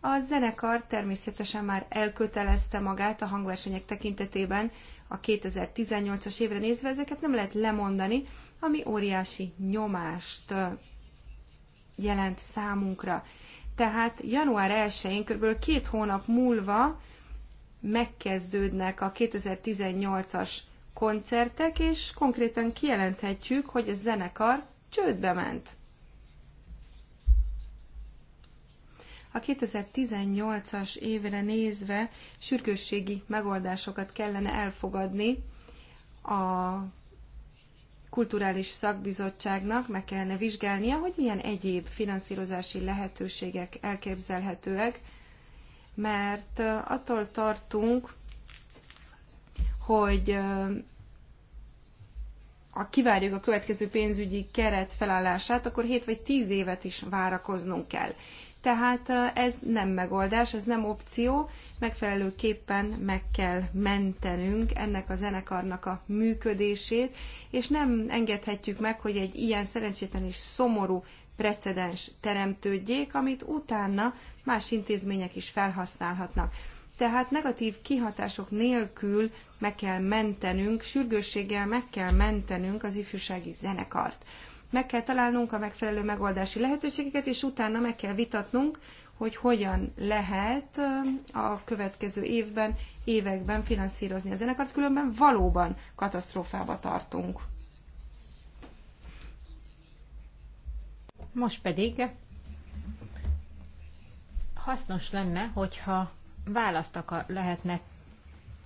A zenekar természetesen már elkötelezte magát a hangversenyek tekintetében a 2018-as évre nézve, ezeket nem lehet lemondani, ami óriási nyomást jelent számunkra. Tehát január 1-én, kb. két hónap múlva megkezdődnek a 2018-as koncertek, és konkrétan kijelenthetjük, hogy a zenekar csődbe ment. A 2018-as évre nézve sürgősségi megoldásokat kellene elfogadni a kulturális szakbizottságnak meg kellene vizsgálnia, hogy milyen egyéb finanszírozási lehetőségek elképzelhetőek mert attól tartunk, hogy ha kivárjuk a következő pénzügyi keret felállását, akkor 7 vagy 10 évet is várakoznunk kell. Tehát ez nem megoldás, ez nem opció, megfelelőképpen meg kell mentenünk ennek a zenekarnak a működését, és nem engedhetjük meg, hogy egy ilyen szerencsétlen és szomorú precedens teremtődjék, amit utána más intézmények is felhasználhatnak. Tehát negatív kihatások nélkül meg kell mentenünk, sürgősséggel meg kell mentenünk az ifjúsági zenekart. Meg kell találnunk a megfelelő megoldási lehetőségeket, és utána meg kell vitatnunk, hogy hogyan lehet a következő évben, években finanszírozni a zenekart, különben valóban katasztrófába tartunk. Most pedig hasznos lenne, hogyha választ lehetne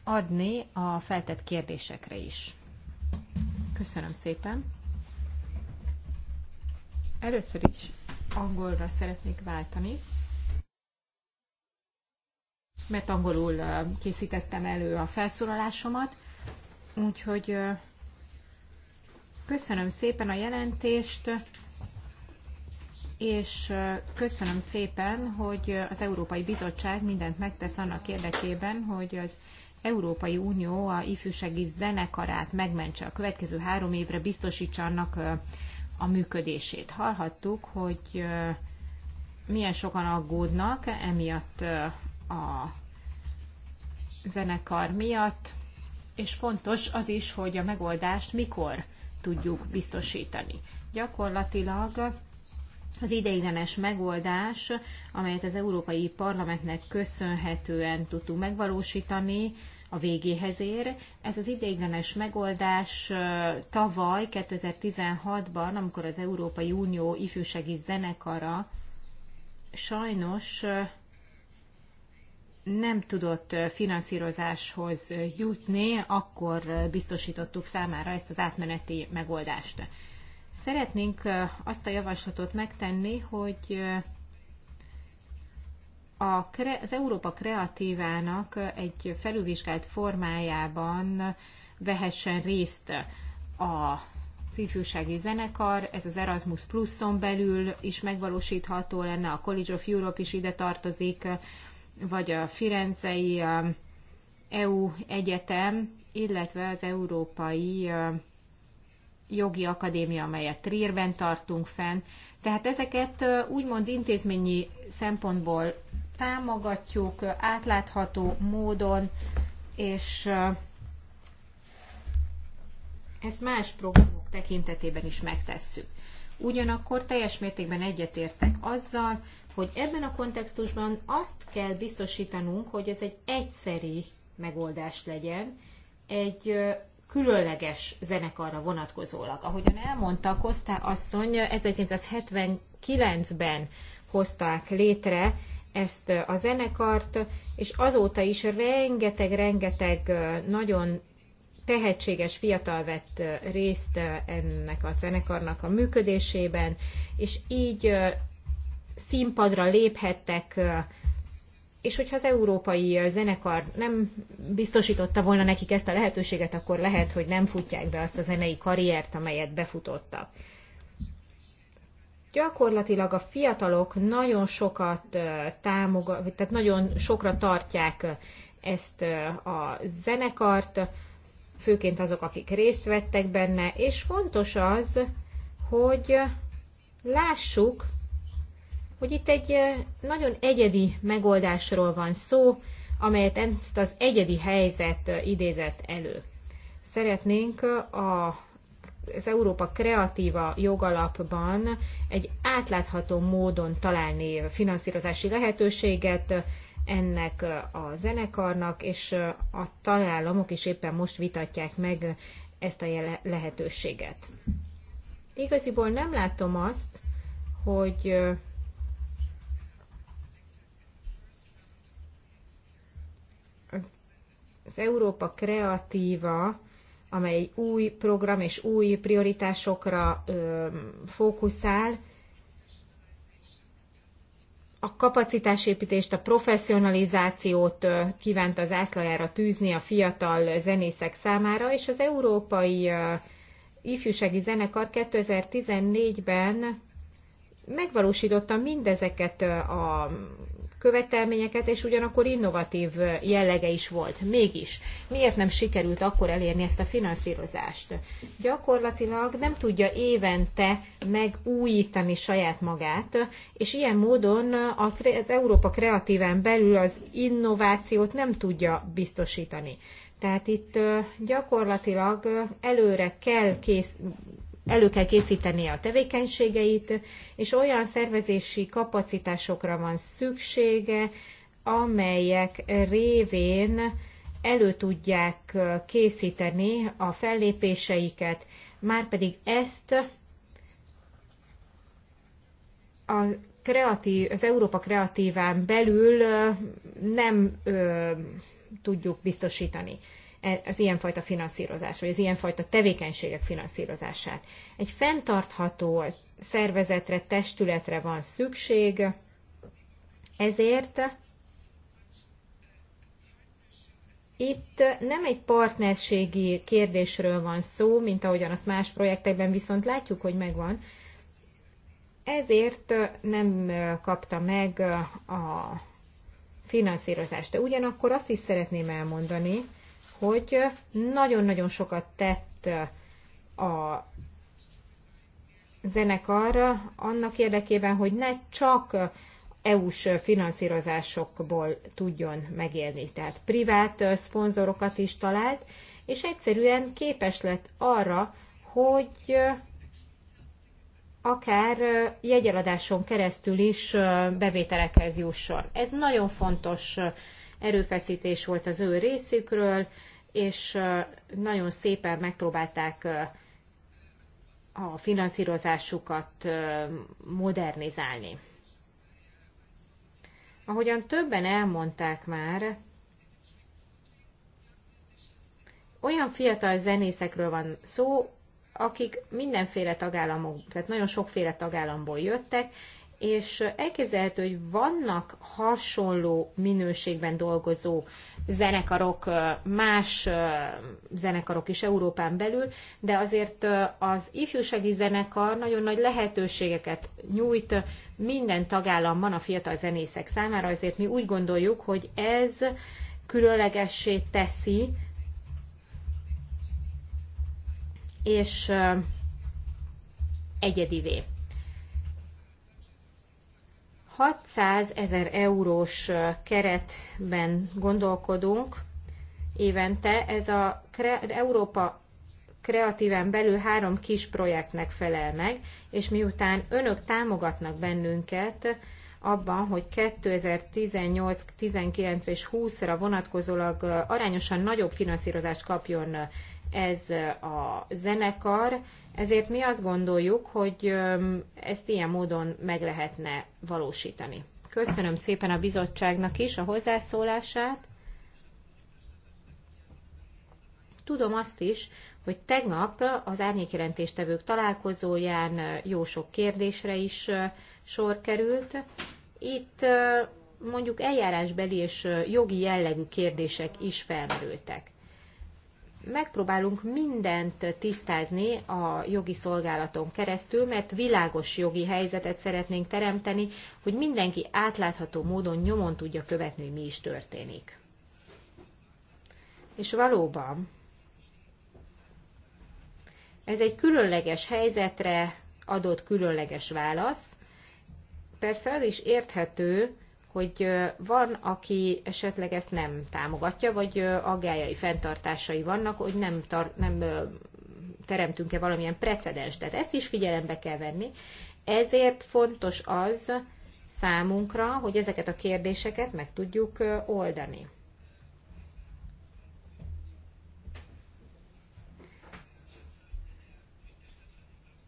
adni a feltett kérdésekre is. Köszönöm szépen. Először is angolra szeretnék váltani, mert angolul készítettem elő a felszólalásomat, úgyhogy köszönöm szépen a jelentést és köszönöm szépen, hogy az Európai Bizottság mindent megtesz annak érdekében, hogy az Európai Unió a ifjúsági zenekarát megmentse a következő három évre, biztosítsa annak a működését. Hallhattuk, hogy milyen sokan aggódnak emiatt a zenekar miatt, és fontos az is, hogy a megoldást mikor tudjuk biztosítani. Gyakorlatilag az ideiglenes megoldás, amelyet az Európai Parlamentnek köszönhetően tudtunk megvalósítani, a végéhez ér. Ez az ideiglenes megoldás tavaly 2016-ban, amikor az Európai Unió ifjúsági zenekara sajnos nem tudott finanszírozáshoz jutni, akkor biztosítottuk számára ezt az átmeneti megoldást. Szeretnénk azt a javaslatot megtenni, hogy az Európa Kreatívának egy felülvizsgált formájában vehessen részt a ifjúsági zenekar, ez az Erasmus Pluszon belül is megvalósítható lenne, a College of Europe is ide tartozik, vagy a Firenzei EU Egyetem, illetve az Európai jogi akadémia, amelyet Trierben tartunk fenn. Tehát ezeket úgymond intézményi szempontból támogatjuk átlátható módon, és ezt más programok tekintetében is megtesszük. Ugyanakkor teljes mértékben egyetértek azzal, hogy ebben a kontextusban azt kell biztosítanunk, hogy ez egy egyszeri megoldás legyen, egy különleges zenekarra vonatkozólag. Ahogyan elmondta, Kosztá asszony 1979-ben hozták létre ezt a zenekart, és azóta is rengeteg-rengeteg nagyon tehetséges fiatal vett részt ennek a zenekarnak a működésében, és így színpadra léphettek és hogyha az európai zenekar nem biztosította volna nekik ezt a lehetőséget, akkor lehet, hogy nem futják be azt a zenei karriert, amelyet befutottak. Gyakorlatilag a fiatalok nagyon sokat támogat, tehát nagyon sokra tartják ezt a zenekart, főként azok, akik részt vettek benne, és fontos az, hogy lássuk, hogy itt egy nagyon egyedi megoldásról van szó, amelyet ezt az egyedi helyzet idézett elő. Szeretnénk a az Európa Kreatíva jogalapban egy átlátható módon találni finanszírozási lehetőséget ennek a zenekarnak, és a találomok is éppen most vitatják meg ezt a lehetőséget. Igaziból nem látom azt, hogy Európa Kreatíva, amely új program és új prioritásokra ö, fókuszál, a kapacitásépítést, a professzionalizációt kívánt az ászlajára tűzni a fiatal zenészek számára, és az Európai Ifjúsági Zenekar 2014-ben megvalósította mindezeket a követelményeket, és ugyanakkor innovatív jellege is volt. Mégis, miért nem sikerült akkor elérni ezt a finanszírozást? Gyakorlatilag nem tudja évente megújítani saját magát, és ilyen módon az Európa kreatíven belül az innovációt nem tudja biztosítani. Tehát itt gyakorlatilag előre kell kész, elő kell készíteni a tevékenységeit, és olyan szervezési kapacitásokra van szüksége, amelyek révén elő tudják készíteni a fellépéseiket, márpedig ezt a kreatív, az Európa kreatíván belül nem ö, tudjuk biztosítani. E, az ilyenfajta finanszírozás, vagy az ilyenfajta tevékenységek finanszírozását. Egy fenntartható szervezetre, testületre van szükség, ezért itt nem egy partnerségi kérdésről van szó, mint ahogyan azt más projektekben viszont látjuk, hogy megvan. Ezért nem kapta meg a finanszírozást. De ugyanakkor azt is szeretném elmondani, hogy nagyon-nagyon sokat tett a zenekar annak érdekében, hogy ne csak EU-s finanszírozásokból tudjon megélni. Tehát privát szponzorokat is talált, és egyszerűen képes lett arra, hogy akár jegyeladáson keresztül is bevételekhez jusson. Ez nagyon fontos erőfeszítés volt az ő részükről, és nagyon szépen megpróbálták a finanszírozásukat modernizálni. Ahogyan többen elmondták már, olyan fiatal zenészekről van szó, akik mindenféle tagállamok, tehát nagyon sokféle tagállamból jöttek, és elképzelhető, hogy vannak hasonló minőségben dolgozó zenekarok, más zenekarok is Európán belül, de azért az ifjúsági zenekar nagyon nagy lehetőségeket nyújt minden tagállamban a fiatal zenészek számára, ezért mi úgy gondoljuk, hogy ez különlegessé teszi, és egyedivé. 600 ezer eurós keretben gondolkodunk évente. Ez a Európa kreatíven belül három kis projektnek felel meg, és miután önök támogatnak bennünket abban, hogy 2018, 19 és 20-ra vonatkozólag arányosan nagyobb finanszírozást kapjon ez a zenekar, ezért mi azt gondoljuk, hogy ezt ilyen módon meg lehetne valósítani. Köszönöm szépen a bizottságnak is a hozzászólását. Tudom azt is, hogy tegnap az árnyékjelentéstevők találkozóján jó sok kérdésre is sor került. Itt mondjuk eljárásbeli és jogi jellegű kérdések is felmerültek megpróbálunk mindent tisztázni a jogi szolgálaton keresztül, mert világos jogi helyzetet szeretnénk teremteni, hogy mindenki átlátható módon nyomon tudja követni, hogy mi is történik. És valóban ez egy különleges helyzetre adott különleges válasz. Persze az is érthető, hogy van, aki esetleg ezt nem támogatja, vagy aggályai, fenntartásai vannak, hogy nem, tar- nem teremtünk-e valamilyen precedens. Tehát ezt is figyelembe kell venni. Ezért fontos az számunkra, hogy ezeket a kérdéseket meg tudjuk oldani.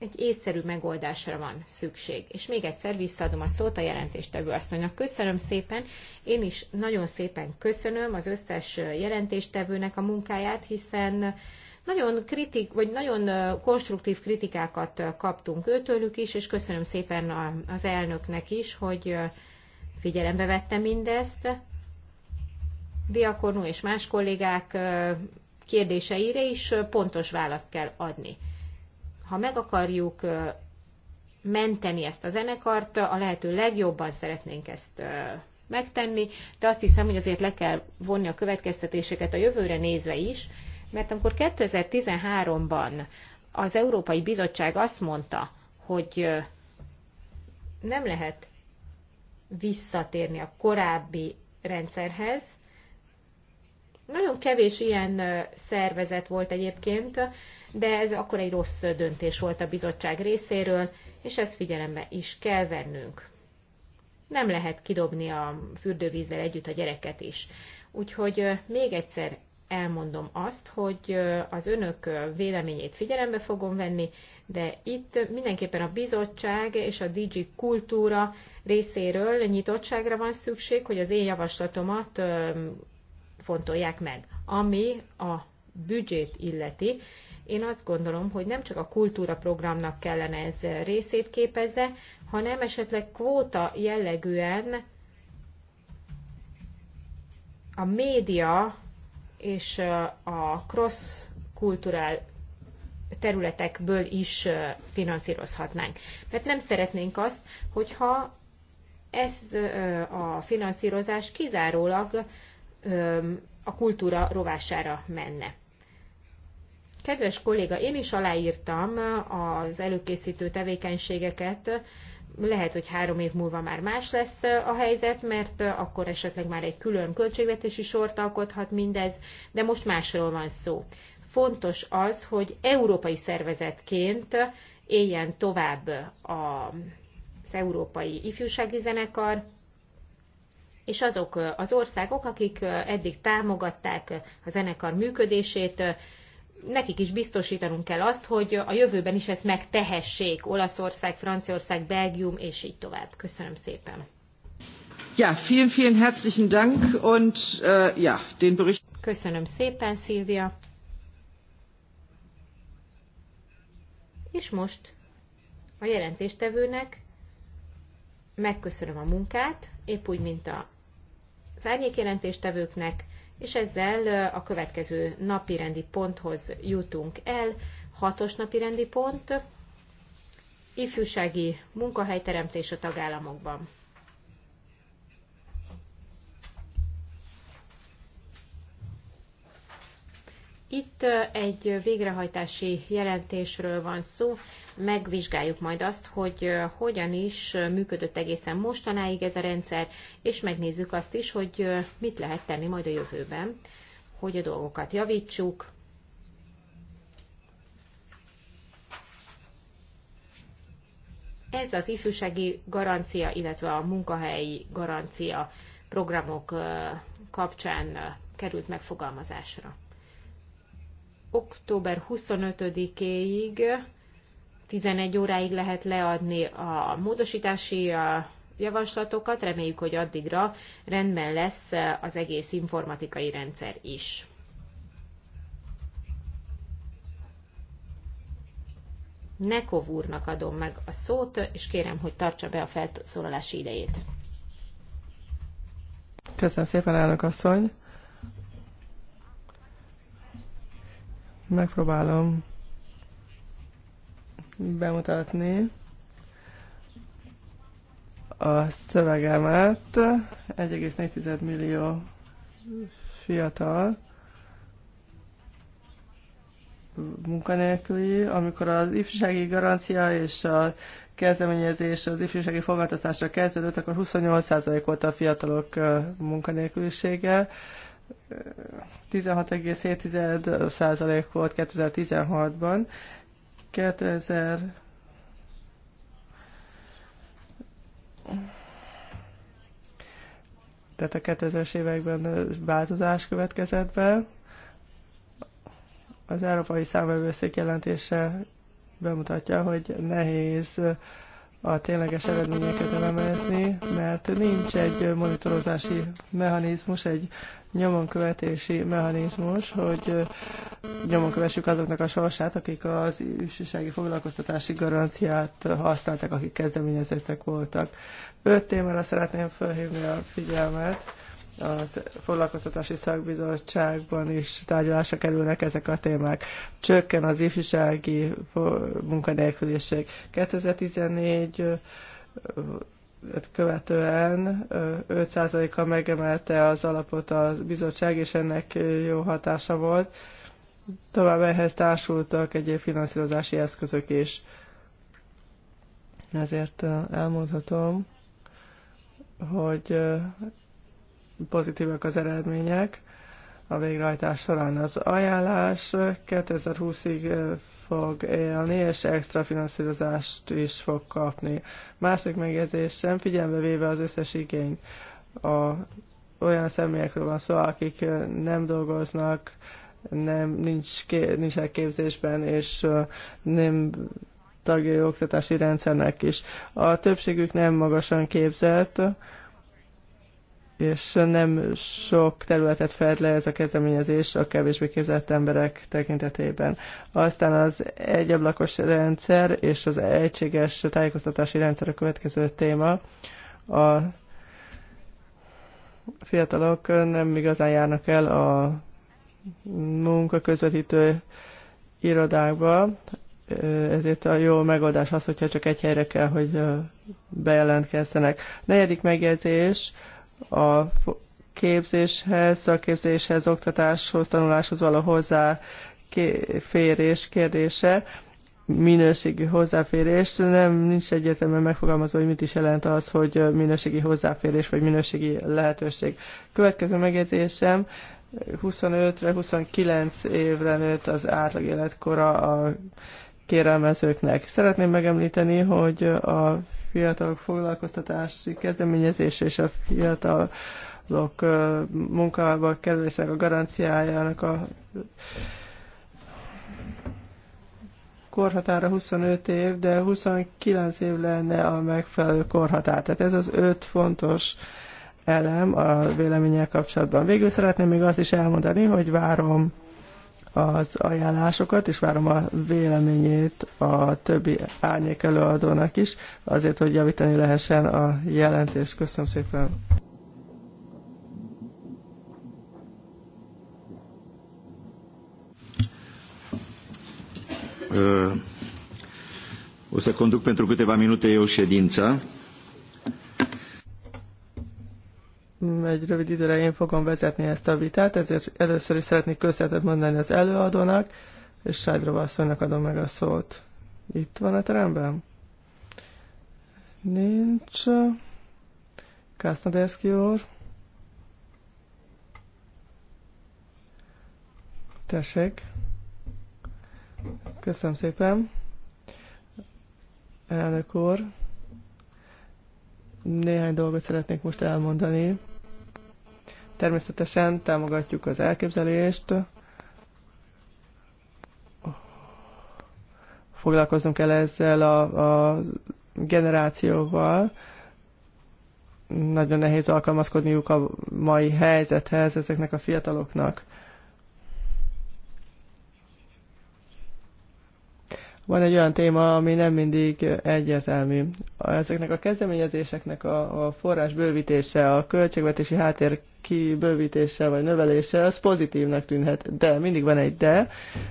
egy észszerű megoldásra van szükség. És még egyszer visszaadom a szót a jelentéstevő asszonynak. Köszönöm szépen, én is nagyon szépen köszönöm az összes jelentéstevőnek a munkáját, hiszen nagyon kritik, vagy nagyon konstruktív kritikákat kaptunk őtőlük is, és köszönöm szépen az elnöknek is, hogy figyelembe vette mindezt. Diakornó és más kollégák kérdéseire is pontos választ kell adni ha meg akarjuk menteni ezt a zenekart, a lehető legjobban szeretnénk ezt megtenni, de azt hiszem, hogy azért le kell vonni a következtetéseket a jövőre nézve is, mert amikor 2013-ban az Európai Bizottság azt mondta, hogy nem lehet visszatérni a korábbi rendszerhez, nagyon kevés ilyen szervezet volt egyébként, de ez akkor egy rossz döntés volt a bizottság részéről, és ezt figyelembe is kell vennünk. Nem lehet kidobni a fürdővízzel együtt a gyereket is. Úgyhogy még egyszer elmondom azt, hogy az önök véleményét figyelembe fogom venni, de itt mindenképpen a bizottság és a DG kultúra részéről nyitottságra van szükség, hogy az én javaslatomat fontolják meg. Ami a büdzsét illeti, én azt gondolom, hogy nem csak a kultúra programnak kellene ez részét képezze, hanem esetleg kvóta jellegűen a média és uh, a cross-kulturál területekből is uh, finanszírozhatnánk. Mert nem szeretnénk azt, hogyha ez uh, a finanszírozás kizárólag um, a kultúra rovására menne. Kedves kolléga, én is aláírtam az előkészítő tevékenységeket, lehet, hogy három év múlva már más lesz a helyzet, mert akkor esetleg már egy külön költségvetési sort alkothat mindez, de most másról van szó. Fontos az, hogy európai szervezetként éljen tovább az Európai Ifjúsági Zenekar, és azok az országok, akik eddig támogatták a zenekar működését, nekik is biztosítanunk kell azt, hogy a jövőben is ezt megtehessék Olaszország, Franciaország, Belgium, és így tovább. Köszönöm szépen. Ja, vielen, vielen herzlichen Dank und uh, ja, den Bericht. Köszönöm szépen, Szilvia. És most a jelentéstevőnek megköszönöm a munkát, épp úgy, mint a az jelentéstevőknek és ezzel a következő napi rendi ponthoz jutunk el. Hatos napi rendi pont, ifjúsági munkahelyteremtés a tagállamokban. Itt egy végrehajtási jelentésről van szó, megvizsgáljuk majd azt, hogy hogyan is működött egészen mostanáig ez a rendszer, és megnézzük azt is, hogy mit lehet tenni majd a jövőben, hogy a dolgokat javítsuk. Ez az ifjúsági garancia, illetve a munkahelyi garancia programok kapcsán került megfogalmazásra október 25-éig 11 óráig lehet leadni a módosítási javaslatokat, reméljük, hogy addigra rendben lesz az egész informatikai rendszer is. Nekov úrnak adom meg a szót, és kérem, hogy tartsa be a felszólalási idejét. Köszönöm szépen, elnök asszony! Megpróbálom bemutatni a szövegemet. 1,4 millió fiatal munkanélküli, amikor az ifjúsági garancia és a kezdeményezés az ifjúsági foglalkoztatásra kezdődött, akkor 28% volt a fiatalok munkanélkülisége, 16,7% volt 2016-ban. 2000 tehát a 2000-es években változás következett be. Az Európai Számvevőszék jelentése bemutatja, hogy nehéz a tényleges eredményeket elemezni, mert nincs egy monitorozási mechanizmus, egy nyomonkövetési mechanizmus, hogy nyomon kövessük azoknak a sorsát, akik az ifjúsági foglalkoztatási garanciát használtak, akik kezdeményezettek voltak. Öt témára szeretném felhívni a figyelmet a foglalkoztatási szakbizottságban is tárgyalásra kerülnek ezek a témák. Csökken az ifjúsági munkanélküliség. 2014 követően 5 a megemelte az alapot a bizottság, és ennek jó hatása volt. Tovább ehhez társultak egyéb finanszírozási eszközök is. Ezért elmondhatom, hogy pozitívak az eredmények a végrehajtás során. Az ajánlás 2020-ig fog élni, és extra finanszírozást is fog kapni. Másik megjegyzésem, figyelembe véve az összes igényt, a, olyan személyekről van szó, akik nem dolgoznak, nem, nincs, nincs nincsenek képzésben, és nem tagjai oktatási rendszernek is. A többségük nem magasan képzett, és nem sok területet fed le ez a kezdeményezés a kevésbé képzett emberek tekintetében. Aztán az egyablakos rendszer és az egységes tájékoztatási rendszer a következő téma. A fiatalok nem igazán járnak el a munka közvetítő irodákba, ezért a jó megoldás az, hogyha csak egy helyre kell, hogy bejelentkezzenek. Negyedik megjegyzés, a képzéshez, szakképzéshez, oktatáshoz, tanuláshoz való hozzáférés kérdése, minőségi hozzáférés. Nem nincs egyértelműen megfogalmazva, hogy mit is jelent az, hogy minőségi hozzáférés vagy minőségi lehetőség. Következő megjegyzésem, 25-re, 29 évre nőtt az átlag életkora a kérelmezőknek. Szeretném megemlíteni, hogy a fiatalok foglalkoztatási kezdeményezése és a fiatalok munkába kerülésének a garanciájának a korhatára 25 év, de 29 év lenne a megfelelő korhatár. Tehát ez az öt fontos elem a véleménnyel kapcsolatban. Végül szeretném még azt is elmondani, hogy várom az ajánlásokat, és várom a véleményét a többi árnyék előadónak is, azért, hogy javítani lehessen a jelentést. Köszönöm szépen! O să conduc pentru câteva minute eu ședința. egy rövid időre én fogom vezetni ezt a vitát, ezért először is szeretnék köszönetet mondani az előadónak, és Sájdrova asszonynak adom meg a szót. Itt van a teremben? Nincs. Kásznaderszki úr. Tessék. Köszönöm szépen. Elnök úr. Néhány dolgot szeretnék most elmondani Természetesen támogatjuk az elképzelést, foglalkozunk el ezzel a, a generációval, nagyon nehéz alkalmazkodniuk a mai helyzethez ezeknek a fiataloknak. van egy olyan téma, ami nem mindig egyértelmű. Ezeknek a kezdeményezéseknek a, a forrás bővítése, a költségvetési háttér kibővítése vagy növelése, az pozitívnak tűnhet, de mindig van egy de.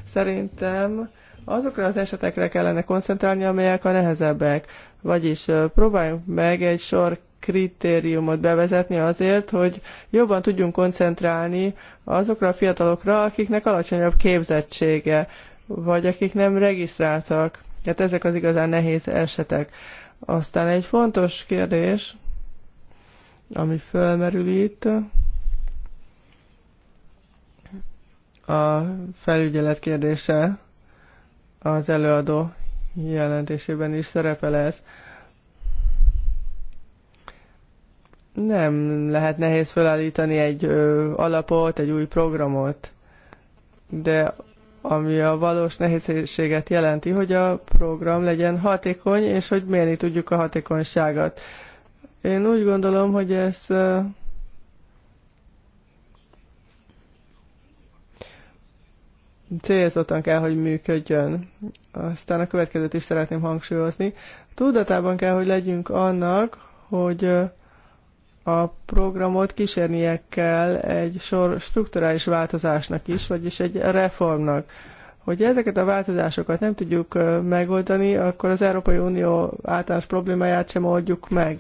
Szerintem azokra az esetekre kellene koncentrálni, amelyek a nehezebbek. Vagyis próbáljunk meg egy sor kritériumot bevezetni azért, hogy jobban tudjunk koncentrálni azokra a fiatalokra, akiknek alacsonyabb képzettsége vagy akik nem regisztráltak. Hát ezek az igazán nehéz esetek. Aztán egy fontos kérdés, ami fölmerül itt, a felügyelet kérdése az előadó jelentésében is szerepel ez. Nem lehet nehéz felállítani egy ö, alapot, egy új programot, de ami a valós nehézséget jelenti, hogy a program legyen hatékony, és hogy mérni tudjuk a hatékonyságot. Én úgy gondolom, hogy ez célzottan kell, hogy működjön. Aztán a következőt is szeretném hangsúlyozni. Tudatában kell, hogy legyünk annak, hogy a programot kísérnie kell egy sor strukturális változásnak is, vagyis egy reformnak. Hogyha ezeket a változásokat nem tudjuk megoldani, akkor az Európai Unió általános problémáját sem oldjuk meg.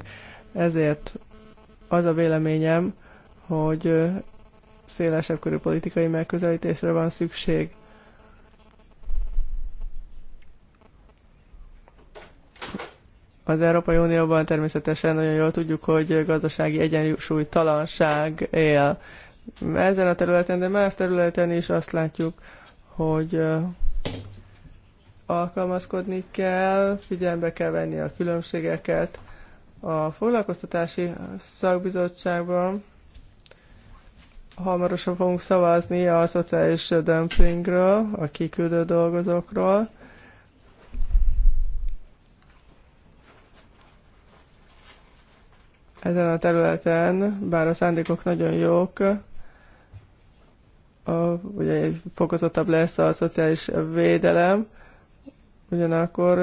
Ezért az a véleményem, hogy szélesebb körű politikai megközelítésre van szükség. Az Európai Unióban természetesen nagyon jól tudjuk, hogy gazdasági egyensúlytalanság él ezen a területen, de más területen is azt látjuk, hogy alkalmazkodni kell, figyelembe kell venni a különbségeket. A foglalkoztatási szakbizottságban hamarosan fogunk szavazni a szociális dömpingről, a kiküldő dolgozókról. ezen a területen, bár a szándékok nagyon jók, a, ugye fokozottabb lesz a szociális védelem, ugyanakkor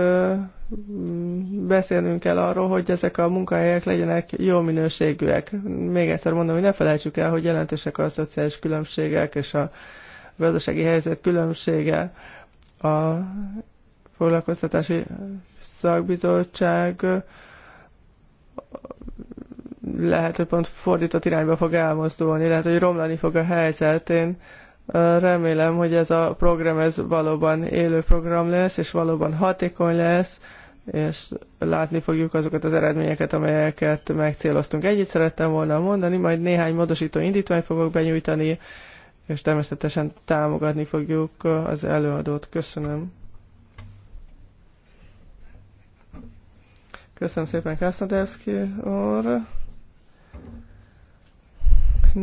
beszélnünk kell arról, hogy ezek a munkahelyek legyenek jó minőségűek. Még egyszer mondom, hogy ne felejtsük el, hogy jelentősek a szociális különbségek és a gazdasági helyzet különbsége. A foglalkoztatási szakbizottság lehet, hogy pont fordított irányba fog elmozdulni, lehet, hogy romlani fog a helyzet. Én remélem, hogy ez a program ez valóban élő program lesz, és valóban hatékony lesz, és látni fogjuk azokat az eredményeket, amelyeket megcéloztunk. Egyet szerettem volna mondani, majd néhány módosító indítványt fogok benyújtani, és természetesen támogatni fogjuk az előadót. Köszönöm. Köszönöm szépen Krasznodevszki úr.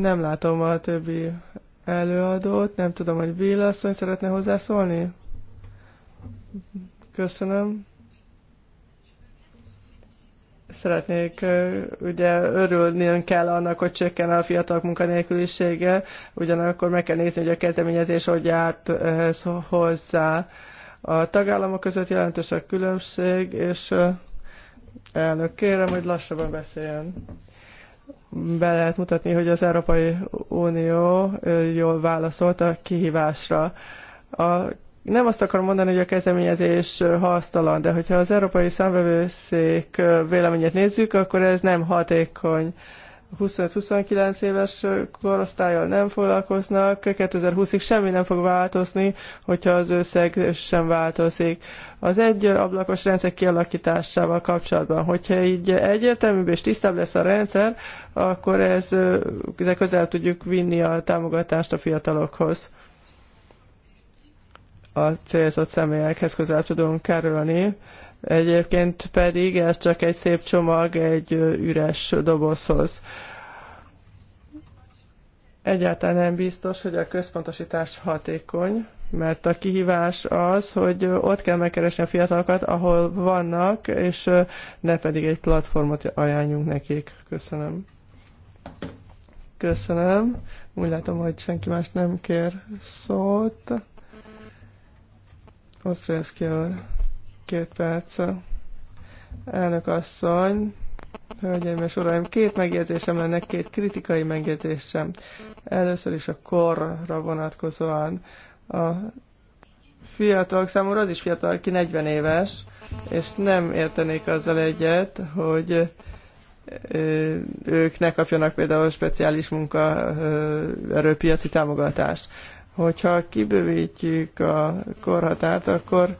Nem látom a többi előadót, nem tudom, hogy Béla asszony szeretne hozzászólni? Köszönöm. Szeretnék, ugye örülni kell annak, hogy csökken a fiatal munkanélkülisége, ugyanakkor meg kell nézni, hogy a kezdeményezés hogy járt ehhez hozzá. A tagállamok között jelentős a különbség, és elnök kérem, hogy lassabban beszéljen be lehet mutatni, hogy az Európai Unió jól válaszolt a kihívásra. A, nem azt akarom mondani, hogy a kezdeményezés hasztalan, de hogyha az Európai Számvevőszék véleményét nézzük, akkor ez nem hatékony 25-29 éves korosztályjal nem foglalkoznak, 2020-ig semmi nem fog változni, hogyha az összeg sem változik. Az egy ablakos rendszer kialakításával kapcsolatban, hogyha így egyértelműbb és tisztább lesz a rendszer, akkor ez, ezzel közel tudjuk vinni a támogatást a fiatalokhoz. A célzott személyekhez közel tudunk kerülni Egyébként pedig ez csak egy szép csomag egy üres dobozhoz. Egyáltalán nem biztos, hogy a központosítás hatékony, mert a kihívás az, hogy ott kell megkeresni a fiatalokat, ahol vannak, és ne pedig egy platformot ajánljunk nekik. Köszönöm. Köszönöm. Úgy látom, hogy senki más nem kér szót. Osztrajewski úr. Két perc. Elnök asszony, hölgyeim és uraim, két megjegyzésem lenne, két kritikai megjegyzésem. Először is a korra vonatkozóan. A fiatalok számomra az is fiatal, aki 40 éves, és nem értenék azzal egyet, hogy ők ne kapjanak például speciális munka erőpiaci támogatást. Hogyha kibővítjük a korhatárt, akkor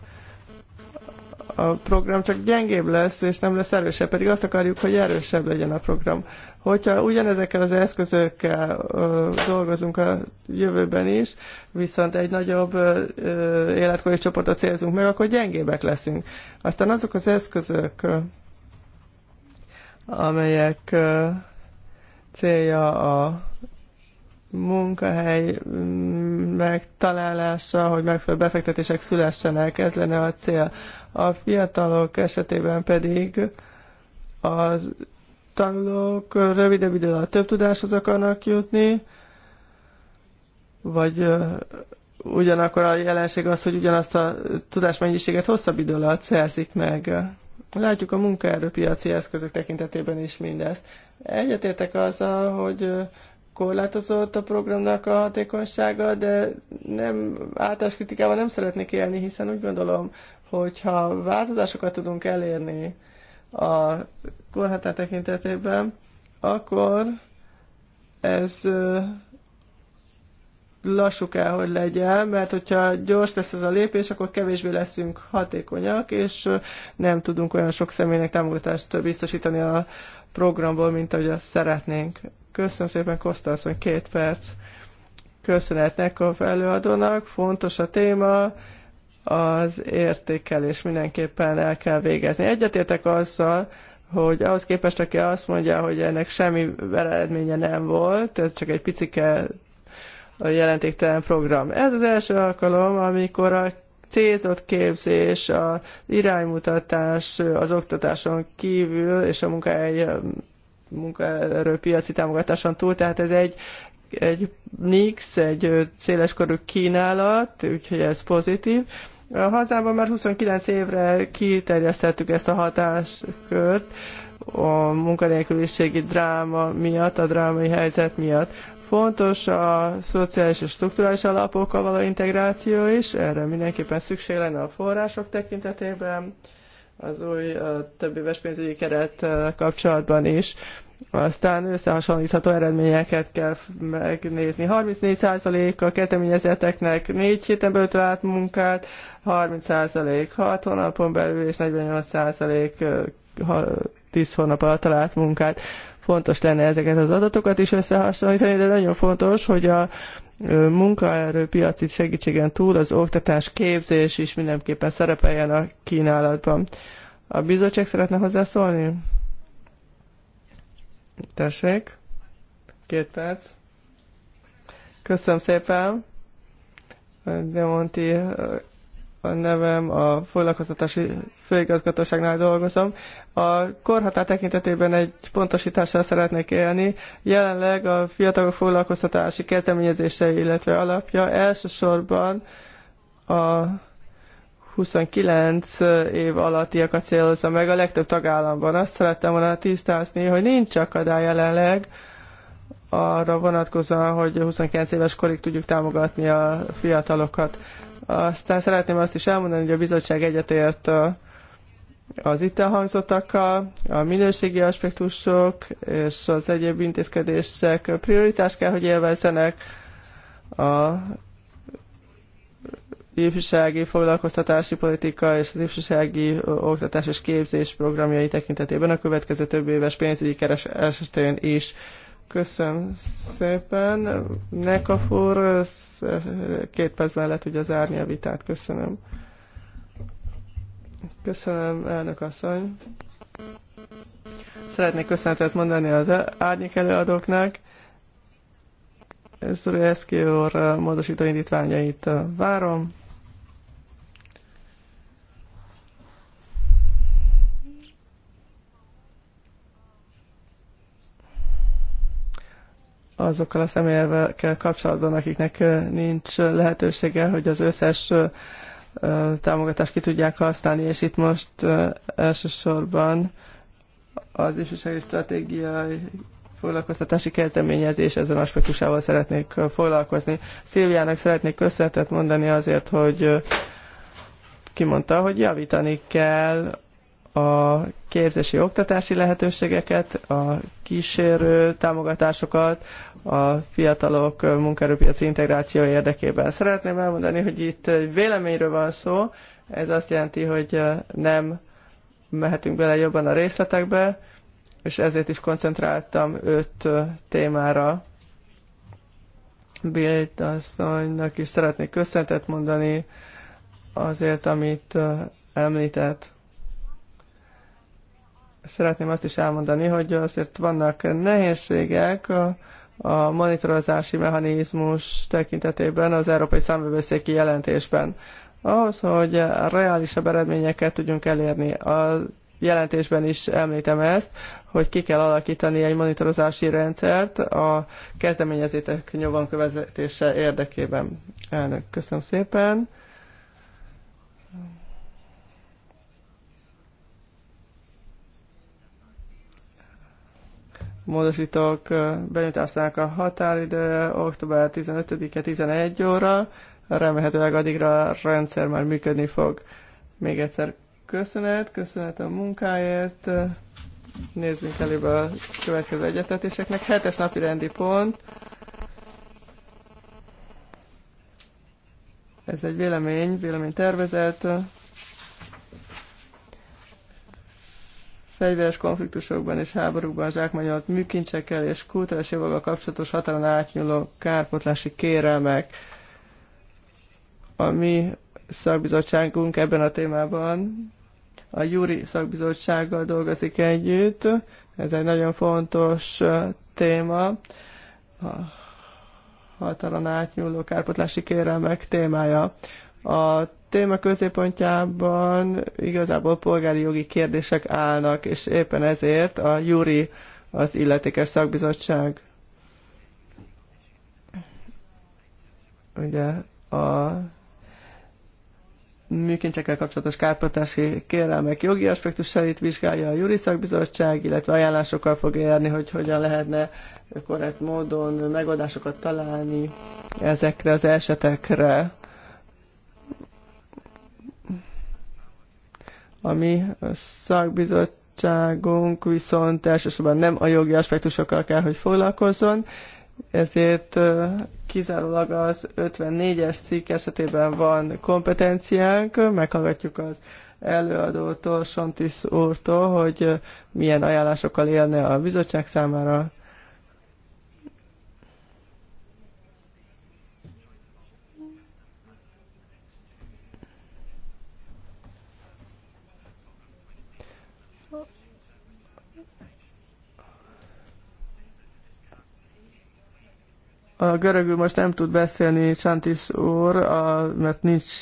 a program csak gyengébb lesz, és nem lesz erősebb, pedig azt akarjuk, hogy erősebb legyen a program. Hogyha ugyanezekkel az eszközökkel ö, dolgozunk a jövőben is, viszont egy nagyobb életkori csoportot célzunk meg, akkor gyengébbek leszünk. Aztán azok az eszközök, ö, amelyek ö, célja a munkahely megtalálása, hogy megfelelő befektetések szülessenek, ez lenne a cél a fiatalok esetében pedig a tanulók rövidebb idő alatt több tudáshoz akarnak jutni, vagy ugyanakkor a jelenség az, hogy ugyanazt a tudásmennyiséget hosszabb idő alatt szerzik meg. Látjuk a munkaerőpiaci eszközök tekintetében is mindezt. Egyetértek azzal, hogy korlátozott a programnak a hatékonysága, de nem általános kritikával nem szeretnék élni, hiszen úgy gondolom, hogyha változásokat tudunk elérni a korhatár tekintetében, akkor ez lassú kell, hogy legyen, mert hogyha gyors lesz ez a lépés, akkor kevésbé leszünk hatékonyak, és nem tudunk olyan sok személynek támogatást biztosítani a programból, mint ahogy azt szeretnénk. Köszönöm szépen, Koszta hogy két perc. Köszönetnek a felőadónak, fontos a téma, az értékelés mindenképpen el kell végezni. Egyetértek azzal, hogy ahhoz képest, aki azt mondja, hogy ennek semmi eredménye nem volt, ez csak egy picike jelentéktelen program. Ez az első alkalom, amikor a célzott képzés, az iránymutatás az oktatáson kívül és a munkahely munkaerőpiaci támogatáson túl, tehát ez egy egy mix, egy széleskörű kínálat, úgyhogy ez pozitív. A hazában már 29 évre kiterjesztettük ezt a hatáskört a munkanélküliségi dráma miatt, a drámai helyzet miatt. Fontos a szociális és strukturális alapokkal való integráció is, erre mindenképpen szükség lenne a források tekintetében, az új többi éves pénzügyi keret kapcsolatban is. Aztán összehasonlítható eredményeket kell megnézni. 34% a kezdeményezeteknek 4 héten belül talált munkát, 30% 6 hónapon belül, és 48% 10 hónap alatt talált munkát. Fontos lenne ezeket az adatokat is összehasonlítani, de nagyon fontos, hogy a munkaerőpiaci segítségen túl az oktatás képzés is mindenképpen szerepeljen a kínálatban. A bizottság szeretne hozzászólni? Tessék, két perc. Köszönöm szépen. Demonti a nevem, a foglalkoztatási főigazgatóságnál dolgozom. A korhatár tekintetében egy pontosítással szeretnék élni. Jelenleg a fiatalok foglalkoztatási kezdeményezése, illetve alapja elsősorban a 29 eh, év alattiakat célozza meg a legtöbb tagállamban. Azt szerettem volna tisztázni, hogy nincs akadály jelenleg arra vonatkozóan, hogy 29 éves korig tudjuk támogatni a fiatalokat. Aztán szeretném azt is elmondani, hogy a bizottság egyetért eh, az itt elhangzottakkal, a minőségi aspektusok és az egyéb intézkedések prioritást kell, hogy élvezzenek. A ifjúsági foglalkoztatási politika és az ifjúsági oktatás és képzés programjai tekintetében a következő több éves pénzügyi keresésén is. Köszönöm szépen. Nekafor, két percben le tudja zárni a vitát. Köszönöm. Köszönöm, elnök asszony. Szeretnék köszönetet mondani az e- árnyék előadóknak. Szurjeszki úr módosító indítványait várom. azokkal a személyekkel kapcsolatban, akiknek nincs lehetősége, hogy az összes támogatást ki tudják használni, és itt most elsősorban az ifjúsági stratégiai foglalkoztatási kezdeményezés ezen aspektusával szeretnék foglalkozni. Szilviának szeretnék köszönetet mondani azért, hogy kimondta, hogy javítani kell a képzési oktatási lehetőségeket, a kísérő támogatásokat, a fiatalok munkaerőpiaci integráció érdekében. Szeretném elmondani, hogy itt véleményről van szó, ez azt jelenti, hogy nem mehetünk bele jobban a részletekbe, és ezért is koncentráltam öt témára. Bilt asszonynak is szeretnék köszönetet mondani azért, amit említett szeretném azt is elmondani, hogy azért vannak nehézségek a, a monitorozási mechanizmus tekintetében az Európai Számvevőszéki jelentésben. Ahhoz, hogy reálisabb eredményeket tudjunk elérni, a jelentésben is említem ezt, hogy ki kell alakítani egy monitorozási rendszert a kezdeményezétek nyomon követése érdekében. Elnök, köszönöm szépen. módosítók benyújtásának a határidő október 15-e 11 óra, remélhetőleg addigra a rendszer már működni fog. Még egyszer köszönet, köszönet a munkáért, nézzünk elébe a következő egyeztetéseknek. Hetes napi rendi pont. Ez egy vélemény, véleménytervezet. tervezet. fegyveres konfliktusokban és háborúkban zsákmányolt műkincsekkel és kulturális jogokkal kapcsolatos határon átnyúló kárpotlási kérelmek. A mi szakbizottságunk ebben a témában a Júri szakbizottsággal dolgozik együtt. Ez egy nagyon fontos téma. A határon átnyúló kárpotlási kérelmek témája. A téma középpontjában igazából polgári jogi kérdések állnak, és éppen ezért a Júri az illetékes szakbizottság. Ugye a műkincsekkel kapcsolatos kárpotási kérelmek jogi aspektusait vizsgálja a Juri Szakbizottság, illetve ajánlásokkal fog érni, hogy hogyan lehetne korrekt módon megoldásokat találni ezekre az esetekre. A mi szakbizottságunk viszont elsősorban nem a jogi aspektusokkal kell, hogy foglalkozzon, ezért kizárólag az 54-es cikk esetében van kompetenciánk, meghallgatjuk az előadótól, Sontis úrtól, hogy milyen ajánlásokkal élne a bizottság számára. A görögül most nem tud beszélni Csantis úr, a, mert nincs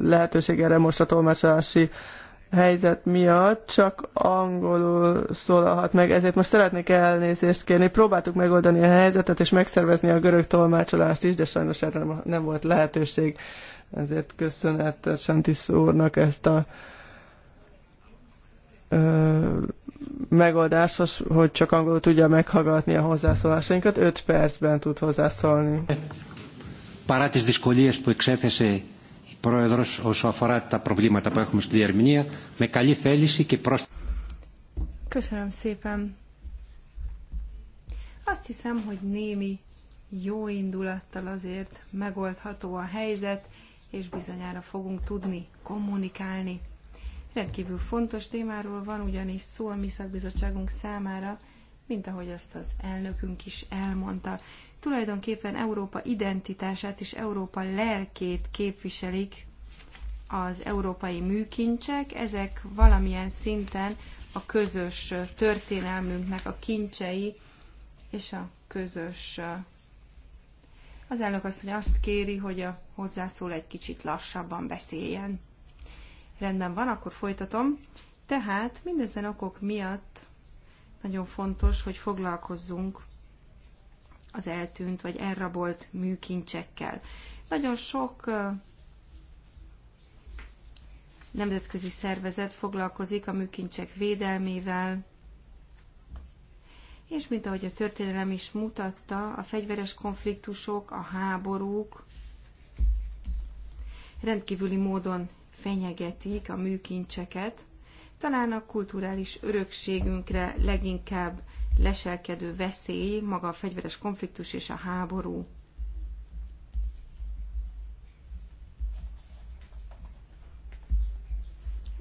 lehetőség erre most a tolmácsolási helyzet miatt, csak angolul szólalhat meg, ezért most szeretnék elnézést kérni. Próbáltuk megoldani a helyzetet, és megszervezni a görög tolmácsolást is, de sajnos erre nem volt lehetőség. Ezért köszönet Csantis úrnak ezt a megoldás, hogy csak angolul tudja meghallgatni a hozzászólásainkat, 5 percben tud hozzászólni. Παρά τις δυσκολίες po εξέθεσε proedros, Πρόεδρος afarata αφορά po προβλήματα που έχουμε στη διερμηνία, με καλή Köszönöm szépen. Azt hiszem, hogy némi jó indulattal azért megoldható a helyzet, és bizonyára fogunk tudni kommunikálni. Rendkívül fontos témáról van ugyanis szó a mi szakbizottságunk számára, mint ahogy azt az elnökünk is elmondta. Tulajdonképpen Európa identitását és Európa lelkét képviselik az európai műkincsek, ezek valamilyen szinten a közös történelmünknek a kincsei és a közös. Az elnök azt, hogy azt kéri, hogy a hozzászól egy kicsit lassabban beszéljen. Rendben van, akkor folytatom. Tehát mindezen okok miatt nagyon fontos, hogy foglalkozzunk az eltűnt vagy elrabolt műkincsekkel. Nagyon sok nemzetközi szervezet foglalkozik a műkincsek védelmével, és mint ahogy a történelem is mutatta, a fegyveres konfliktusok, a háborúk rendkívüli módon fenyegetik a műkincseket, talán a kulturális örökségünkre leginkább leselkedő veszély maga a fegyveres konfliktus és a háború.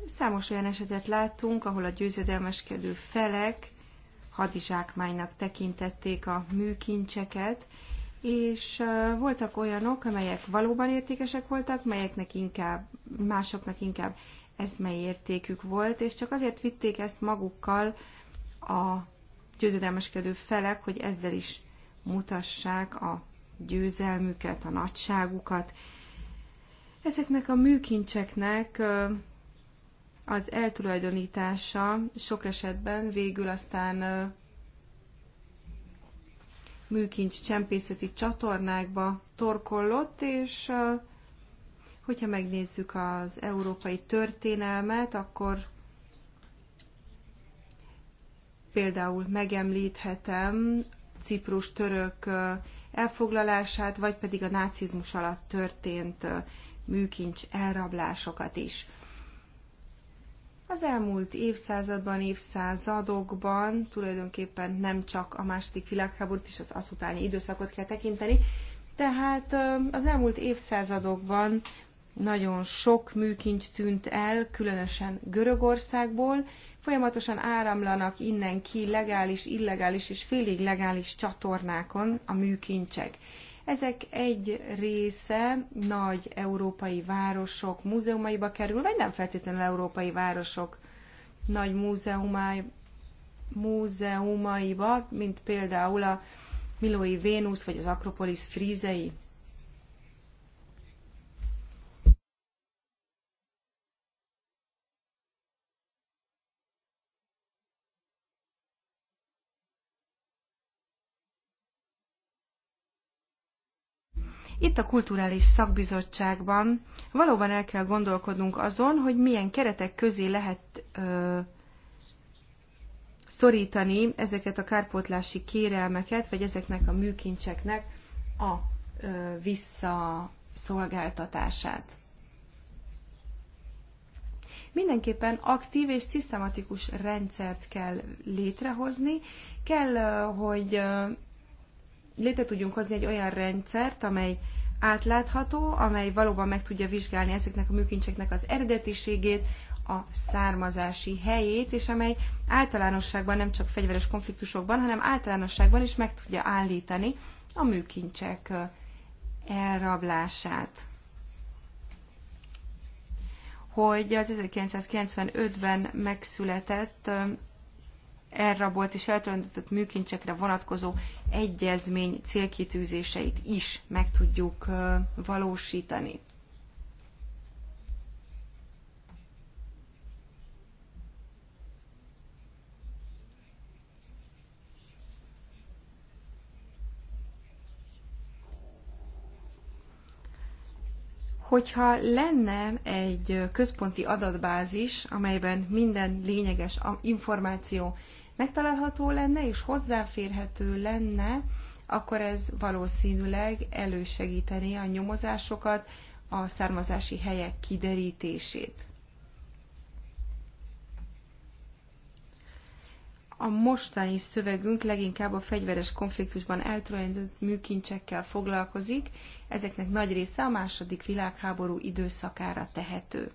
Számos olyan esetet láttunk, ahol a győzedelmeskedő felek hadizsákmánynak tekintették a műkincseket, és voltak olyanok, amelyek valóban értékesek voltak, melyeknek inkább, másoknak inkább eszmei értékük volt, és csak azért vitték ezt magukkal a győzedelmeskedő felek, hogy ezzel is mutassák a győzelmüket, a nagyságukat. Ezeknek a műkincseknek az eltulajdonítása sok esetben végül aztán műkincs csempészeti csatornákba torkollott, és hogyha megnézzük az európai történelmet, akkor például megemlíthetem Ciprus török elfoglalását, vagy pedig a nácizmus alatt történt műkincs elrablásokat is. Az elmúlt évszázadban, évszázadokban tulajdonképpen nem csak a második világháborút és az azutáni időszakot kell tekinteni, tehát az elmúlt évszázadokban nagyon sok műkincs tűnt el, különösen Görögországból. Folyamatosan áramlanak innen ki legális, illegális és félig legális csatornákon a műkincsek. Ezek egy része nagy európai városok múzeumaiba kerül, vagy nem feltétlenül európai városok nagy múzeumai, múzeumaiba, mint például a Milói Vénusz vagy az Akropolis Frízei Itt a Kulturális Szakbizottságban valóban el kell gondolkodnunk azon, hogy milyen keretek közé lehet ö, szorítani ezeket a kárpótlási kérelmeket, vagy ezeknek a műkincseknek a ö, visszaszolgáltatását. Mindenképpen aktív és szisztematikus rendszert kell létrehozni, kell, hogy létre tudjunk hozni egy olyan rendszert, amely átlátható, amely valóban meg tudja vizsgálni ezeknek a műkincseknek az eredetiségét, a származási helyét, és amely általánosságban nem csak fegyveres konfliktusokban, hanem általánosságban is meg tudja állítani a műkincsek elrablását. Hogy az 1995-ben megszületett elrabolt és eltulajdontott műkincsekre vonatkozó egyezmény célkitűzéseit is meg tudjuk valósítani. hogyha lenne egy központi adatbázis, amelyben minden lényeges információ megtalálható lenne és hozzáférhető lenne, akkor ez valószínűleg elősegítené a nyomozásokat, a származási helyek kiderítését. A mostani szövegünk leginkább a fegyveres konfliktusban eltulajdonult műkincsekkel foglalkozik, ezeknek nagy része a második világháború időszakára tehető.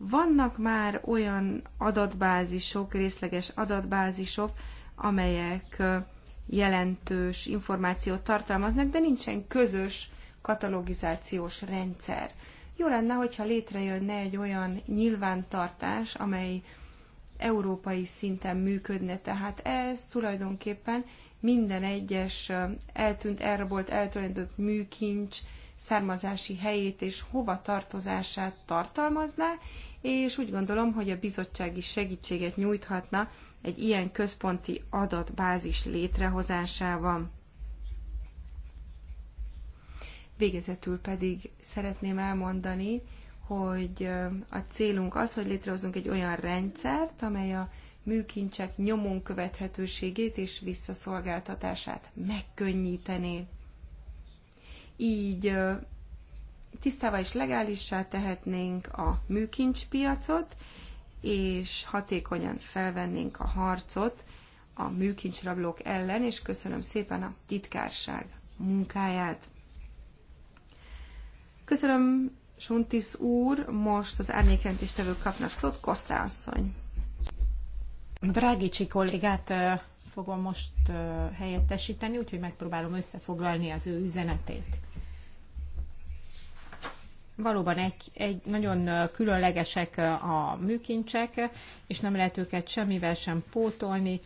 Vannak már olyan adatbázisok, részleges adatbázisok, amelyek jelentős információt tartalmaznak, de nincsen közös katalogizációs rendszer. Jó lenne, hogyha létrejönne egy olyan nyilvántartás, amely európai szinten működne. Tehát ez tulajdonképpen minden egyes eltűnt, elrabolt, eltöltött műkincs származási helyét és hova tartozását tartalmazná, és úgy gondolom, hogy a bizottság is segítséget nyújthatna egy ilyen központi adatbázis létrehozásában. Végezetül pedig szeretném elmondani, hogy a célunk az, hogy létrehozunk egy olyan rendszert, amely a műkincsek nyomon követhetőségét és visszaszolgáltatását megkönnyítené. Így tisztává és legálissá tehetnénk a műkincspiacot, és hatékonyan felvennénk a harcot a műkincsrablók ellen, és köszönöm szépen a titkárság munkáját. Köszönöm, Suntis úr, most az árnyékentéstevők kapnak szót, Kosztá asszony. Drágicsi kollégát fogom most helyettesíteni, úgyhogy megpróbálom összefoglalni az ő üzenetét valóban egy, egy nagyon különlegesek a műkincsek, és nem lehet őket semmivel sem pótolni.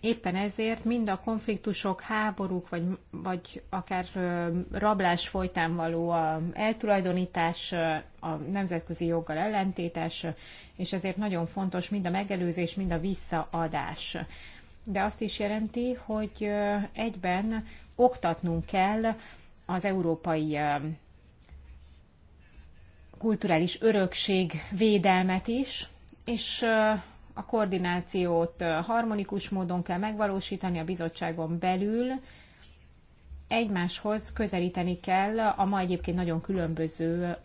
Éppen ezért mind a konfliktusok, háborúk, vagy, vagy akár rablás folytán való a eltulajdonítás, a nemzetközi joggal ellentétes, és ezért nagyon fontos mind a megelőzés, mind a visszaadás. De azt is jelenti, hogy egyben oktatnunk kell az európai kulturális örökség védelmet is, és a koordinációt harmonikus módon kell megvalósítani a bizottságon belül, egymáshoz közelíteni kell a ma egyébként nagyon különböző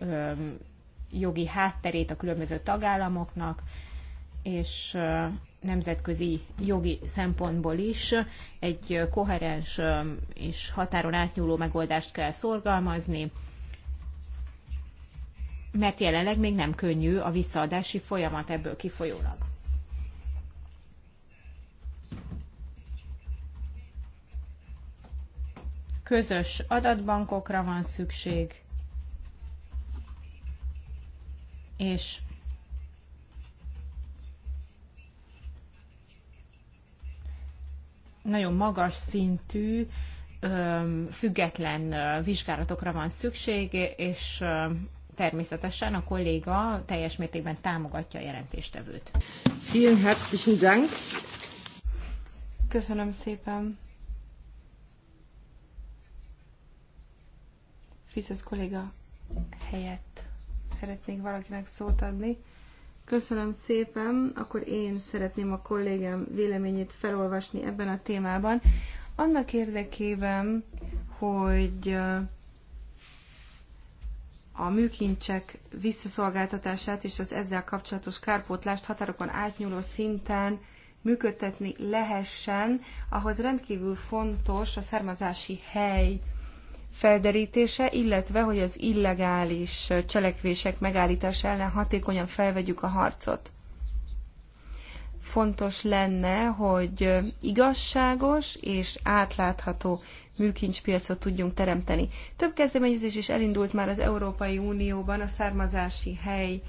jogi hátterét a különböző tagállamoknak, és nemzetközi jogi szempontból is egy koherens és határon átnyúló megoldást kell szorgalmazni, mert jelenleg még nem könnyű a visszaadási folyamat ebből kifolyólag. Közös adatbankokra van szükség, és nagyon magas szintű független vizsgálatokra van szükség, és természetesen a kolléga teljes mértékben támogatja a jelentéstevőt. Vielen herzlichen Dank. Köszönöm szépen. Fiszesz kolléga helyett szeretnék valakinek szót adni. Köszönöm szépen, akkor én szeretném a kollégám véleményét felolvasni ebben a témában. Annak érdekében, hogy a műkincsek visszaszolgáltatását és az ezzel kapcsolatos kárpótlást határokon átnyúló szinten működtetni lehessen, ahhoz rendkívül fontos a származási hely felderítése, illetve hogy az illegális cselekvések megállítása ellen hatékonyan felvegyük a harcot. Fontos lenne, hogy igazságos és átlátható műkincspiacot tudjunk teremteni. Több kezdeményezés is elindult már az Európai Unióban a származási hely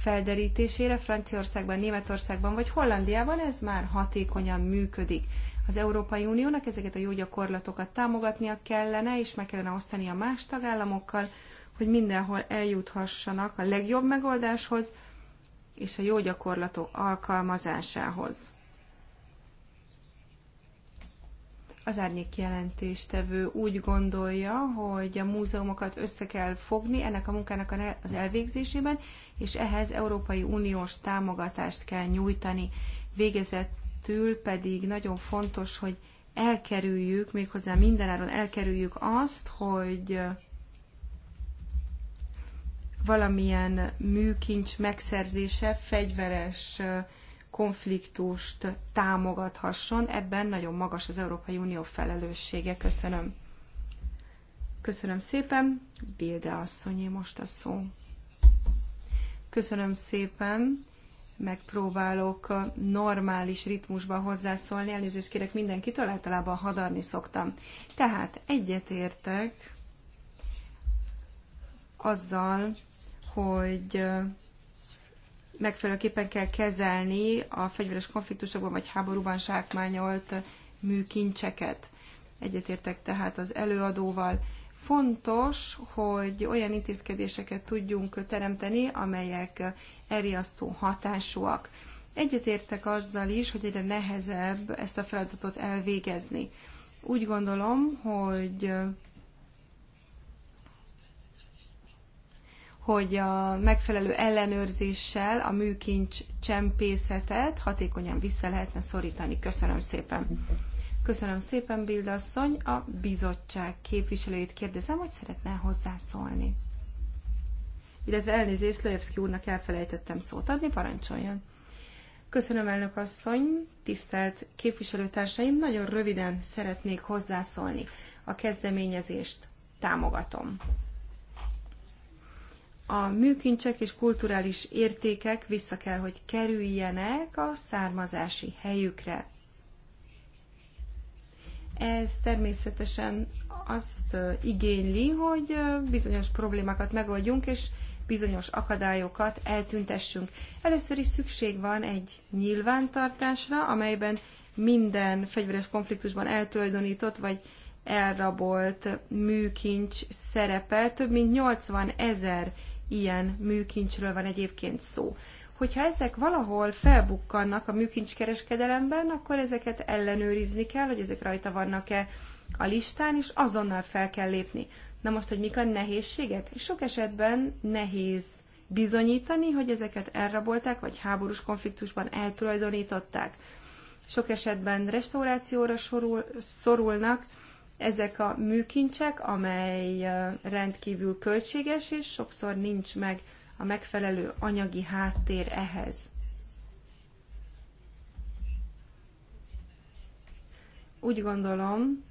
felderítésére, Franciaországban, Németországban vagy Hollandiában ez már hatékonyan működik. Az Európai Uniónak ezeket a jó gyakorlatokat támogatnia kellene, és meg kellene osztani a más tagállamokkal, hogy mindenhol eljuthassanak a legjobb megoldáshoz és a jó gyakorlatok alkalmazásához. Az árnyék jelentéstevő úgy gondolja, hogy a múzeumokat össze kell fogni ennek a munkának az elvégzésében, és ehhez Európai Uniós támogatást kell nyújtani. Végezetül pedig nagyon fontos, hogy elkerüljük, méghozzá mindenáron elkerüljük azt, hogy valamilyen műkincs megszerzése fegyveres konfliktust támogathasson. Ebben nagyon magas az Európai Unió felelőssége. Köszönöm. Köszönöm szépen. Bilde asszonyé most a szó. Köszönöm szépen. Megpróbálok normális ritmusban hozzászólni. Elnézést kérek mindenkitől, általában hadarni szoktam. Tehát egyetértek azzal, hogy megfelelőképpen kell kezelni a fegyveres konfliktusokban vagy háborúban sákmányolt műkincseket. Egyetértek tehát az előadóval. Fontos, hogy olyan intézkedéseket tudjunk teremteni, amelyek eriasztó hatásúak. Egyetértek azzal is, hogy egyre nehezebb ezt a feladatot elvégezni. Úgy gondolom, hogy hogy a megfelelő ellenőrzéssel a műkincs csempészetet hatékonyan vissza lehetne szorítani. Köszönöm szépen. Köszönöm szépen, Bildasszony. A bizottság képviselőjét kérdezem, hogy szeretne hozzászólni. Illetve elnézést, Lajevszki úrnak elfelejtettem szót adni, parancsoljon. Köszönöm, elnök asszony, tisztelt képviselőtársaim, nagyon röviden szeretnék hozzászólni. A kezdeményezést támogatom a műkincsek és kulturális értékek vissza kell, hogy kerüljenek a származási helyükre. Ez természetesen azt igényli, hogy bizonyos problémákat megoldjunk, és bizonyos akadályokat eltüntessünk. Először is szükség van egy nyilvántartásra, amelyben minden fegyveres konfliktusban eltulajdonított vagy elrabolt műkincs szerepe több mint 80 ezer ilyen műkincsről van egyébként szó. Hogyha ezek valahol felbukkannak a műkincskereskedelemben, akkor ezeket ellenőrizni kell, hogy ezek rajta vannak-e a listán, és azonnal fel kell lépni. Na most, hogy mik a nehézségek? Sok esetben nehéz bizonyítani, hogy ezeket elrabolták, vagy háborús konfliktusban eltulajdonították. Sok esetben restaurációra sorul, szorulnak, ezek a műkincsek, amely rendkívül költséges, és sokszor nincs meg a megfelelő anyagi háttér ehhez. Úgy gondolom,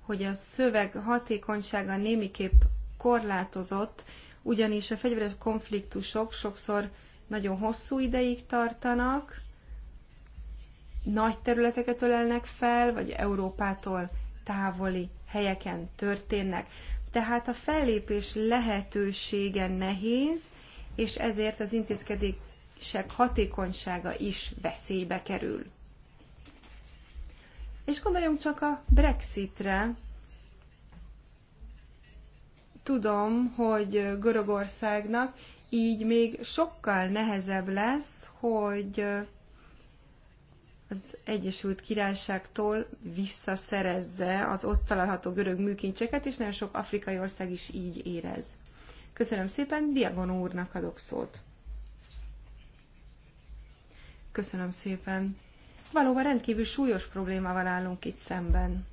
hogy a szöveg hatékonysága némiképp korlátozott, ugyanis a fegyveres konfliktusok sokszor nagyon hosszú ideig tartanak, nagy területeket ölelnek fel, vagy Európától távoli helyeken történnek. Tehát a fellépés lehetősége nehéz, és ezért az intézkedések hatékonysága is veszélybe kerül. És gondoljunk csak a Brexitre. Tudom, hogy Görögországnak így még sokkal nehezebb lesz, hogy az Egyesült Királyságtól visszaszerezze az ott található görög műkincseket, és nagyon sok afrikai ország is így érez. Köszönöm szépen, Diagon úrnak adok szót. Köszönöm szépen. Valóban rendkívül súlyos problémával állunk itt szemben.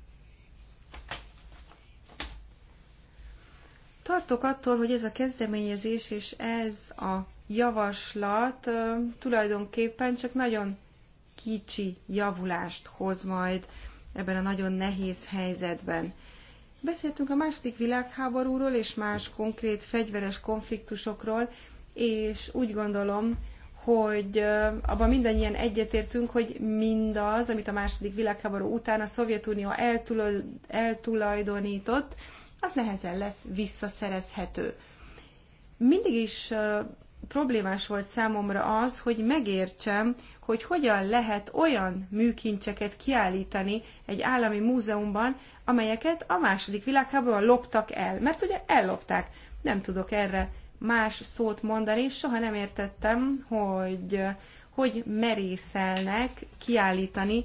Tartok attól, hogy ez a kezdeményezés és ez a javaslat tulajdonképpen csak nagyon kicsi javulást hoz majd ebben a nagyon nehéz helyzetben. Beszéltünk a második világháborúról és más konkrét fegyveres konfliktusokról, és úgy gondolom, hogy abban mindannyian egyetértünk, hogy mindaz, amit a második világháború után a Szovjetunió eltulajdonított, az nehezen lesz visszaszerezhető. Mindig is problémás volt számomra az, hogy megértsem, hogy hogyan lehet olyan műkincseket kiállítani egy állami múzeumban, amelyeket a második világháborúban loptak el, mert ugye ellopták. Nem tudok erre más szót mondani, soha nem értettem, hogy hogy merészelnek kiállítani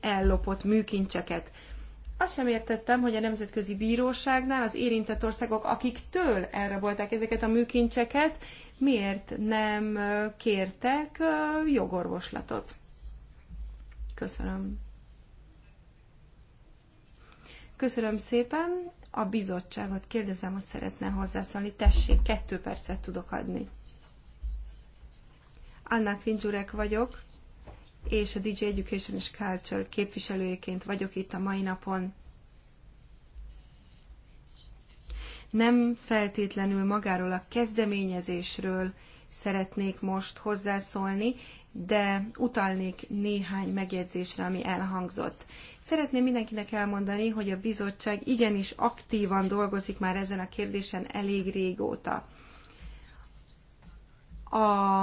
ellopott műkincseket. Azt sem értettem, hogy a Nemzetközi Bíróságnál az érintett országok, akiktől elrabolták ezeket a műkincseket, miért nem kértek jogorvoslatot? Köszönöm. Köszönöm szépen. A bizottságot kérdezem, hogy szeretne hozzászólni. Tessék, kettő percet tudok adni. Anna Kvincsurek vagyok, és a DJ Education és Culture képviselőjeként vagyok itt a mai napon. Nem feltétlenül magáról a kezdeményezésről szeretnék most hozzászólni, de utalnék néhány megjegyzésre, ami elhangzott. Szeretném mindenkinek elmondani, hogy a bizottság igenis aktívan dolgozik már ezen a kérdésen elég régóta. A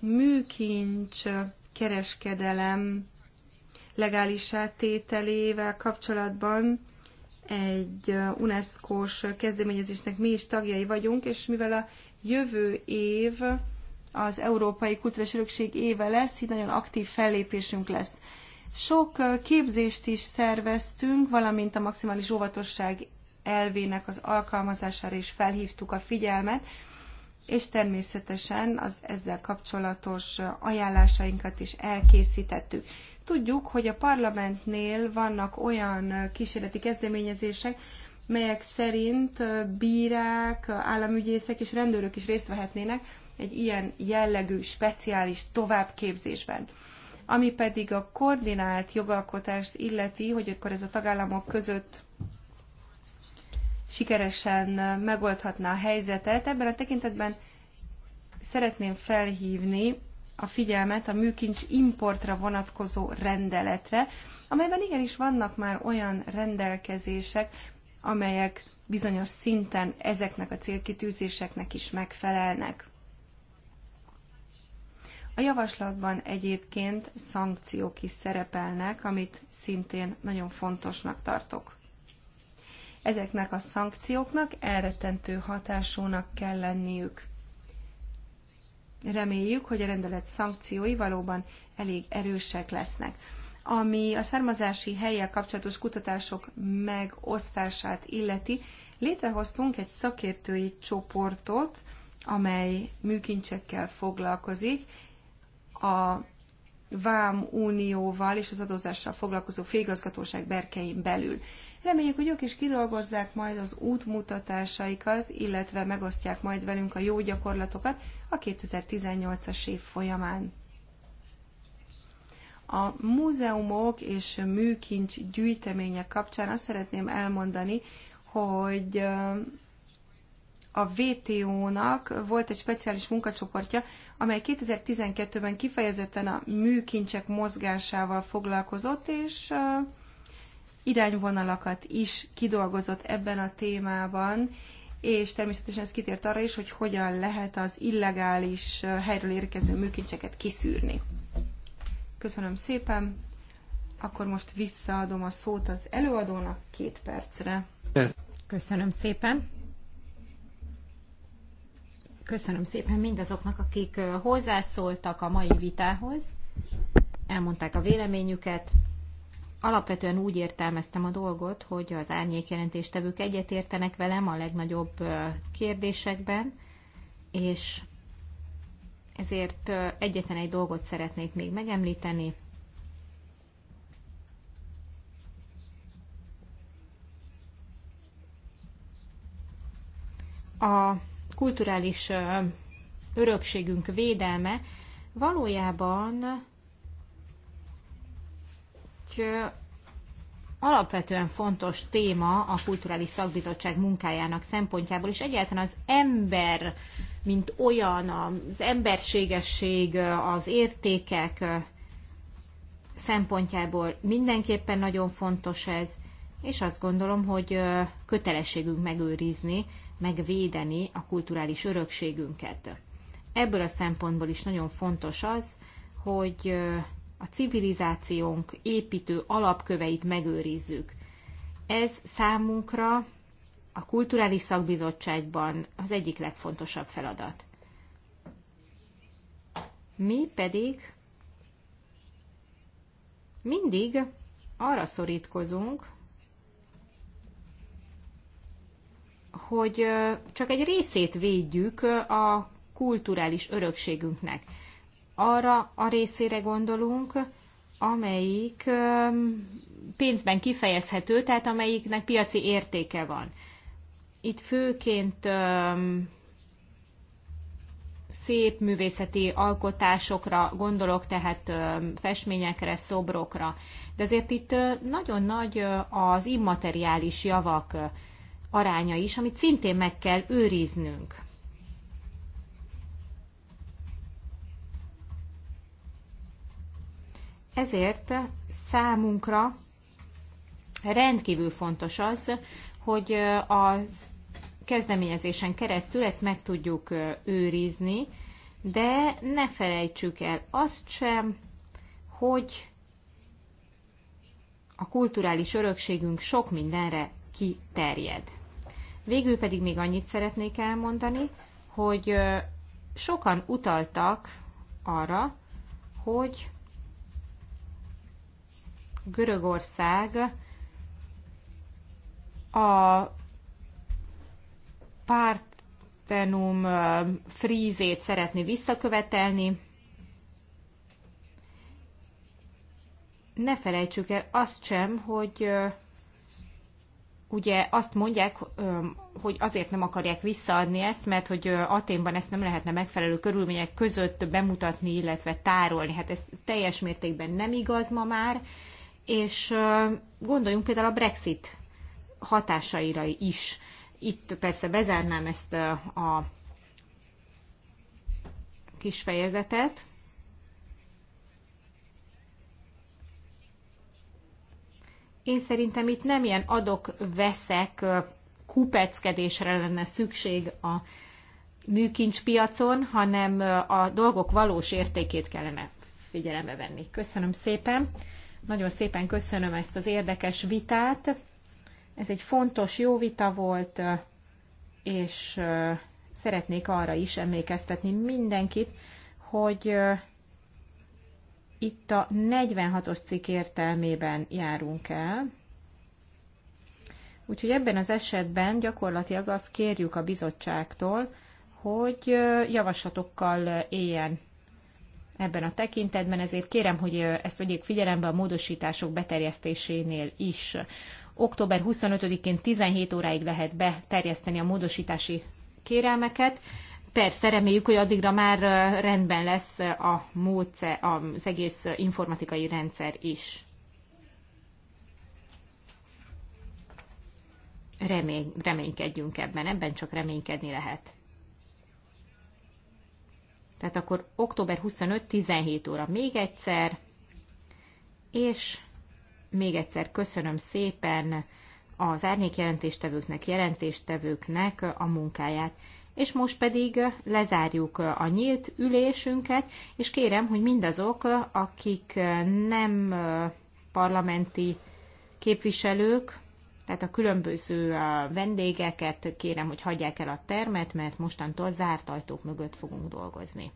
műkincs kereskedelem legálisá tételével kapcsolatban egy uh, UNESCO-s kezdeményezésnek mi is tagjai vagyunk, és mivel a jövő év az Európai Kulturális Örökség éve lesz, így nagyon aktív fellépésünk lesz. Sok uh, képzést is szerveztünk, valamint a maximális óvatosság elvének az alkalmazására is felhívtuk a figyelmet, és természetesen az ezzel kapcsolatos uh, ajánlásainkat is elkészítettük. Tudjuk, hogy a parlamentnél vannak olyan kísérleti kezdeményezések, melyek szerint bírák, államügyészek és rendőrök is részt vehetnének egy ilyen jellegű speciális továbbképzésben. Ami pedig a koordinált jogalkotást illeti, hogy akkor ez a tagállamok között sikeresen megoldhatná a helyzetet, ebben a tekintetben szeretném felhívni a figyelmet a műkincs importra vonatkozó rendeletre, amelyben igenis vannak már olyan rendelkezések, amelyek bizonyos szinten ezeknek a célkitűzéseknek is megfelelnek. A javaslatban egyébként szankciók is szerepelnek, amit szintén nagyon fontosnak tartok. Ezeknek a szankcióknak elrettentő hatásúnak kell lenniük. Reméljük, hogy a rendelet szankciói valóban elég erősek lesznek. Ami a származási helyek kapcsolatos kutatások megosztását illeti, létrehoztunk egy szakértői csoportot, amely műkincsekkel foglalkozik, a Vám Unióval és az adózással foglalkozó félgazgatóság berkein belül. Reméljük, hogy ők is kidolgozzák majd az útmutatásaikat, illetve megosztják majd velünk a jó gyakorlatokat, a 2018-as év folyamán. A múzeumok és műkincs gyűjtemények kapcsán azt szeretném elmondani, hogy a VTO-nak volt egy speciális munkacsoportja, amely 2012-ben kifejezetten a műkincsek mozgásával foglalkozott, és irányvonalakat is kidolgozott ebben a témában, és természetesen ez kitért arra is, hogy hogyan lehet az illegális helyről érkező műkincseket kiszűrni. Köszönöm szépen. Akkor most visszaadom a szót az előadónak két percre. Köszönöm szépen. Köszönöm szépen mindazoknak, akik hozzászóltak a mai vitához, elmondták a véleményüket, alapvetően úgy értelmeztem a dolgot, hogy az árnyékjelentéstevők egyetértenek velem a legnagyobb kérdésekben, és ezért egyetlen egy dolgot szeretnék még megemlíteni. A kulturális örökségünk védelme valójában egy alapvetően fontos téma a Kulturális Szakbizottság munkájának szempontjából, és egyáltalán az ember, mint olyan, az emberségesség, az értékek szempontjából mindenképpen nagyon fontos ez, és azt gondolom, hogy kötelességünk megőrizni, megvédeni a kulturális örökségünket. Ebből a szempontból is nagyon fontos az, hogy a civilizációnk építő alapköveit megőrizzük. Ez számunkra a Kulturális Szakbizottságban az egyik legfontosabb feladat. Mi pedig mindig arra szorítkozunk, hogy csak egy részét védjük a kulturális örökségünknek arra a részére gondolunk, amelyik pénzben kifejezhető, tehát amelyiknek piaci értéke van. Itt főként szép művészeti alkotásokra gondolok, tehát festményekre, szobrokra. De azért itt nagyon nagy az immateriális javak aránya is, amit szintén meg kell őriznünk. Ezért számunkra rendkívül fontos az, hogy a kezdeményezésen keresztül ezt meg tudjuk őrizni, de ne felejtsük el azt sem, hogy a kulturális örökségünk sok mindenre kiterjed. Végül pedig még annyit szeretnék elmondani, hogy sokan utaltak arra, hogy Görögország a Partenum frízét szeretné visszakövetelni. Ne felejtsük el azt sem, hogy ugye azt mondják, hogy azért nem akarják visszaadni ezt, mert hogy Aténban ezt nem lehetne megfelelő körülmények között bemutatni, illetve tárolni. Hát ez teljes mértékben nem igaz ma már, és gondoljunk például a Brexit hatásaira is. Itt persze bezárnám ezt a kis fejezetet. Én szerintem itt nem ilyen adok-veszek kupeckedésre lenne szükség a műkincspiacon, hanem a dolgok valós értékét kellene figyelembe venni. Köszönöm szépen! Nagyon szépen köszönöm ezt az érdekes vitát. Ez egy fontos, jó vita volt, és szeretnék arra is emlékeztetni mindenkit, hogy itt a 46-os cikk értelmében járunk el. Úgyhogy ebben az esetben gyakorlatilag azt kérjük a bizottságtól, hogy javaslatokkal éljen ebben a tekintetben, ezért kérem, hogy ezt vegyék figyelembe a módosítások beterjesztésénél is. Október 25-én 17 óráig lehet beterjeszteni a módosítási kérelmeket. Persze, reméljük, hogy addigra már rendben lesz a módce, az egész informatikai rendszer is. Remény, reménykedjünk ebben, ebben csak reménykedni lehet. Tehát akkor október 25, 17 óra még egyszer, és még egyszer köszönöm szépen az árnyék jelentéstevőknek, jelentéstevőknek a munkáját. És most pedig lezárjuk a nyílt ülésünket, és kérem, hogy mindazok, akik nem parlamenti képviselők, tehát a különböző vendégeket kérem, hogy hagyják el a termet, mert mostantól zárt ajtók mögött fogunk dolgozni.